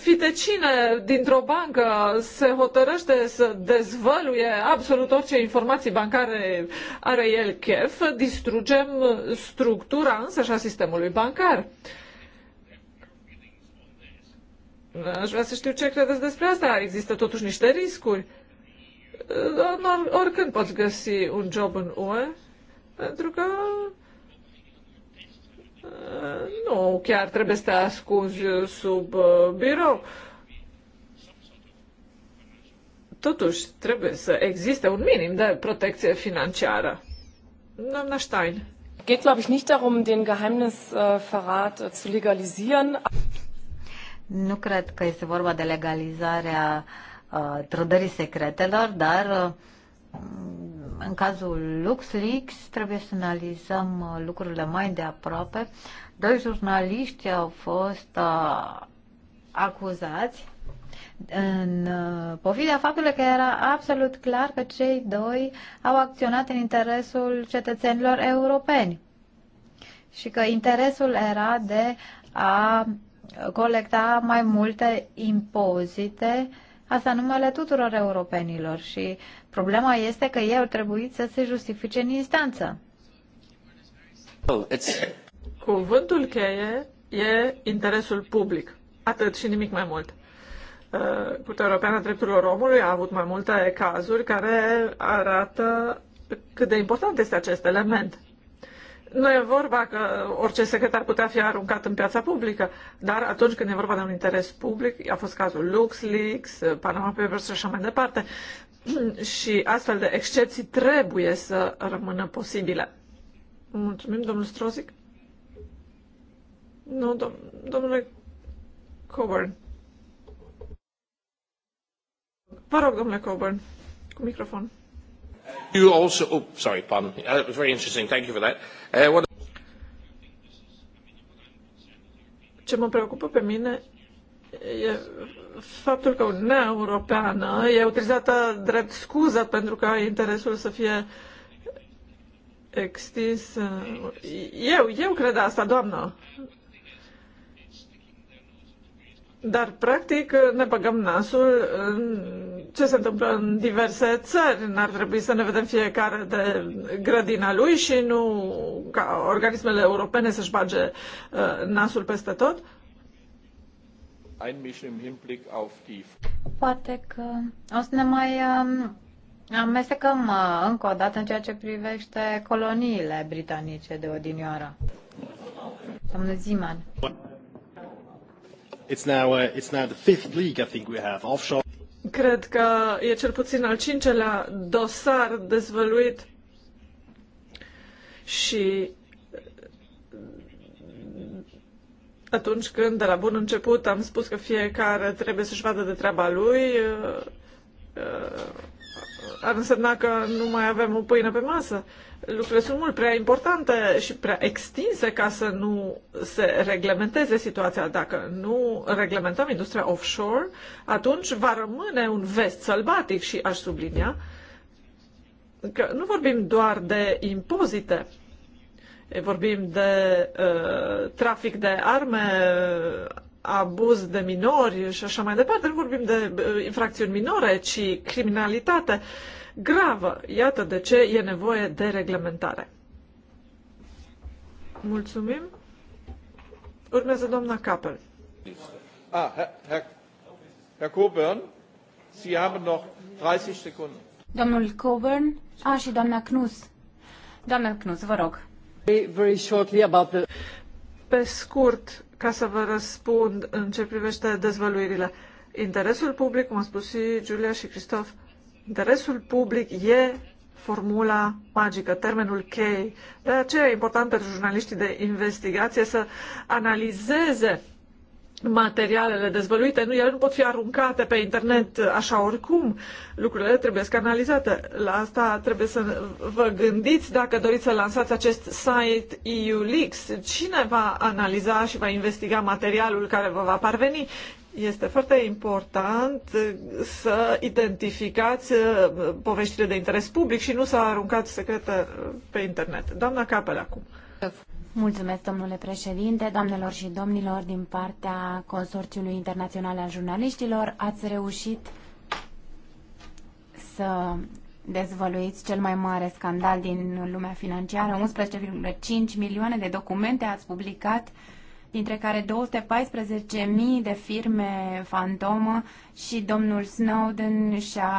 fitecine dintr-o bancă se hotărăște să dezvăluie absolut orice informații bancare are el chef, distrugem structura însă și a sistemului bancar. Uh, Aș vrea să știu ce credeți despre asta. Există totuși niște riscuri. Oricând poți găsi un job în UE, pentru că uh, nu chiar trebuie să te ascunzi sub uh, birou. Totuși, trebuie să existe un minim de protecție financiară. Doamna Stein. Geht, glaube ich, nicht darum, den Geheimnisverrat äh, zu legalisieren. Nu cred că este vorba de legalizarea uh, trădării secretelor, dar uh, mm, în cazul LuxLeaks trebuie să analizăm uh, lucrurile mai de aproape. Doi jurnaliști au fost uh, acuzați în uh, pofida faptului că era absolut clar că cei doi au acționat în interesul cetățenilor europeni și că interesul era de a colecta mai multe impozite, asta numele tuturor europenilor și problema este că ei au trebuit să se justifice în instanță. Oh, Cuvântul cheie e interesul public, atât și nimic mai mult. Uh, Curtea Europeană a Drepturilor Omului a avut mai multe cazuri care arată cât de important este acest element. Nu e vorba că orice secretar putea fi aruncat în piața publică, dar atunci când e vorba de un interes public, a fost cazul LuxLeaks, Panama Papers și așa mai departe, și astfel de excepții trebuie să rămână posibile. Mulțumim, domnul Strozic. Nu, dom- domnule Coburn. Vă rog, domnule Coburn, cu microfon. You also, oh, sorry, pardon. Uh, was very interesting. Thank you for that. Uh, what... Ce mă preocupă pe mine e faptul că Uniunea Europeană e utilizată drept scuză pentru ca interesul să fie extins. Eu, eu cred asta, doamnă. Dar, practic, ne băgăm nasul în ce se întâmplă în diverse țări. N-ar trebui să ne vedem fiecare de grădina lui și nu ca organismele europene să-și bage uh, nasul peste tot? Poate că o să ne mai um, amestecăm uh, încă o dată în ceea ce privește coloniile britanice de odinioară. Domnul Ziman. It's now, uh, it's now the fifth league I think we have offshore. Cred că e cel puțin al cincelea dosar dezvăluit și atunci când de la bun început am spus că fiecare trebuie să-și vadă de treaba lui, uh, uh, ar însemna că nu mai avem o pâine pe masă. Lucrurile sunt mult prea importante și prea extinse ca să nu se reglementeze situația. Dacă nu reglementăm industria offshore, atunci va rămâne un vest sălbatic și aș sublinia că nu vorbim doar de impozite, vorbim de uh, trafic de arme, abuz de minori și așa mai departe. Nu vorbim de infracțiuni minore, ci criminalitate gravă. Iată de ce e nevoie de reglementare. Mulțumim. Urmează doamna Capel. Ah, Herr, Herr, Coburn, Sie haben noch 30 Sekunden. Domnul Coburn, a, și doamna Knus. Doamna Knus, vă rog. Very, very shortly about the... Pe scurt, ca să vă răspund în ce privește dezvăluirile. Interesul public, cum a spus și Giulia și Cristof, interesul public e formula magică, termenul chei. De aceea e important pentru jurnaliștii de investigație să analizeze materialele dezvăluite, nu, ele nu pot fi aruncate pe internet așa oricum. Lucrurile trebuie canalizate. La asta trebuie să vă gândiți dacă doriți să lansați acest site Leaks. Cine va analiza și va investiga materialul care vă va parveni? Este foarte important să identificați uh, poveștile de interes public și nu să aruncați secrete uh, pe internet. Doamna Capel acum. Mulțumesc, domnule președinte, doamnelor și domnilor, din partea Consorțiului Internațional al Jurnaliștilor. Ați reușit să dezvăluiți cel mai mare scandal din lumea financiară. 11,5 milioane de documente ați publicat, dintre care 214.000 de firme fantomă și domnul Snowden și-a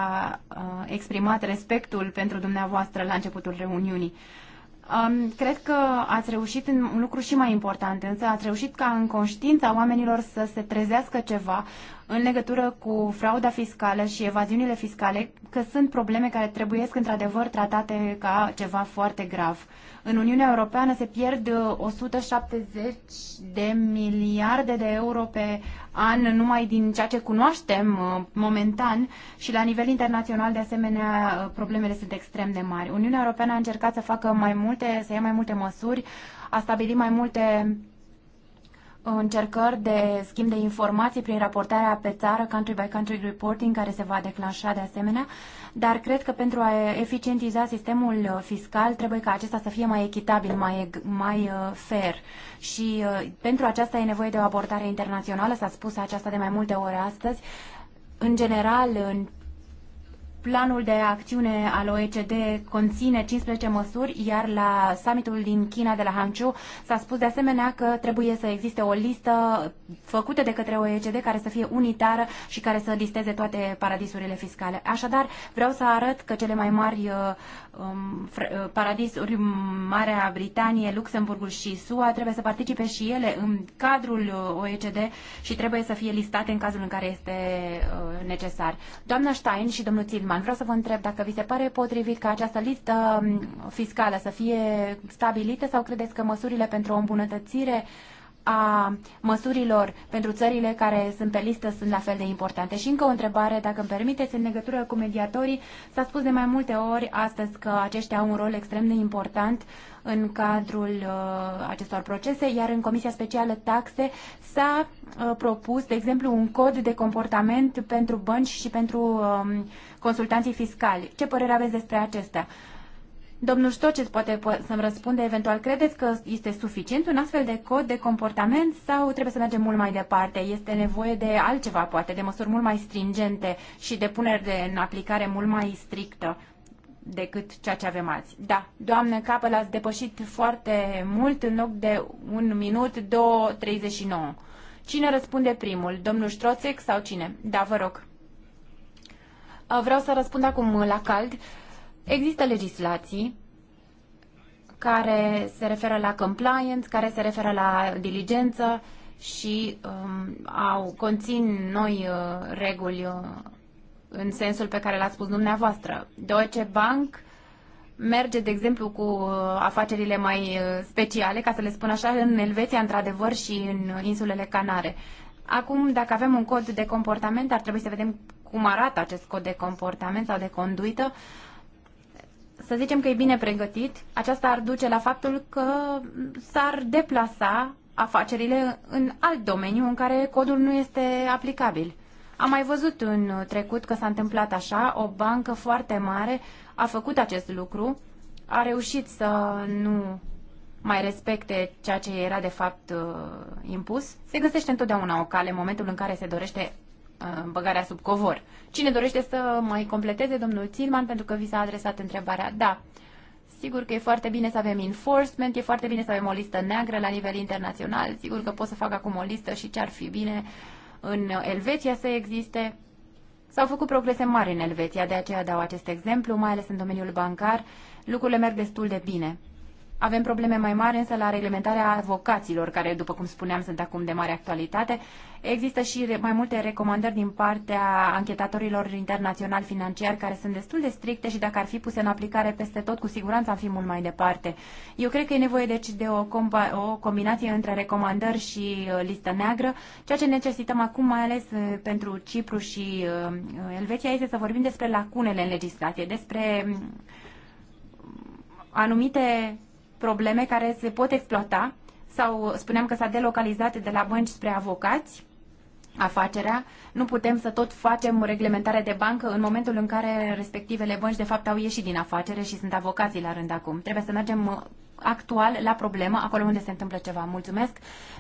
uh, exprimat respectul pentru dumneavoastră la începutul reuniunii. Uh, Um, cred că ați reușit în un lucru și mai important, însă ați reușit ca în conștiința oamenilor să se trezească ceva în legătură cu frauda fiscală și evaziunile fiscale, că sunt probleme care trebuie într-adevăr tratate ca ceva foarte grav. În Uniunea Europeană se pierd 170 uh, de miliarde de euro pe an numai din ceea ce cunoaștem uh, momentan și la nivel internațional de asemenea uh, problemele sunt extrem de mari. Uniunea Europeană a încercat să facă mai multe, să ia mai multe măsuri, a stabilit mai multe încercări de schimb de informații prin raportarea pe țară, country by country reporting, care se va declanșa de asemenea, dar cred că pentru a eficientiza sistemul uh, fiscal trebuie ca acesta să fie mai echitabil, mai, mai uh, fair. Și uh, pentru aceasta e nevoie de o abordare internațională, s-a spus aceasta de mai multe ori astăzi. În general, în Planul de acțiune al OECD conține 15 măsuri, iar la summitul din China de la Hangzhou s-a spus de asemenea că trebuie să existe o listă făcută de către OECD care să fie unitară și care să listeze toate paradisurile fiscale. Așadar, vreau să arăt că cele mai mari uh, um, uh, paradisuri, Marea Britanie, Luxemburgul și SUA, trebuie să participe și ele în cadrul uh, OECD și trebuie să fie listate în cazul în care este uh, necesar. Doamna Stein și domnul Tilman, Friedman, Vreau să vă întreb dacă vi se pare potrivit ca această listă um, fiscală să fie stabilită sau credeți că măsurile pentru o îmbunătățire a măsurilor pentru țările care sunt pe listă sunt la fel de importante. Și încă o întrebare, dacă îmi permiteți, în legătură cu mediatorii, s-a spus de mai multe ori astăzi că aceștia au un rol extrem de important în cadrul uh, acestor procese, iar în Comisia Specială Taxe s-a uh, propus, de exemplu, un cod de comportament pentru bănci și pentru uh, consultanții fiscali. Ce părere aveți despre acestea? Uh, Domnul Ștocet poate să-mi răspunde eventual, credeți că este suficient un astfel de cod de comportament sau trebuie să mergem mult mai departe? Este nevoie de altceva, poate, de măsuri mult mai stringente și de puneri de, în aplicare mult mai strictă decât ceea ce avem azi. Da, doamnă Capă, l-ați depășit foarte mult, în loc de un minut, 2.39. Cine răspunde primul, domnul Ștroțec sau cine? Da, vă rog. Vreau să răspund acum la cald. Uh, Există legislații care se referă la compliance, care se referă la diligență și um, au, conțin noi uh, reguli uh, în sensul pe care l-ați spus dumneavoastră. Deutsche Bank merge, de exemplu, cu uh, afacerile mai uh, speciale, ca să le spun așa, în Elveția, într-adevăr, și în insulele Canare. Acum, dacă avem un cod de comportament, ar trebui să vedem cum arată acest cod de comportament sau de conduită. Uh, să zicem că e bine pregătit, aceasta ar duce la faptul că s-ar deplasa afacerile în alt domeniu în care codul nu este aplicabil. Am mai văzut în trecut că s-a întâmplat așa, o bancă foarte mare a făcut acest lucru, a reușit să nu mai respecte ceea ce era de fapt uh, impus. Se găsește întotdeauna o cale în momentul în care se dorește Uh, băgarea sub covor. Cine dorește să mai completeze, domnul Țilman, pentru că vi s-a adresat întrebarea. Da, sigur că e foarte bine să avem enforcement, e foarte bine să avem o listă neagră la nivel internațional, sigur că pot să fac acum o listă și ce ar fi bine în Elveția să existe. S-au făcut progrese mari în Elveția, de aceea dau acest exemplu, mai ales în domeniul bancar. Lucrurile merg destul de bine. Avem probleme mai mari însă la reglementarea avocaților, care, după cum spuneam, sunt acum de mare actualitate. Există și mai multe recomandări din partea anchetatorilor internaționali financiari, care sunt destul de stricte și dacă ar fi puse în aplicare peste tot, cu siguranță am fi mult mai departe. Eu cred că e nevoie deci de o, o combinație între recomandări și uh, listă neagră. Ceea ce necesităm acum, mai ales uh, pentru Cipru și uh, Elveția, este să vorbim despre lacunele în legislație, despre mm, anumite probleme care se pot exploata sau spuneam că s-a delocalizat de la bănci spre avocați afacerea. Nu putem să tot facem reglementare de bancă în momentul în care respectivele bănci de fapt au ieșit din afacere și sunt avocații la rând acum. Trebuie să mergem uh, actual la problemă, acolo unde se întâmplă ceva. Mulțumesc.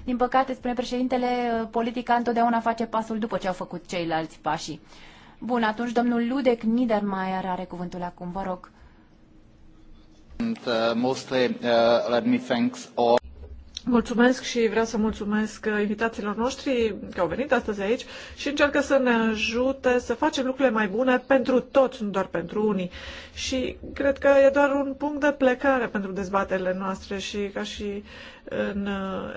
Din păcate, spune președintele, uh, politica întotdeauna face pasul după ce au făcut ceilalți pași Bun, atunci domnul Ludec Niedermayer are cuvântul acum, vă rog. Uh, uh, mulțumesc și vreau să mulțumesc uh, invitațiilor noștri că au venit astăzi aici și încearcă să ne ajute să facem lucrurile mai bune pentru toți, nu doar pentru unii. Și cred că e doar un punct de plecare pentru dezbaterile noastre și ca și în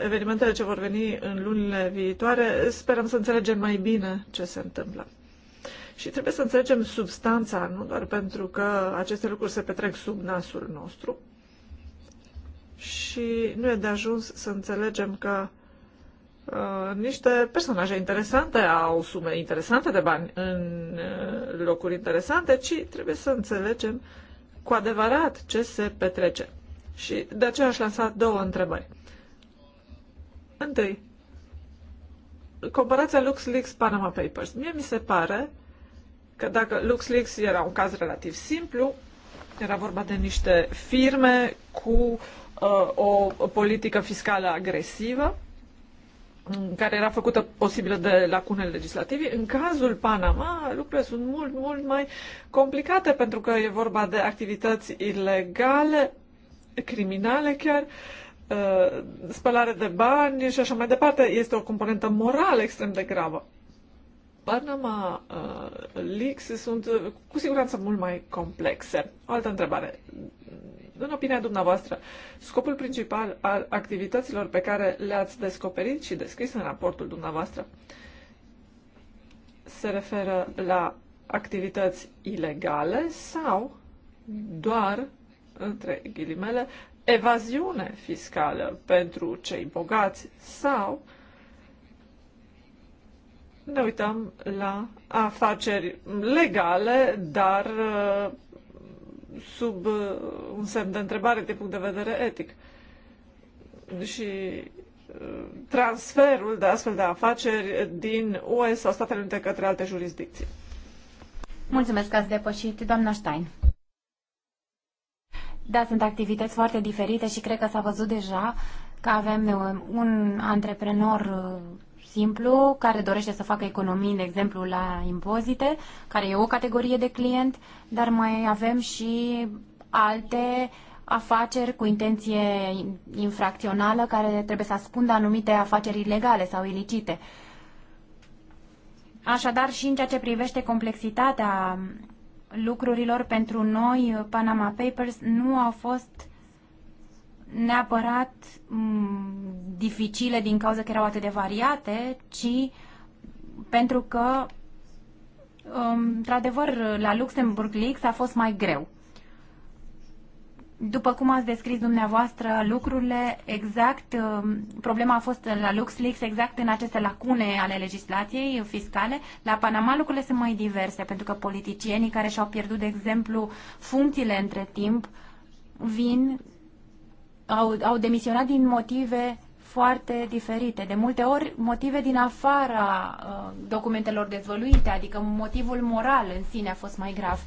evenimentele ce vor veni în lunile viitoare, sperăm să înțelegem mai bine ce se întâmplă. Și trebuie să înțelegem substanța, nu doar pentru că aceste lucruri se petrec sub nasul nostru. Și nu e de ajuns să înțelegem că uh, niște personaje interesante au sume interesante de bani în uh, locuri interesante, ci trebuie să înțelegem cu adevărat ce se petrece. Și de aceea aș lansa două întrebări. Întâi, comparația LuxLeaks-Panama Papers. Mie mi se pare că dacă LuxLeaks era un caz relativ simplu, era vorba de niște firme cu uh, o, o politică fiscală agresivă, care era făcută posibilă de lacune legislative. În cazul Panama, lucrurile sunt mult, mult mai complicate pentru că e vorba de activități ilegale, criminale chiar, uh, spălare de bani și așa mai departe. Este o componentă morală extrem de gravă. Panama uh, Leaks sunt uh, cu siguranță mult mai complexe. O altă întrebare. În opinia dumneavoastră, scopul principal al activităților pe care le-ați descoperit și descris în raportul dumneavoastră se referă la activități ilegale sau doar, între ghilimele, evaziune fiscală pentru cei bogați sau uh, ne uităm la afaceri legale, dar uh, sub uh, un semn de întrebare din punct de vedere etic. Și uh, transferul de astfel de afaceri din UE sau Statele Unite către alte jurisdicții. Mulțumesc că ați depășit, doamna Stein. Da, sunt activități foarte diferite și cred că s-a văzut deja că avem un antreprenor simplu care dorește să facă economii, de exemplu, la impozite, care e o categorie de client, dar mai avem și alte afaceri cu intenție infracțională care trebuie să ascundă anumite afaceri ilegale sau ilicite. Așadar, și în ceea ce privește complexitatea lucrurilor pentru noi, Panama Papers nu au fost neapărat dificile din cauza că erau atât de variate, ci pentru că, um, într-adevăr, la Luxemburg Leaks a fost mai greu. După cum ați descris dumneavoastră lucrurile, exact, um, problema a fost la LuxLeaks exact în aceste lacune ale legislației fiscale. La Panama lucrurile sunt mai diverse, pentru că politicienii care și-au pierdut, de exemplu, funcțiile între timp, vin au, au demisionat din motive foarte diferite. De multe ori motive din afara uh, documentelor dezvăluite, adică motivul moral în sine a fost mai grav.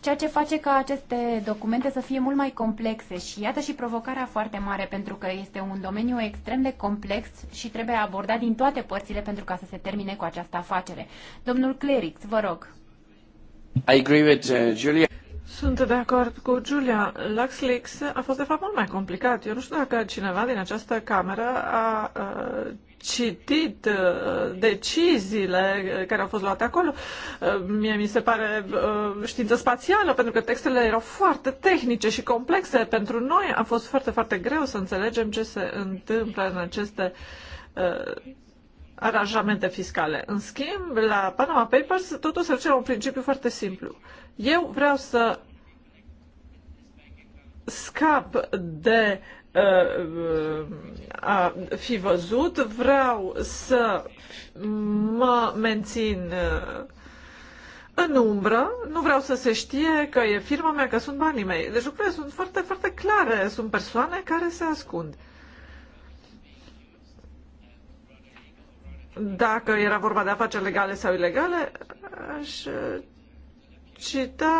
Ceea ce face ca aceste documente să fie mult mai complexe și iată și provocarea foarte mare pentru că este un domeniu extrem de complex și trebuie abordat din toate părțile pentru ca să se termine cu această afacere. Domnul Clerix, vă rog. I agree with, uh, Julia. Sunt de acord cu Julia. LuxLeaks a fost de fapt mult mai complicat. Eu nu știu dacă cineva din această cameră a, a citit uh, deciziile care au fost luate acolo. Uh, mie mi se pare uh, știință spațială, pentru că textele erau foarte tehnice și complexe. Pentru noi a fost foarte, foarte greu să înțelegem ce se întâmplă în aceste uh, aranjamente fiscale. În schimb, la Panama Papers totul se duce la un principiu foarte simplu. Uh, eu vreau să scap de uh, a fi văzut, vreau să mă mențin uh, în umbră, nu vreau să se știe că e firma mea, că sunt banii mei. Deci lucrurile sunt foarte, foarte clare. Sunt persoane care se ascund. Dacă era vorba de afaceri legale sau ilegale, aș cita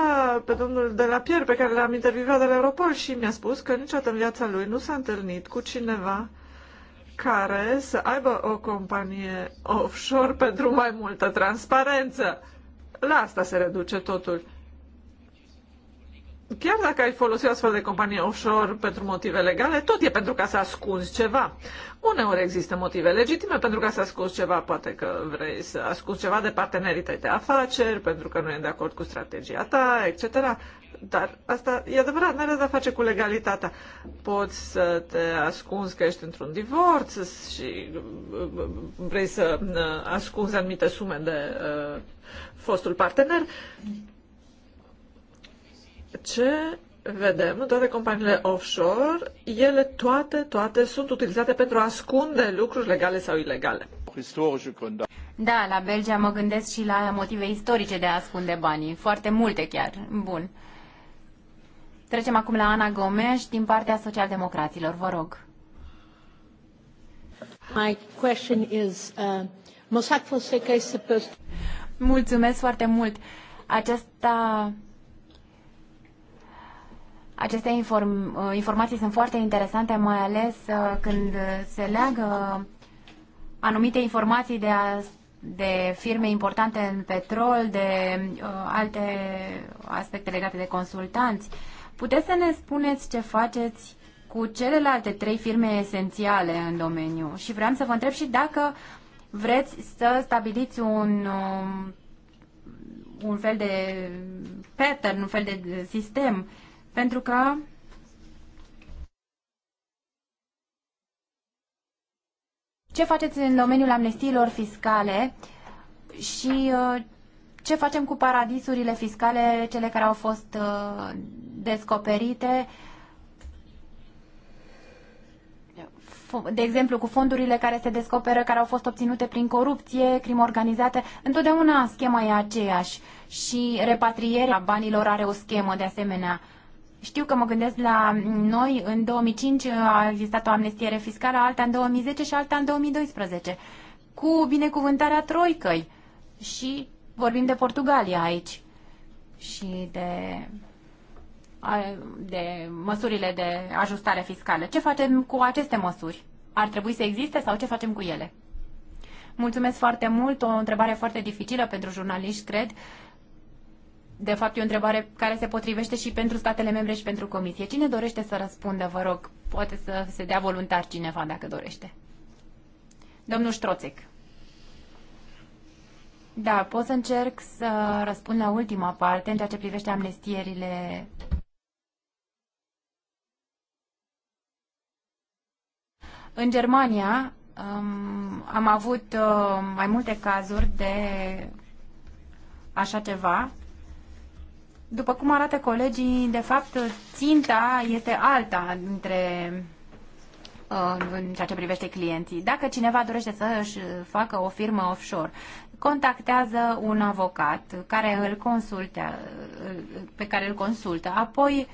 pe domnul de la Pierre, pe care l-am intervievat de la Europol și mi-a spus că niciodată în viața lui nu s-a întâlnit cu cineva care să aibă o companie offshore pentru mai multă transparență. La asta se reduce totul chiar dacă ai folosit o astfel de companie offshore pentru motive legale, tot e pentru ca să ascunzi ceva. Uneori există motive legitime pentru ca să ascunzi ceva, poate că vrei să ascunzi ceva de partenerii tăi de afaceri, pentru că nu e de acord cu strategia ta, etc. Dar asta e adevărat, nu are de-a face cu legalitatea. Poți să te ascunzi că ești într-un divorț și uh, vrei să uh, ascunzi anumite sume de uh, fostul partener ce vedem în toate companiile offshore, ele toate, toate sunt utilizate pentru a ascunde lucruri legale sau ilegale. Da, la Belgia mă gândesc și la motive istorice de a ascunde banii. Foarte multe chiar. Bun. Trecem acum la Ana Gomes din partea socialdemocraților. Vă rog. My question is, uh, Mossack Fonseca is supposed to... Mulțumesc foarte mult. Aceasta aceste inform, uh, informații sunt foarte interesante, mai ales uh, când se leagă anumite informații de, a, de firme importante în petrol, de uh, alte aspecte legate de consultanți. Puteți să ne spuneți ce faceți cu celelalte trei firme esențiale în domeniu? Și vreau să vă întreb și dacă vreți să stabiliți un, um, un fel de pattern, un fel de sistem uh, pentru că ce faceți în domeniul amnestiilor fiscale și uh, ce facem cu paradisurile fiscale, cele care au fost uh, descoperite, de exemplu, cu fondurile care se descoperă, care au fost obținute prin corupție, crimă organizată, întotdeauna schema e aceeași și repatrierea banilor are o schemă de asemenea. Știu că mă gândesc la noi, în 2005 a existat o amnestiere fiscală, alta în 2010 și alta în 2012, cu binecuvântarea troicăi. Și vorbim de Portugalia aici și de, de măsurile de ajustare fiscală. Ce facem cu aceste măsuri? Ar trebui să existe sau ce facem cu ele? Mulțumesc foarte mult, o întrebare foarte dificilă pentru jurnaliști, cred de fapt, e o întrebare care se potrivește și pentru statele membre și pentru Comisie. Cine dorește să răspundă, vă rog? Poate să se dea voluntar cineva, dacă dorește. Domnul Ștroțec. Da, pot să încerc să răspund la ultima parte, în ceea ce privește amnestierile În Germania um, am avut uh, mai multe cazuri de așa ceva după cum arată colegii, de fapt, ținta este alta între uh, în ceea ce privește clienții. Dacă cineva dorește să își facă o firmă offshore, contactează un avocat care îl consultă, pe care îl consultă, apoi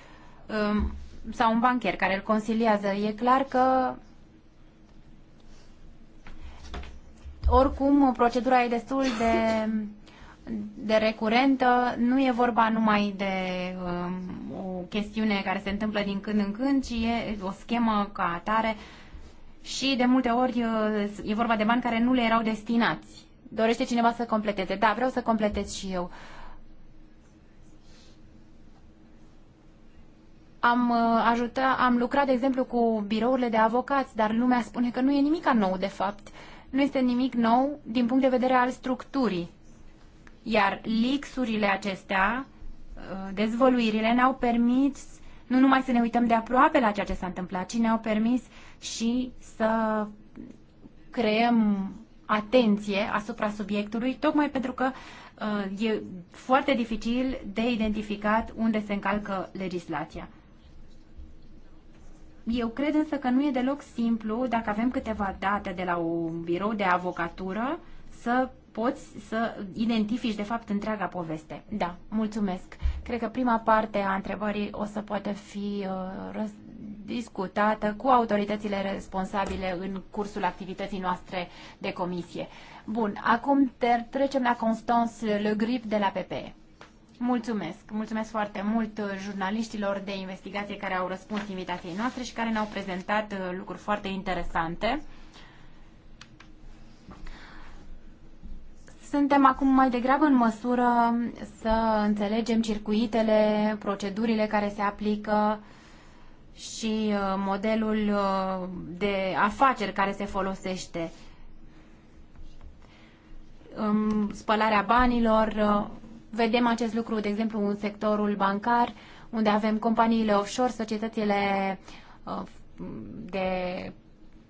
um, sau un bancher care îl consiliază. E clar că oricum procedura e destul de de recurentă, nu e vorba numai de um, o chestiune care se întâmplă din când în când, ci e o schemă ca atare și de multe ori uh, e vorba de bani care nu le erau destinați. Dorește cineva să completeze? Da, vreau să completez și eu. Am, uh, ajuta, am lucrat, de exemplu, cu birourile de avocați, dar lumea spune că nu e nimic nou, de fapt. Nu este nimic nou din punct de vedere al structurii iar lixurile acestea, uh, dezvăluirile, ne-au permis nu numai să ne uităm de aproape la ceea ce s-a întâmplat, ci ne-au permis și să creăm atenție asupra subiectului, tocmai pentru că uh, e foarte dificil de identificat unde se încalcă legislația. Eu cred însă că nu e deloc simplu, dacă avem câteva date de la un birou de avocatură, să poți să identifici, de fapt, întreaga poveste. Da, mulțumesc. Cred că prima parte a întrebării o să poată fi uh, discutată cu autoritățile responsabile în cursul activității noastre de comisie. Bun, acum trecem la Constance Le Grip de la PPE. Mulțumesc! Mulțumesc foarte mult uh, jurnaliștilor de investigație care au răspuns invitației noastre și care ne-au prezentat uh, lucruri foarte interesante. suntem acum mai degrabă în măsură să înțelegem circuitele, procedurile care se aplică și uh, modelul uh, de afaceri care se folosește. Spălarea banilor, uh, vedem acest lucru, de exemplu, în sectorul bancar, unde avem companiile offshore, societățile de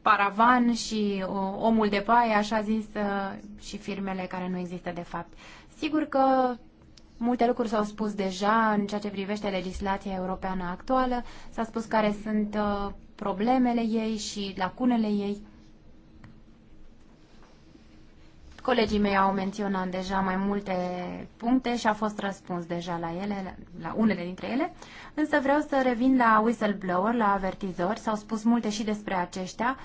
paravan și uh, omul de paie, așa zis, uh, și firmele care nu există de fapt. Sigur că Multe lucruri s-au spus deja în ceea ce privește legislația europeană actuală, s-a spus care sunt uh, problemele ei și lacunele ei. Colegii mei au menționat deja mai multe puncte și a fost răspuns deja la ele, la unele dintre ele. Însă vreau să revin la whistleblower, la avertizori. S-au spus multe și despre aceștia.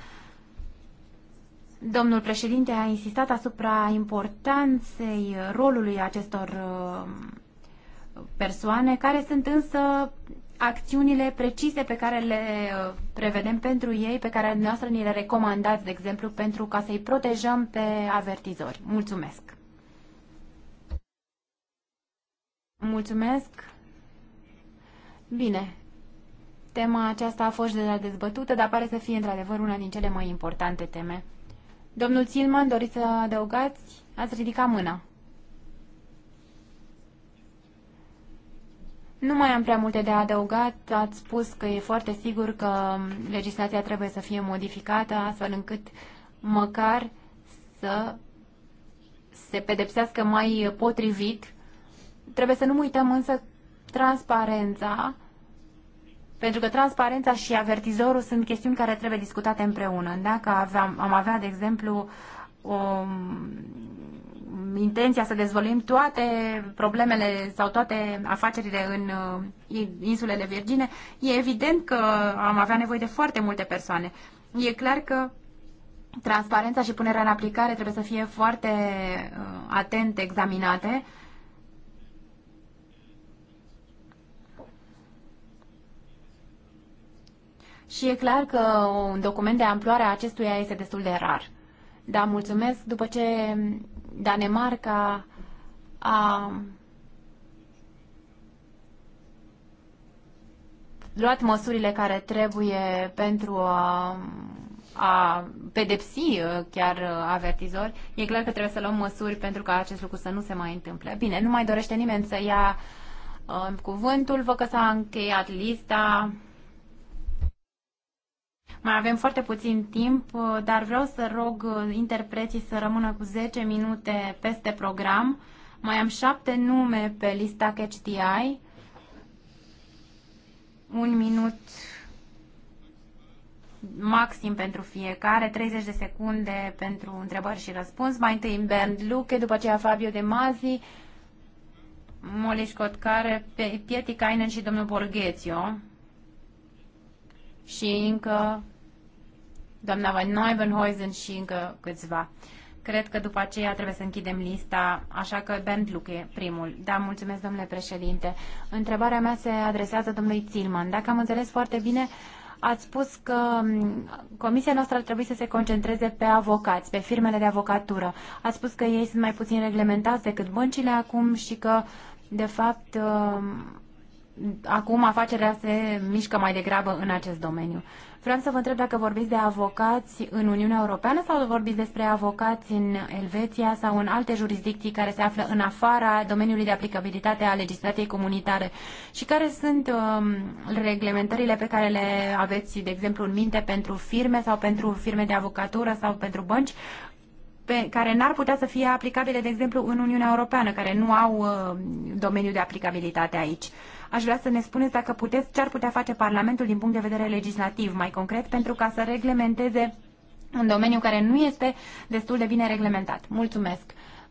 Domnul președinte a insistat asupra importanței rolului acestor uh, persoane, care sunt însă acțiunile precise pe care le uh, prevedem pentru ei, pe care noastră ni le recomandați, de exemplu, pentru ca să-i protejăm pe avertizori. Mulțumesc! Mulțumesc! Bine, tema aceasta a fost deja dezbătută, dar pare să fie într-adevăr una din cele mai importante teme. Domnul Țilman, doriți să adăugați? Ați ridicat mâna. Nu mai am prea multe de adăugat. Ați spus că e foarte sigur că legislația trebuie să fie modificată astfel încât măcar să se pedepsească mai potrivit. Trebuie să nu uităm însă transparența pentru că transparența și avertizorul sunt chestiuni care trebuie discutate împreună. Dacă aveam, am avea, de exemplu, o um, intenția să dezvolim toate problemele sau toate afacerile în uh, insulele Virgine, e evident că am avea nevoie de foarte multe persoane. E clar că transparența și punerea în aplicare trebuie să fie foarte uh, atent examinate și e clar că un document de amploare a acestuia este destul de rar. Da, mulțumesc. După ce Danemarca a luat măsurile care trebuie pentru a, a pedepsi uh, chiar uh, avertizori, e clar că trebuie să luăm măsuri pentru ca acest lucru să nu se mai întâmple. Bine, nu mai dorește nimeni să ia uh, cuvântul, văd că s-a încheiat lista mai avem foarte puțin timp, uh, dar vreau să rog uh, interpreții să rămână cu 10 minute peste program. Mai am șapte nume pe lista CatchDI. Un minut maxim pentru fiecare, 30 de secunde pentru întrebări și răspuns. Mai întâi Bernd Luche, după aceea Fabio De Mazi, Moliș Cotcare, Pieti Kainen și domnul Borghețio. Și încă doamna Van Neuvenhuizen și încă câțiva. Cred că după aceea trebuie să închidem lista, așa că Bernd Luche primul. Da, mulțumesc, domnule președinte. Întrebarea mea se adresează domnului Zilman. Dacă am înțeles foarte bine, ați spus că mm, comisia noastră ar trebui să se concentreze pe avocați, pe firmele de avocatură. Ați spus că ei sunt mai puțin reglementați decât băncile acum și că, de fapt, mm, acum afacerea se mișcă mai degrabă în acest domeniu. Vreau să vă întreb dacă vorbiți de avocați în Uniunea Europeană sau vorbiți despre avocați în Elveția sau în alte jurisdicții care se află în afara domeniului de aplicabilitate a legislației comunitare și care sunt um, reglementările pe care le aveți, de exemplu, în minte pentru firme sau pentru firme de avocatură sau pentru bănci pe, care n-ar putea să fie aplicabile, de exemplu, în Uniunea Europeană, care nu au uh, domeniul de aplicabilitate aici. Aș vrea să ne spuneți dacă puteți ce ar putea face Parlamentul din punct de vedere legislativ, mai concret, pentru ca să reglementeze un domeniu care nu este destul de bine reglementat. Mulțumesc!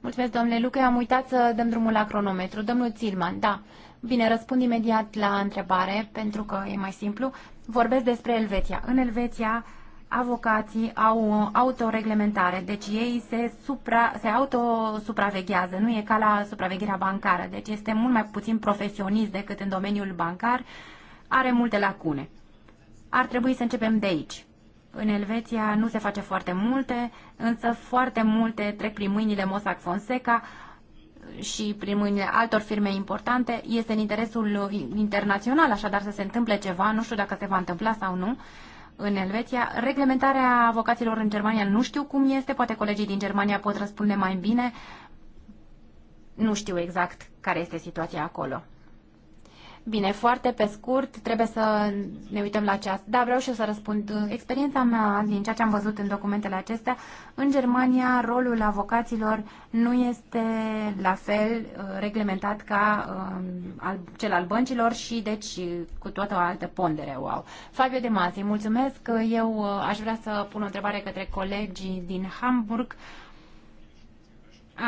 Mulțumesc, domnule Lucă, am uitat să dăm drumul la cronometru. Domnul Țilman, da. Bine, răspund imediat la întrebare, pentru că e mai simplu. Vorbesc despre Elveția. În Elveția, avocații au o autoreglementare, deci ei se, supra, se autosupraveghează, nu e ca la supravegherea bancară, deci este mult mai puțin profesionist decât în domeniul bancar, are multe lacune. Ar trebui să începem de aici. În Elveția nu se face foarte multe, însă foarte multe trec prin mâinile Mossack Fonseca și prin mâinile altor firme importante. Este în interesul internațional, așadar, să se întâmple ceva, nu știu dacă se va întâmpla sau nu, în Elveția. Reglementarea avocaților în Germania nu știu cum este, poate colegii din Germania pot răspunde mai bine. Nu știu exact care este situația acolo. Bine, foarte pe scurt, trebuie să ne uităm la ceas. Da, vreau și eu să răspund. Experiența mea, din ceea ce am văzut în documentele acestea, în Germania, rolul avocaților nu este la fel uh, reglementat ca um, cel al băncilor și, deci, cu toată o altă pondere o au. Fabio De Masi, mulțumesc. Eu uh, aș vrea să pun o întrebare către colegii din Hamburg.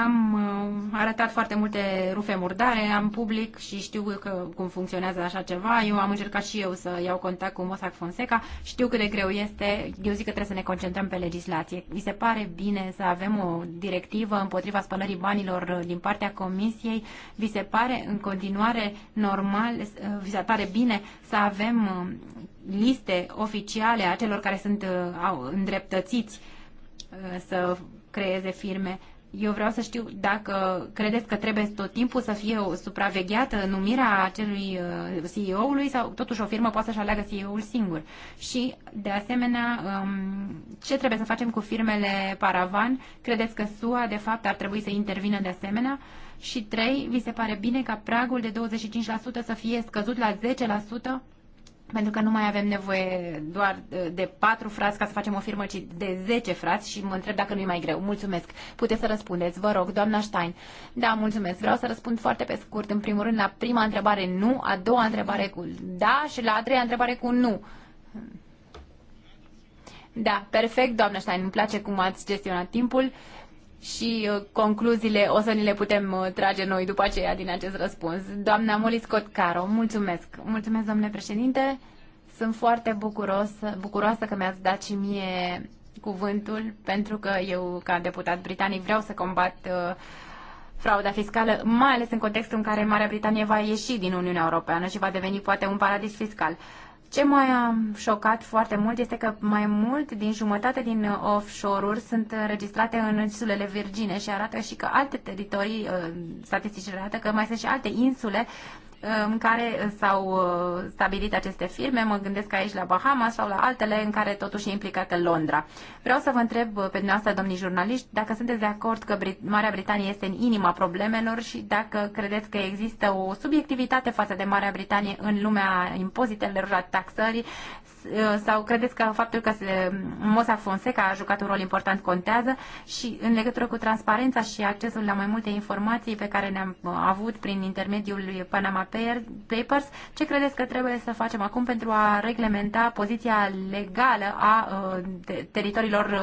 Am uh, arătat foarte multe rufe murdare, am public și știu că, cum funcționează așa ceva. Eu am încercat și eu să iau contact cu Mossack Fonseca. Știu cât de greu este. Eu zic că trebuie să ne concentrăm pe legislație. Mi se pare bine să avem o directivă împotriva spălării banilor uh, din partea Comisiei. Vi se pare în continuare normal, uh, vi se pare bine să avem liste oficiale a celor care sunt îndreptățiți să creeze firme eu vreau să știu dacă credeți că trebuie tot timpul să fie supravegheată numirea acelui uh, CEO-ului sau totuși o firmă poate să-și aleagă CEO-ul singur. Și, de asemenea, um, ce trebuie să facem cu firmele paravan? Credeți că SUA, de fapt, ar trebui să intervină de asemenea? Și, trei, vi se pare bine ca pragul de 25% să fie scăzut la 10%? pentru că nu mai avem nevoie doar de patru frați ca să facem o firmă, ci de zece frați și mă întreb dacă nu i mai greu. Mulțumesc. Puteți să răspundeți, vă rog, doamna Stein. Da, mulțumesc. Vreau să răspund foarte pe scurt. În primul rând, la prima întrebare nu, a doua întrebare cu da și la a treia întrebare cu nu. Da, perfect, doamna Stein. Îmi place cum ați gestionat timpul și uh, concluziile o să ni le putem uh, trage noi după aceea din acest răspuns. Doamna Molly Scott Caro, mulțumesc. Mulțumesc, domnule președinte. Sunt foarte bucuros, bucuroasă că mi-ați dat și mie cuvântul, pentru că eu, ca deputat britanic, vreau să combat uh, frauda fiscală, mai ales în contextul în care Marea Britanie va ieși din Uniunea Europeană și va deveni poate un paradis fiscal. Ce m-a um, șocat foarte mult este că mai mult din jumătate din uh, offshore-uri sunt înregistrate în insulele Virgine și arată și că alte teritorii, uh, statisticile arată că mai sunt și alte insule în care s-au uh, stabilit aceste firme. Mă gândesc aici la Bahamas sau la altele în care totuși e implicată Londra. Vreau să vă întreb uh, pe dumneavoastră, domnii jurnaliști, dacă sunteți de acord că Marea Britanie este în inima problemelor și dacă credeți că există o subiectivitate față de Marea Britanie în lumea impozitelor, la taxării Uh, sau credeți că faptul că Mosa Fonseca a jucat un rol important contează și în legătură cu transparența și accesul la mai multe informații pe care ne-am uh, avut prin intermediul Panama Papers, ce credeți că trebuie să facem acum pentru a reglementa poziția legală a uh, teritoriilor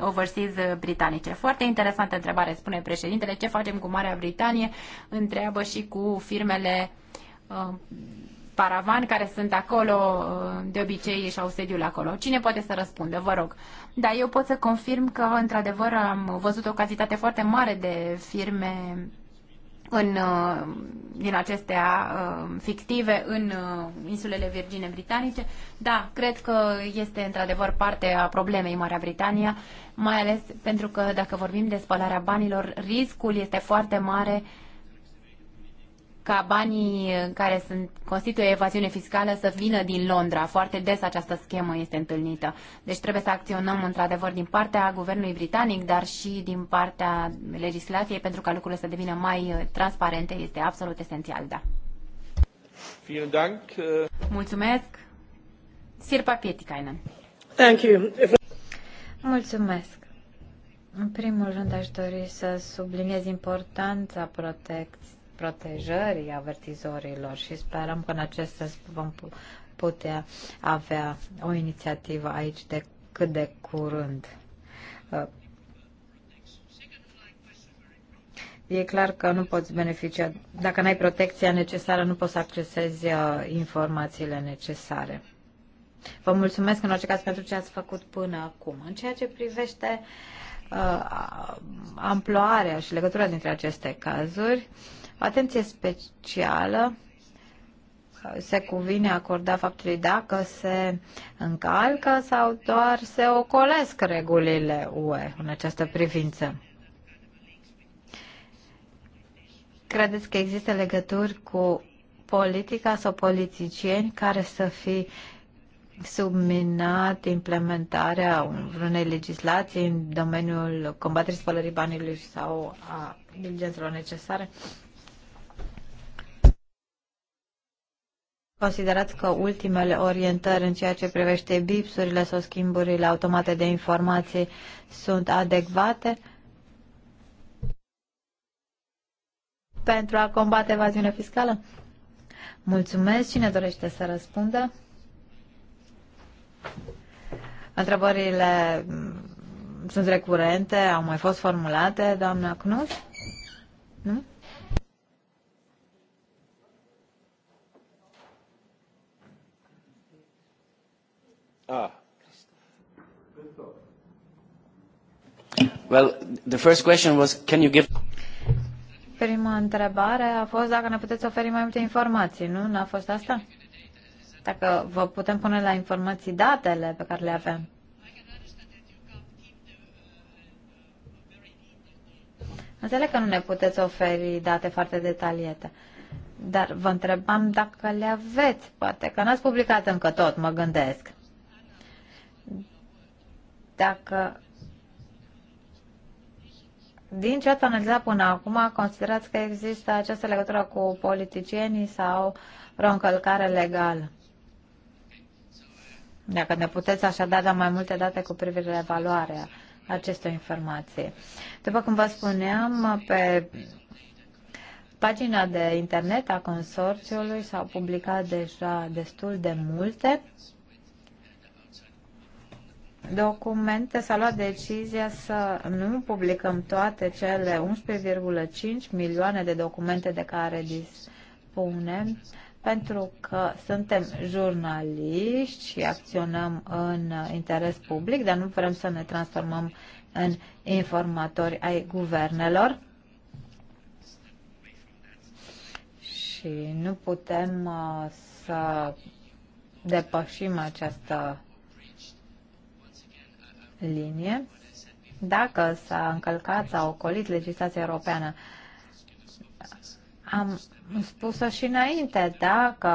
overseas britanice? Foarte interesantă întrebare, spune președintele. Ce facem cu Marea Britanie? Întreabă și cu firmele paravan care sunt acolo, uh, de obicei și au sediul acolo. Cine poate să răspundă, vă rog. Da, eu pot să confirm că, într-adevăr, am văzut o cantitate foarte mare de firme în, uh, din acestea uh, fictive în insulele Virgine Britanice. Da, cred că este într-adevăr parte a problemei Marea Britania, mai ales pentru că dacă vorbim de spălarea banilor, riscul este foarte mare uh, ca banii care sunt, constituie evaziune fiscală să vină din Londra. Foarte des această schemă este întâlnită. Deci trebuie să acționăm într-adevăr din partea guvernului britanic, dar și din partea legislației pentru ca lucrurile să devină mai uh, transparente. Este absolut esențial, da. Uh. Mulțumesc. Sirpa Pietikainen. Thank you. Mulțumesc. În primul rând aș dori să subliniez importanța protecției protejării avertizorilor și sperăm că în acest sens vom putea avea o inițiativă aici de cât de curând. E clar că nu poți beneficia, dacă n-ai protecția necesară, nu poți să accesezi uh, informațiile necesare. Vă mulțumesc în orice caz pentru ce ați făcut până acum. În ceea ce privește uh, amploarea și legătura dintre aceste cazuri, Atenție specială se cuvine acorda faptului dacă se încalcă sau doar se ocolesc regulile UE în această privință. Credeți că există legături cu politica sau politicieni care să fi subminat implementarea unei legislații în domeniul combaterii spălării banilor sau a diligențelor necesare? Considerați că ultimele orientări în ceea ce privește bipsurile sau schimburile automate de informații sunt adecvate pentru a combate evaziunea fiscală? Mulțumesc. Cine dorește să răspundă? Întrebările mm, sunt recurente, au mai fost formulate, doamna Cnus? Nu? Ah. Well, the first question was, can you give... Prima întrebare a fost dacă ne puteți oferi mai multe informații, nu? N-a fost asta? Dacă vă putem pune la informații datele pe care le avem. Înțeleg că nu ne puteți oferi date foarte detaliate, dar vă întrebam dacă le aveți. Poate că n-ați publicat încă tot, mă gândesc. Dacă din ce ați analizat până acum, considerați că există această legătură cu politicienii sau vreo încălcare legală? Dacă ne puteți așa da mai multe date cu privire la evaluarea acestor informații. După cum vă spuneam, pe pagina de internet a consorțiului s-au publicat deja destul de multe documente s-a luat decizia să nu publicăm toate cele 11,5 milioane de documente de care dispunem, pentru că suntem jurnaliști și acționăm în interes public, dar nu vrem să ne transformăm în informatori ai guvernelor. Și nu putem uh, să depășim această linie, dacă s-a încălcat sau ocolit legislația europeană. Am spus-o și înainte, dacă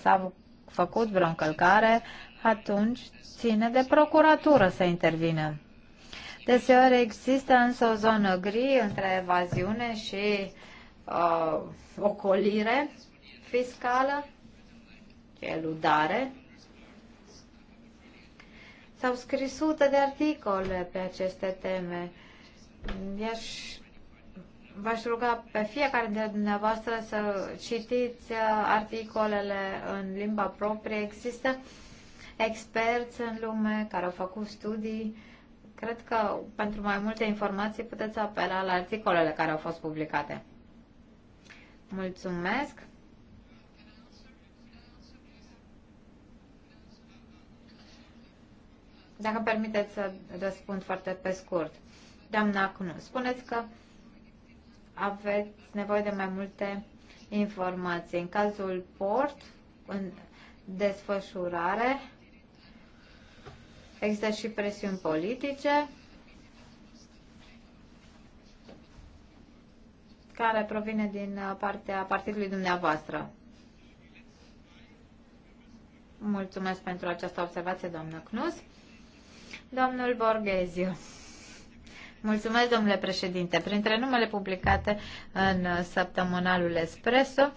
s-a făcut vreo încălcare, atunci ține de procuratură să intervină. Deseori există însă o zonă gri între evaziune și uh, ocolire fiscală, eludare, S-au scris sute de articole pe aceste teme. Iar v-aș ruga pe fiecare dintre dumneavoastră să citiți uh, articolele în limba proprie. Există experți în lume care au făcut studii. Cred că pentru mai multe informații puteți apela la articolele care au fost publicate. Mulțumesc! Dacă permiteți să răspund foarte pe scurt. Doamna Cnu, spuneți că aveți nevoie de mai multe informații. În cazul port, în desfășurare, există și presiuni politice care provine din partea partidului dumneavoastră. Mulțumesc pentru această observație, doamnă Knus. Domnul Borghezio. Mulțumesc, domnule președinte. Printre numele publicate în săptămânalul Espresso,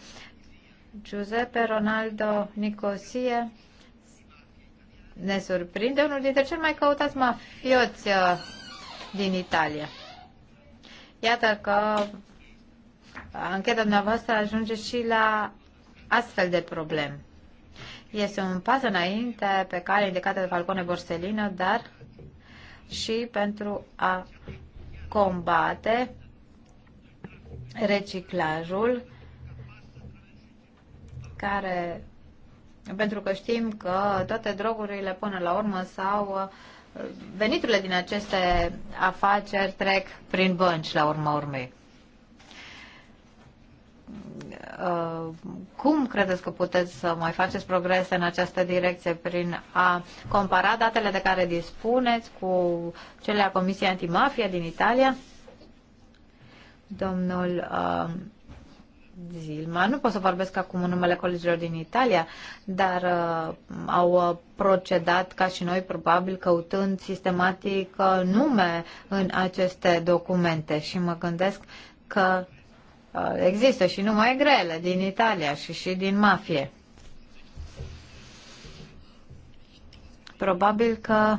Giuseppe Ronaldo Nicosie ne surprinde unul dintre cel mai căutați mafioți uh, din Italia. Iată că ancheta uh, dumneavoastră ajunge și la astfel de probleme. Este un pas înainte pe care indicată de Falcone Borsellino, dar și pentru a combate reciclajul care pentru că știm că toate drogurile până la urmă sau veniturile din aceste afaceri trec prin bănci la urma urmei. Uh, cum credeți că puteți să mai faceți progrese în această direcție prin a compara datele de care dispuneți cu cele a Comisiei Antimafia din Italia? Domnul uh, Zilma, nu pot să vorbesc acum în numele colegilor din Italia, dar uh, au uh, procedat ca și noi, probabil căutând sistematic uh, nume în aceste documente și mă gândesc că Uh, există și numai grele din Italia și și din mafie. Probabil că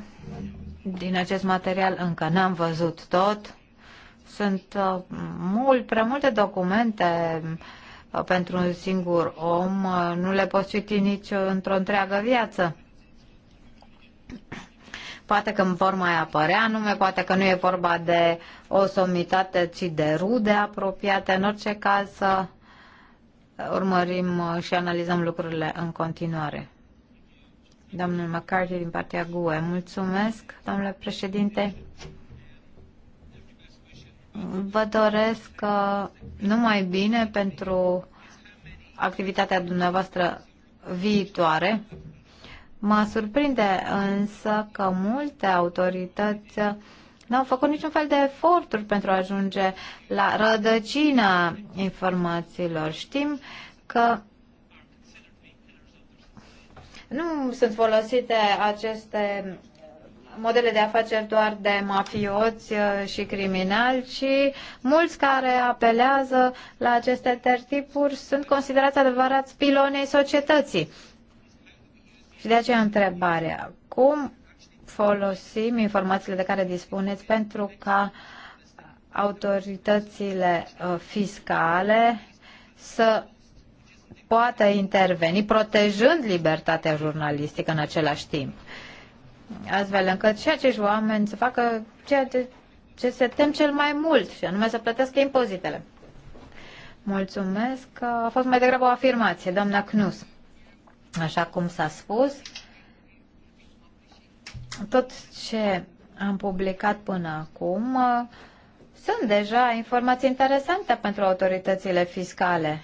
din acest material încă n-am văzut tot. Sunt uh, mult, prea multe documente uh, pentru un singur om. Nu le poți citi nici într-o întreagă viață poate că îmi vor mai apărea nume, poate că nu e vorba de o somitate, ci de rude apropiate. În orice caz, urmărim și analizăm lucrurile în continuare. Domnul McCarthy din partea GUE. Mulțumesc, domnule președinte. Vă doresc uh, numai bine pentru activitatea dumneavoastră viitoare. Mă surprinde însă că multe autorități n-au făcut niciun fel de eforturi pentru a ajunge la rădăcina informațiilor. Știm că nu sunt folosite aceste modele de afaceri doar de mafioți uh, și criminali, ci mulți care apelează la aceste tertipuri sunt considerați adevărați pilonei societății. Și de aceea întrebarea, cum folosim informațiile de care dispuneți pentru ca autoritățile uh, fiscale să poată interveni, protejând libertatea jurnalistică în același timp, astfel încât și acești oameni să facă ceea ce, ce se tem cel mai mult, și anume să plătească impozitele. Mulțumesc. Uh, a fost mai degrabă o afirmație, doamna Knus așa cum s-a spus, tot ce am publicat până acum uh, sunt deja informații interesante pentru autoritățile fiscale.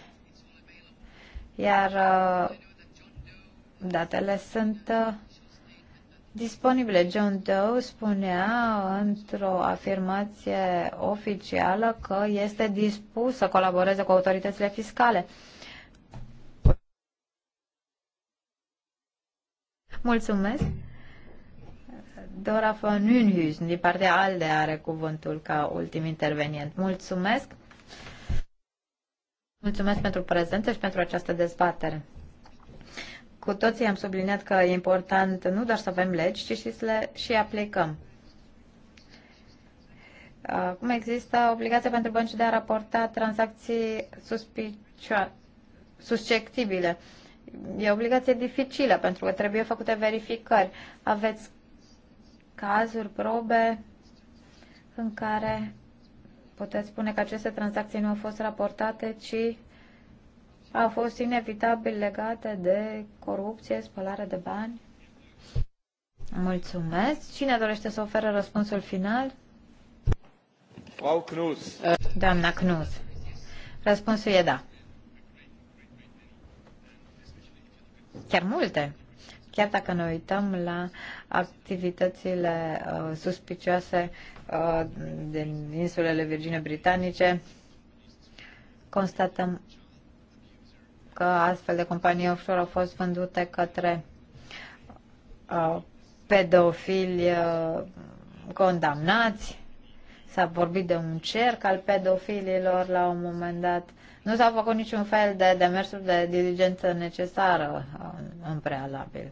Iar uh, datele sunt uh, disponibile. John Doe spunea într-o afirmație oficială că este dispus să colaboreze cu autoritățile fiscale. Mulțumesc. Dora von Münhuizen, din partea ALDE, are cuvântul ca ultim intervenient. Mulțumesc. Mulțumesc pentru prezență și pentru această dezbatere. Cu toții am subliniat că e important nu doar să avem legi, ci și să le și aplicăm. Acum există obligația pentru bănci de a raporta tranzacții suspicioase susceptibile e o obligație dificilă pentru că trebuie făcute verificări. Aveți cazuri, probe în care puteți spune că aceste tranzacții nu au fost raportate, ci au fost inevitabil legate de corupție, spălare de bani? Mulțumesc. Cine dorește să ofere răspunsul final? Frau Knus. Doamna Knus. Răspunsul e da. chiar multe. Chiar dacă ne uităm la activitățile uh, suspicioase uh, din insulele Virgine Britanice, constatăm că astfel de companii offshore au fost vândute către uh, pedofili uh, condamnați. S-a vorbit de un cerc al pedofililor la un moment dat nu s-au făcut niciun fel de demersuri de diligență necesară în prealabil.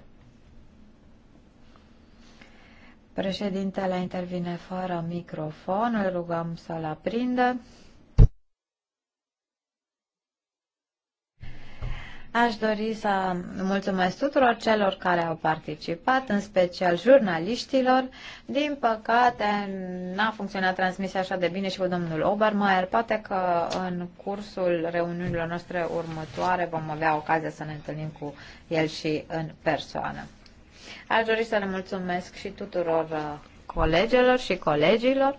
Președintele intervine fără microfon, îl rugăm să-l aprindă. Aș dori să mulțumesc tuturor celor care au participat, în special jurnaliștilor. Din păcate, n-a funcționat transmisia așa de bine și cu domnul Obermeier. Poate că în cursul reuniunilor noastre următoare vom avea ocazia să ne întâlnim cu el și în persoană. Aș dori să le mulțumesc și tuturor uh, colegelor și colegilor.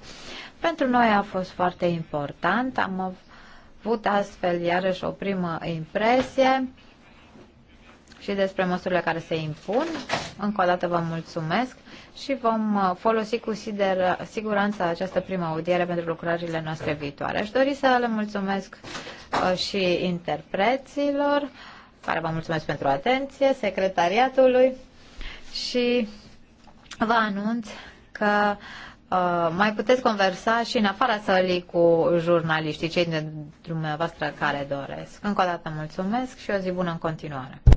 Pentru noi a fost foarte important. Am avut astfel iarăși o primă impresie și despre măsurile care se impun. Încă o dată vă mulțumesc și vom uh, folosi cu siguranță această primă audiere pentru lucrările noastre viitoare. Aș dori să le mulțumesc uh, și interpreților, care vă mulțumesc pentru atenție, secretariatului și vă anunț că Uh, mai puteți conversa și în afara sălii cu jurnaliștii, cei de dumneavoastră care doresc. Încă o dată mulțumesc și o zi bună în continuare.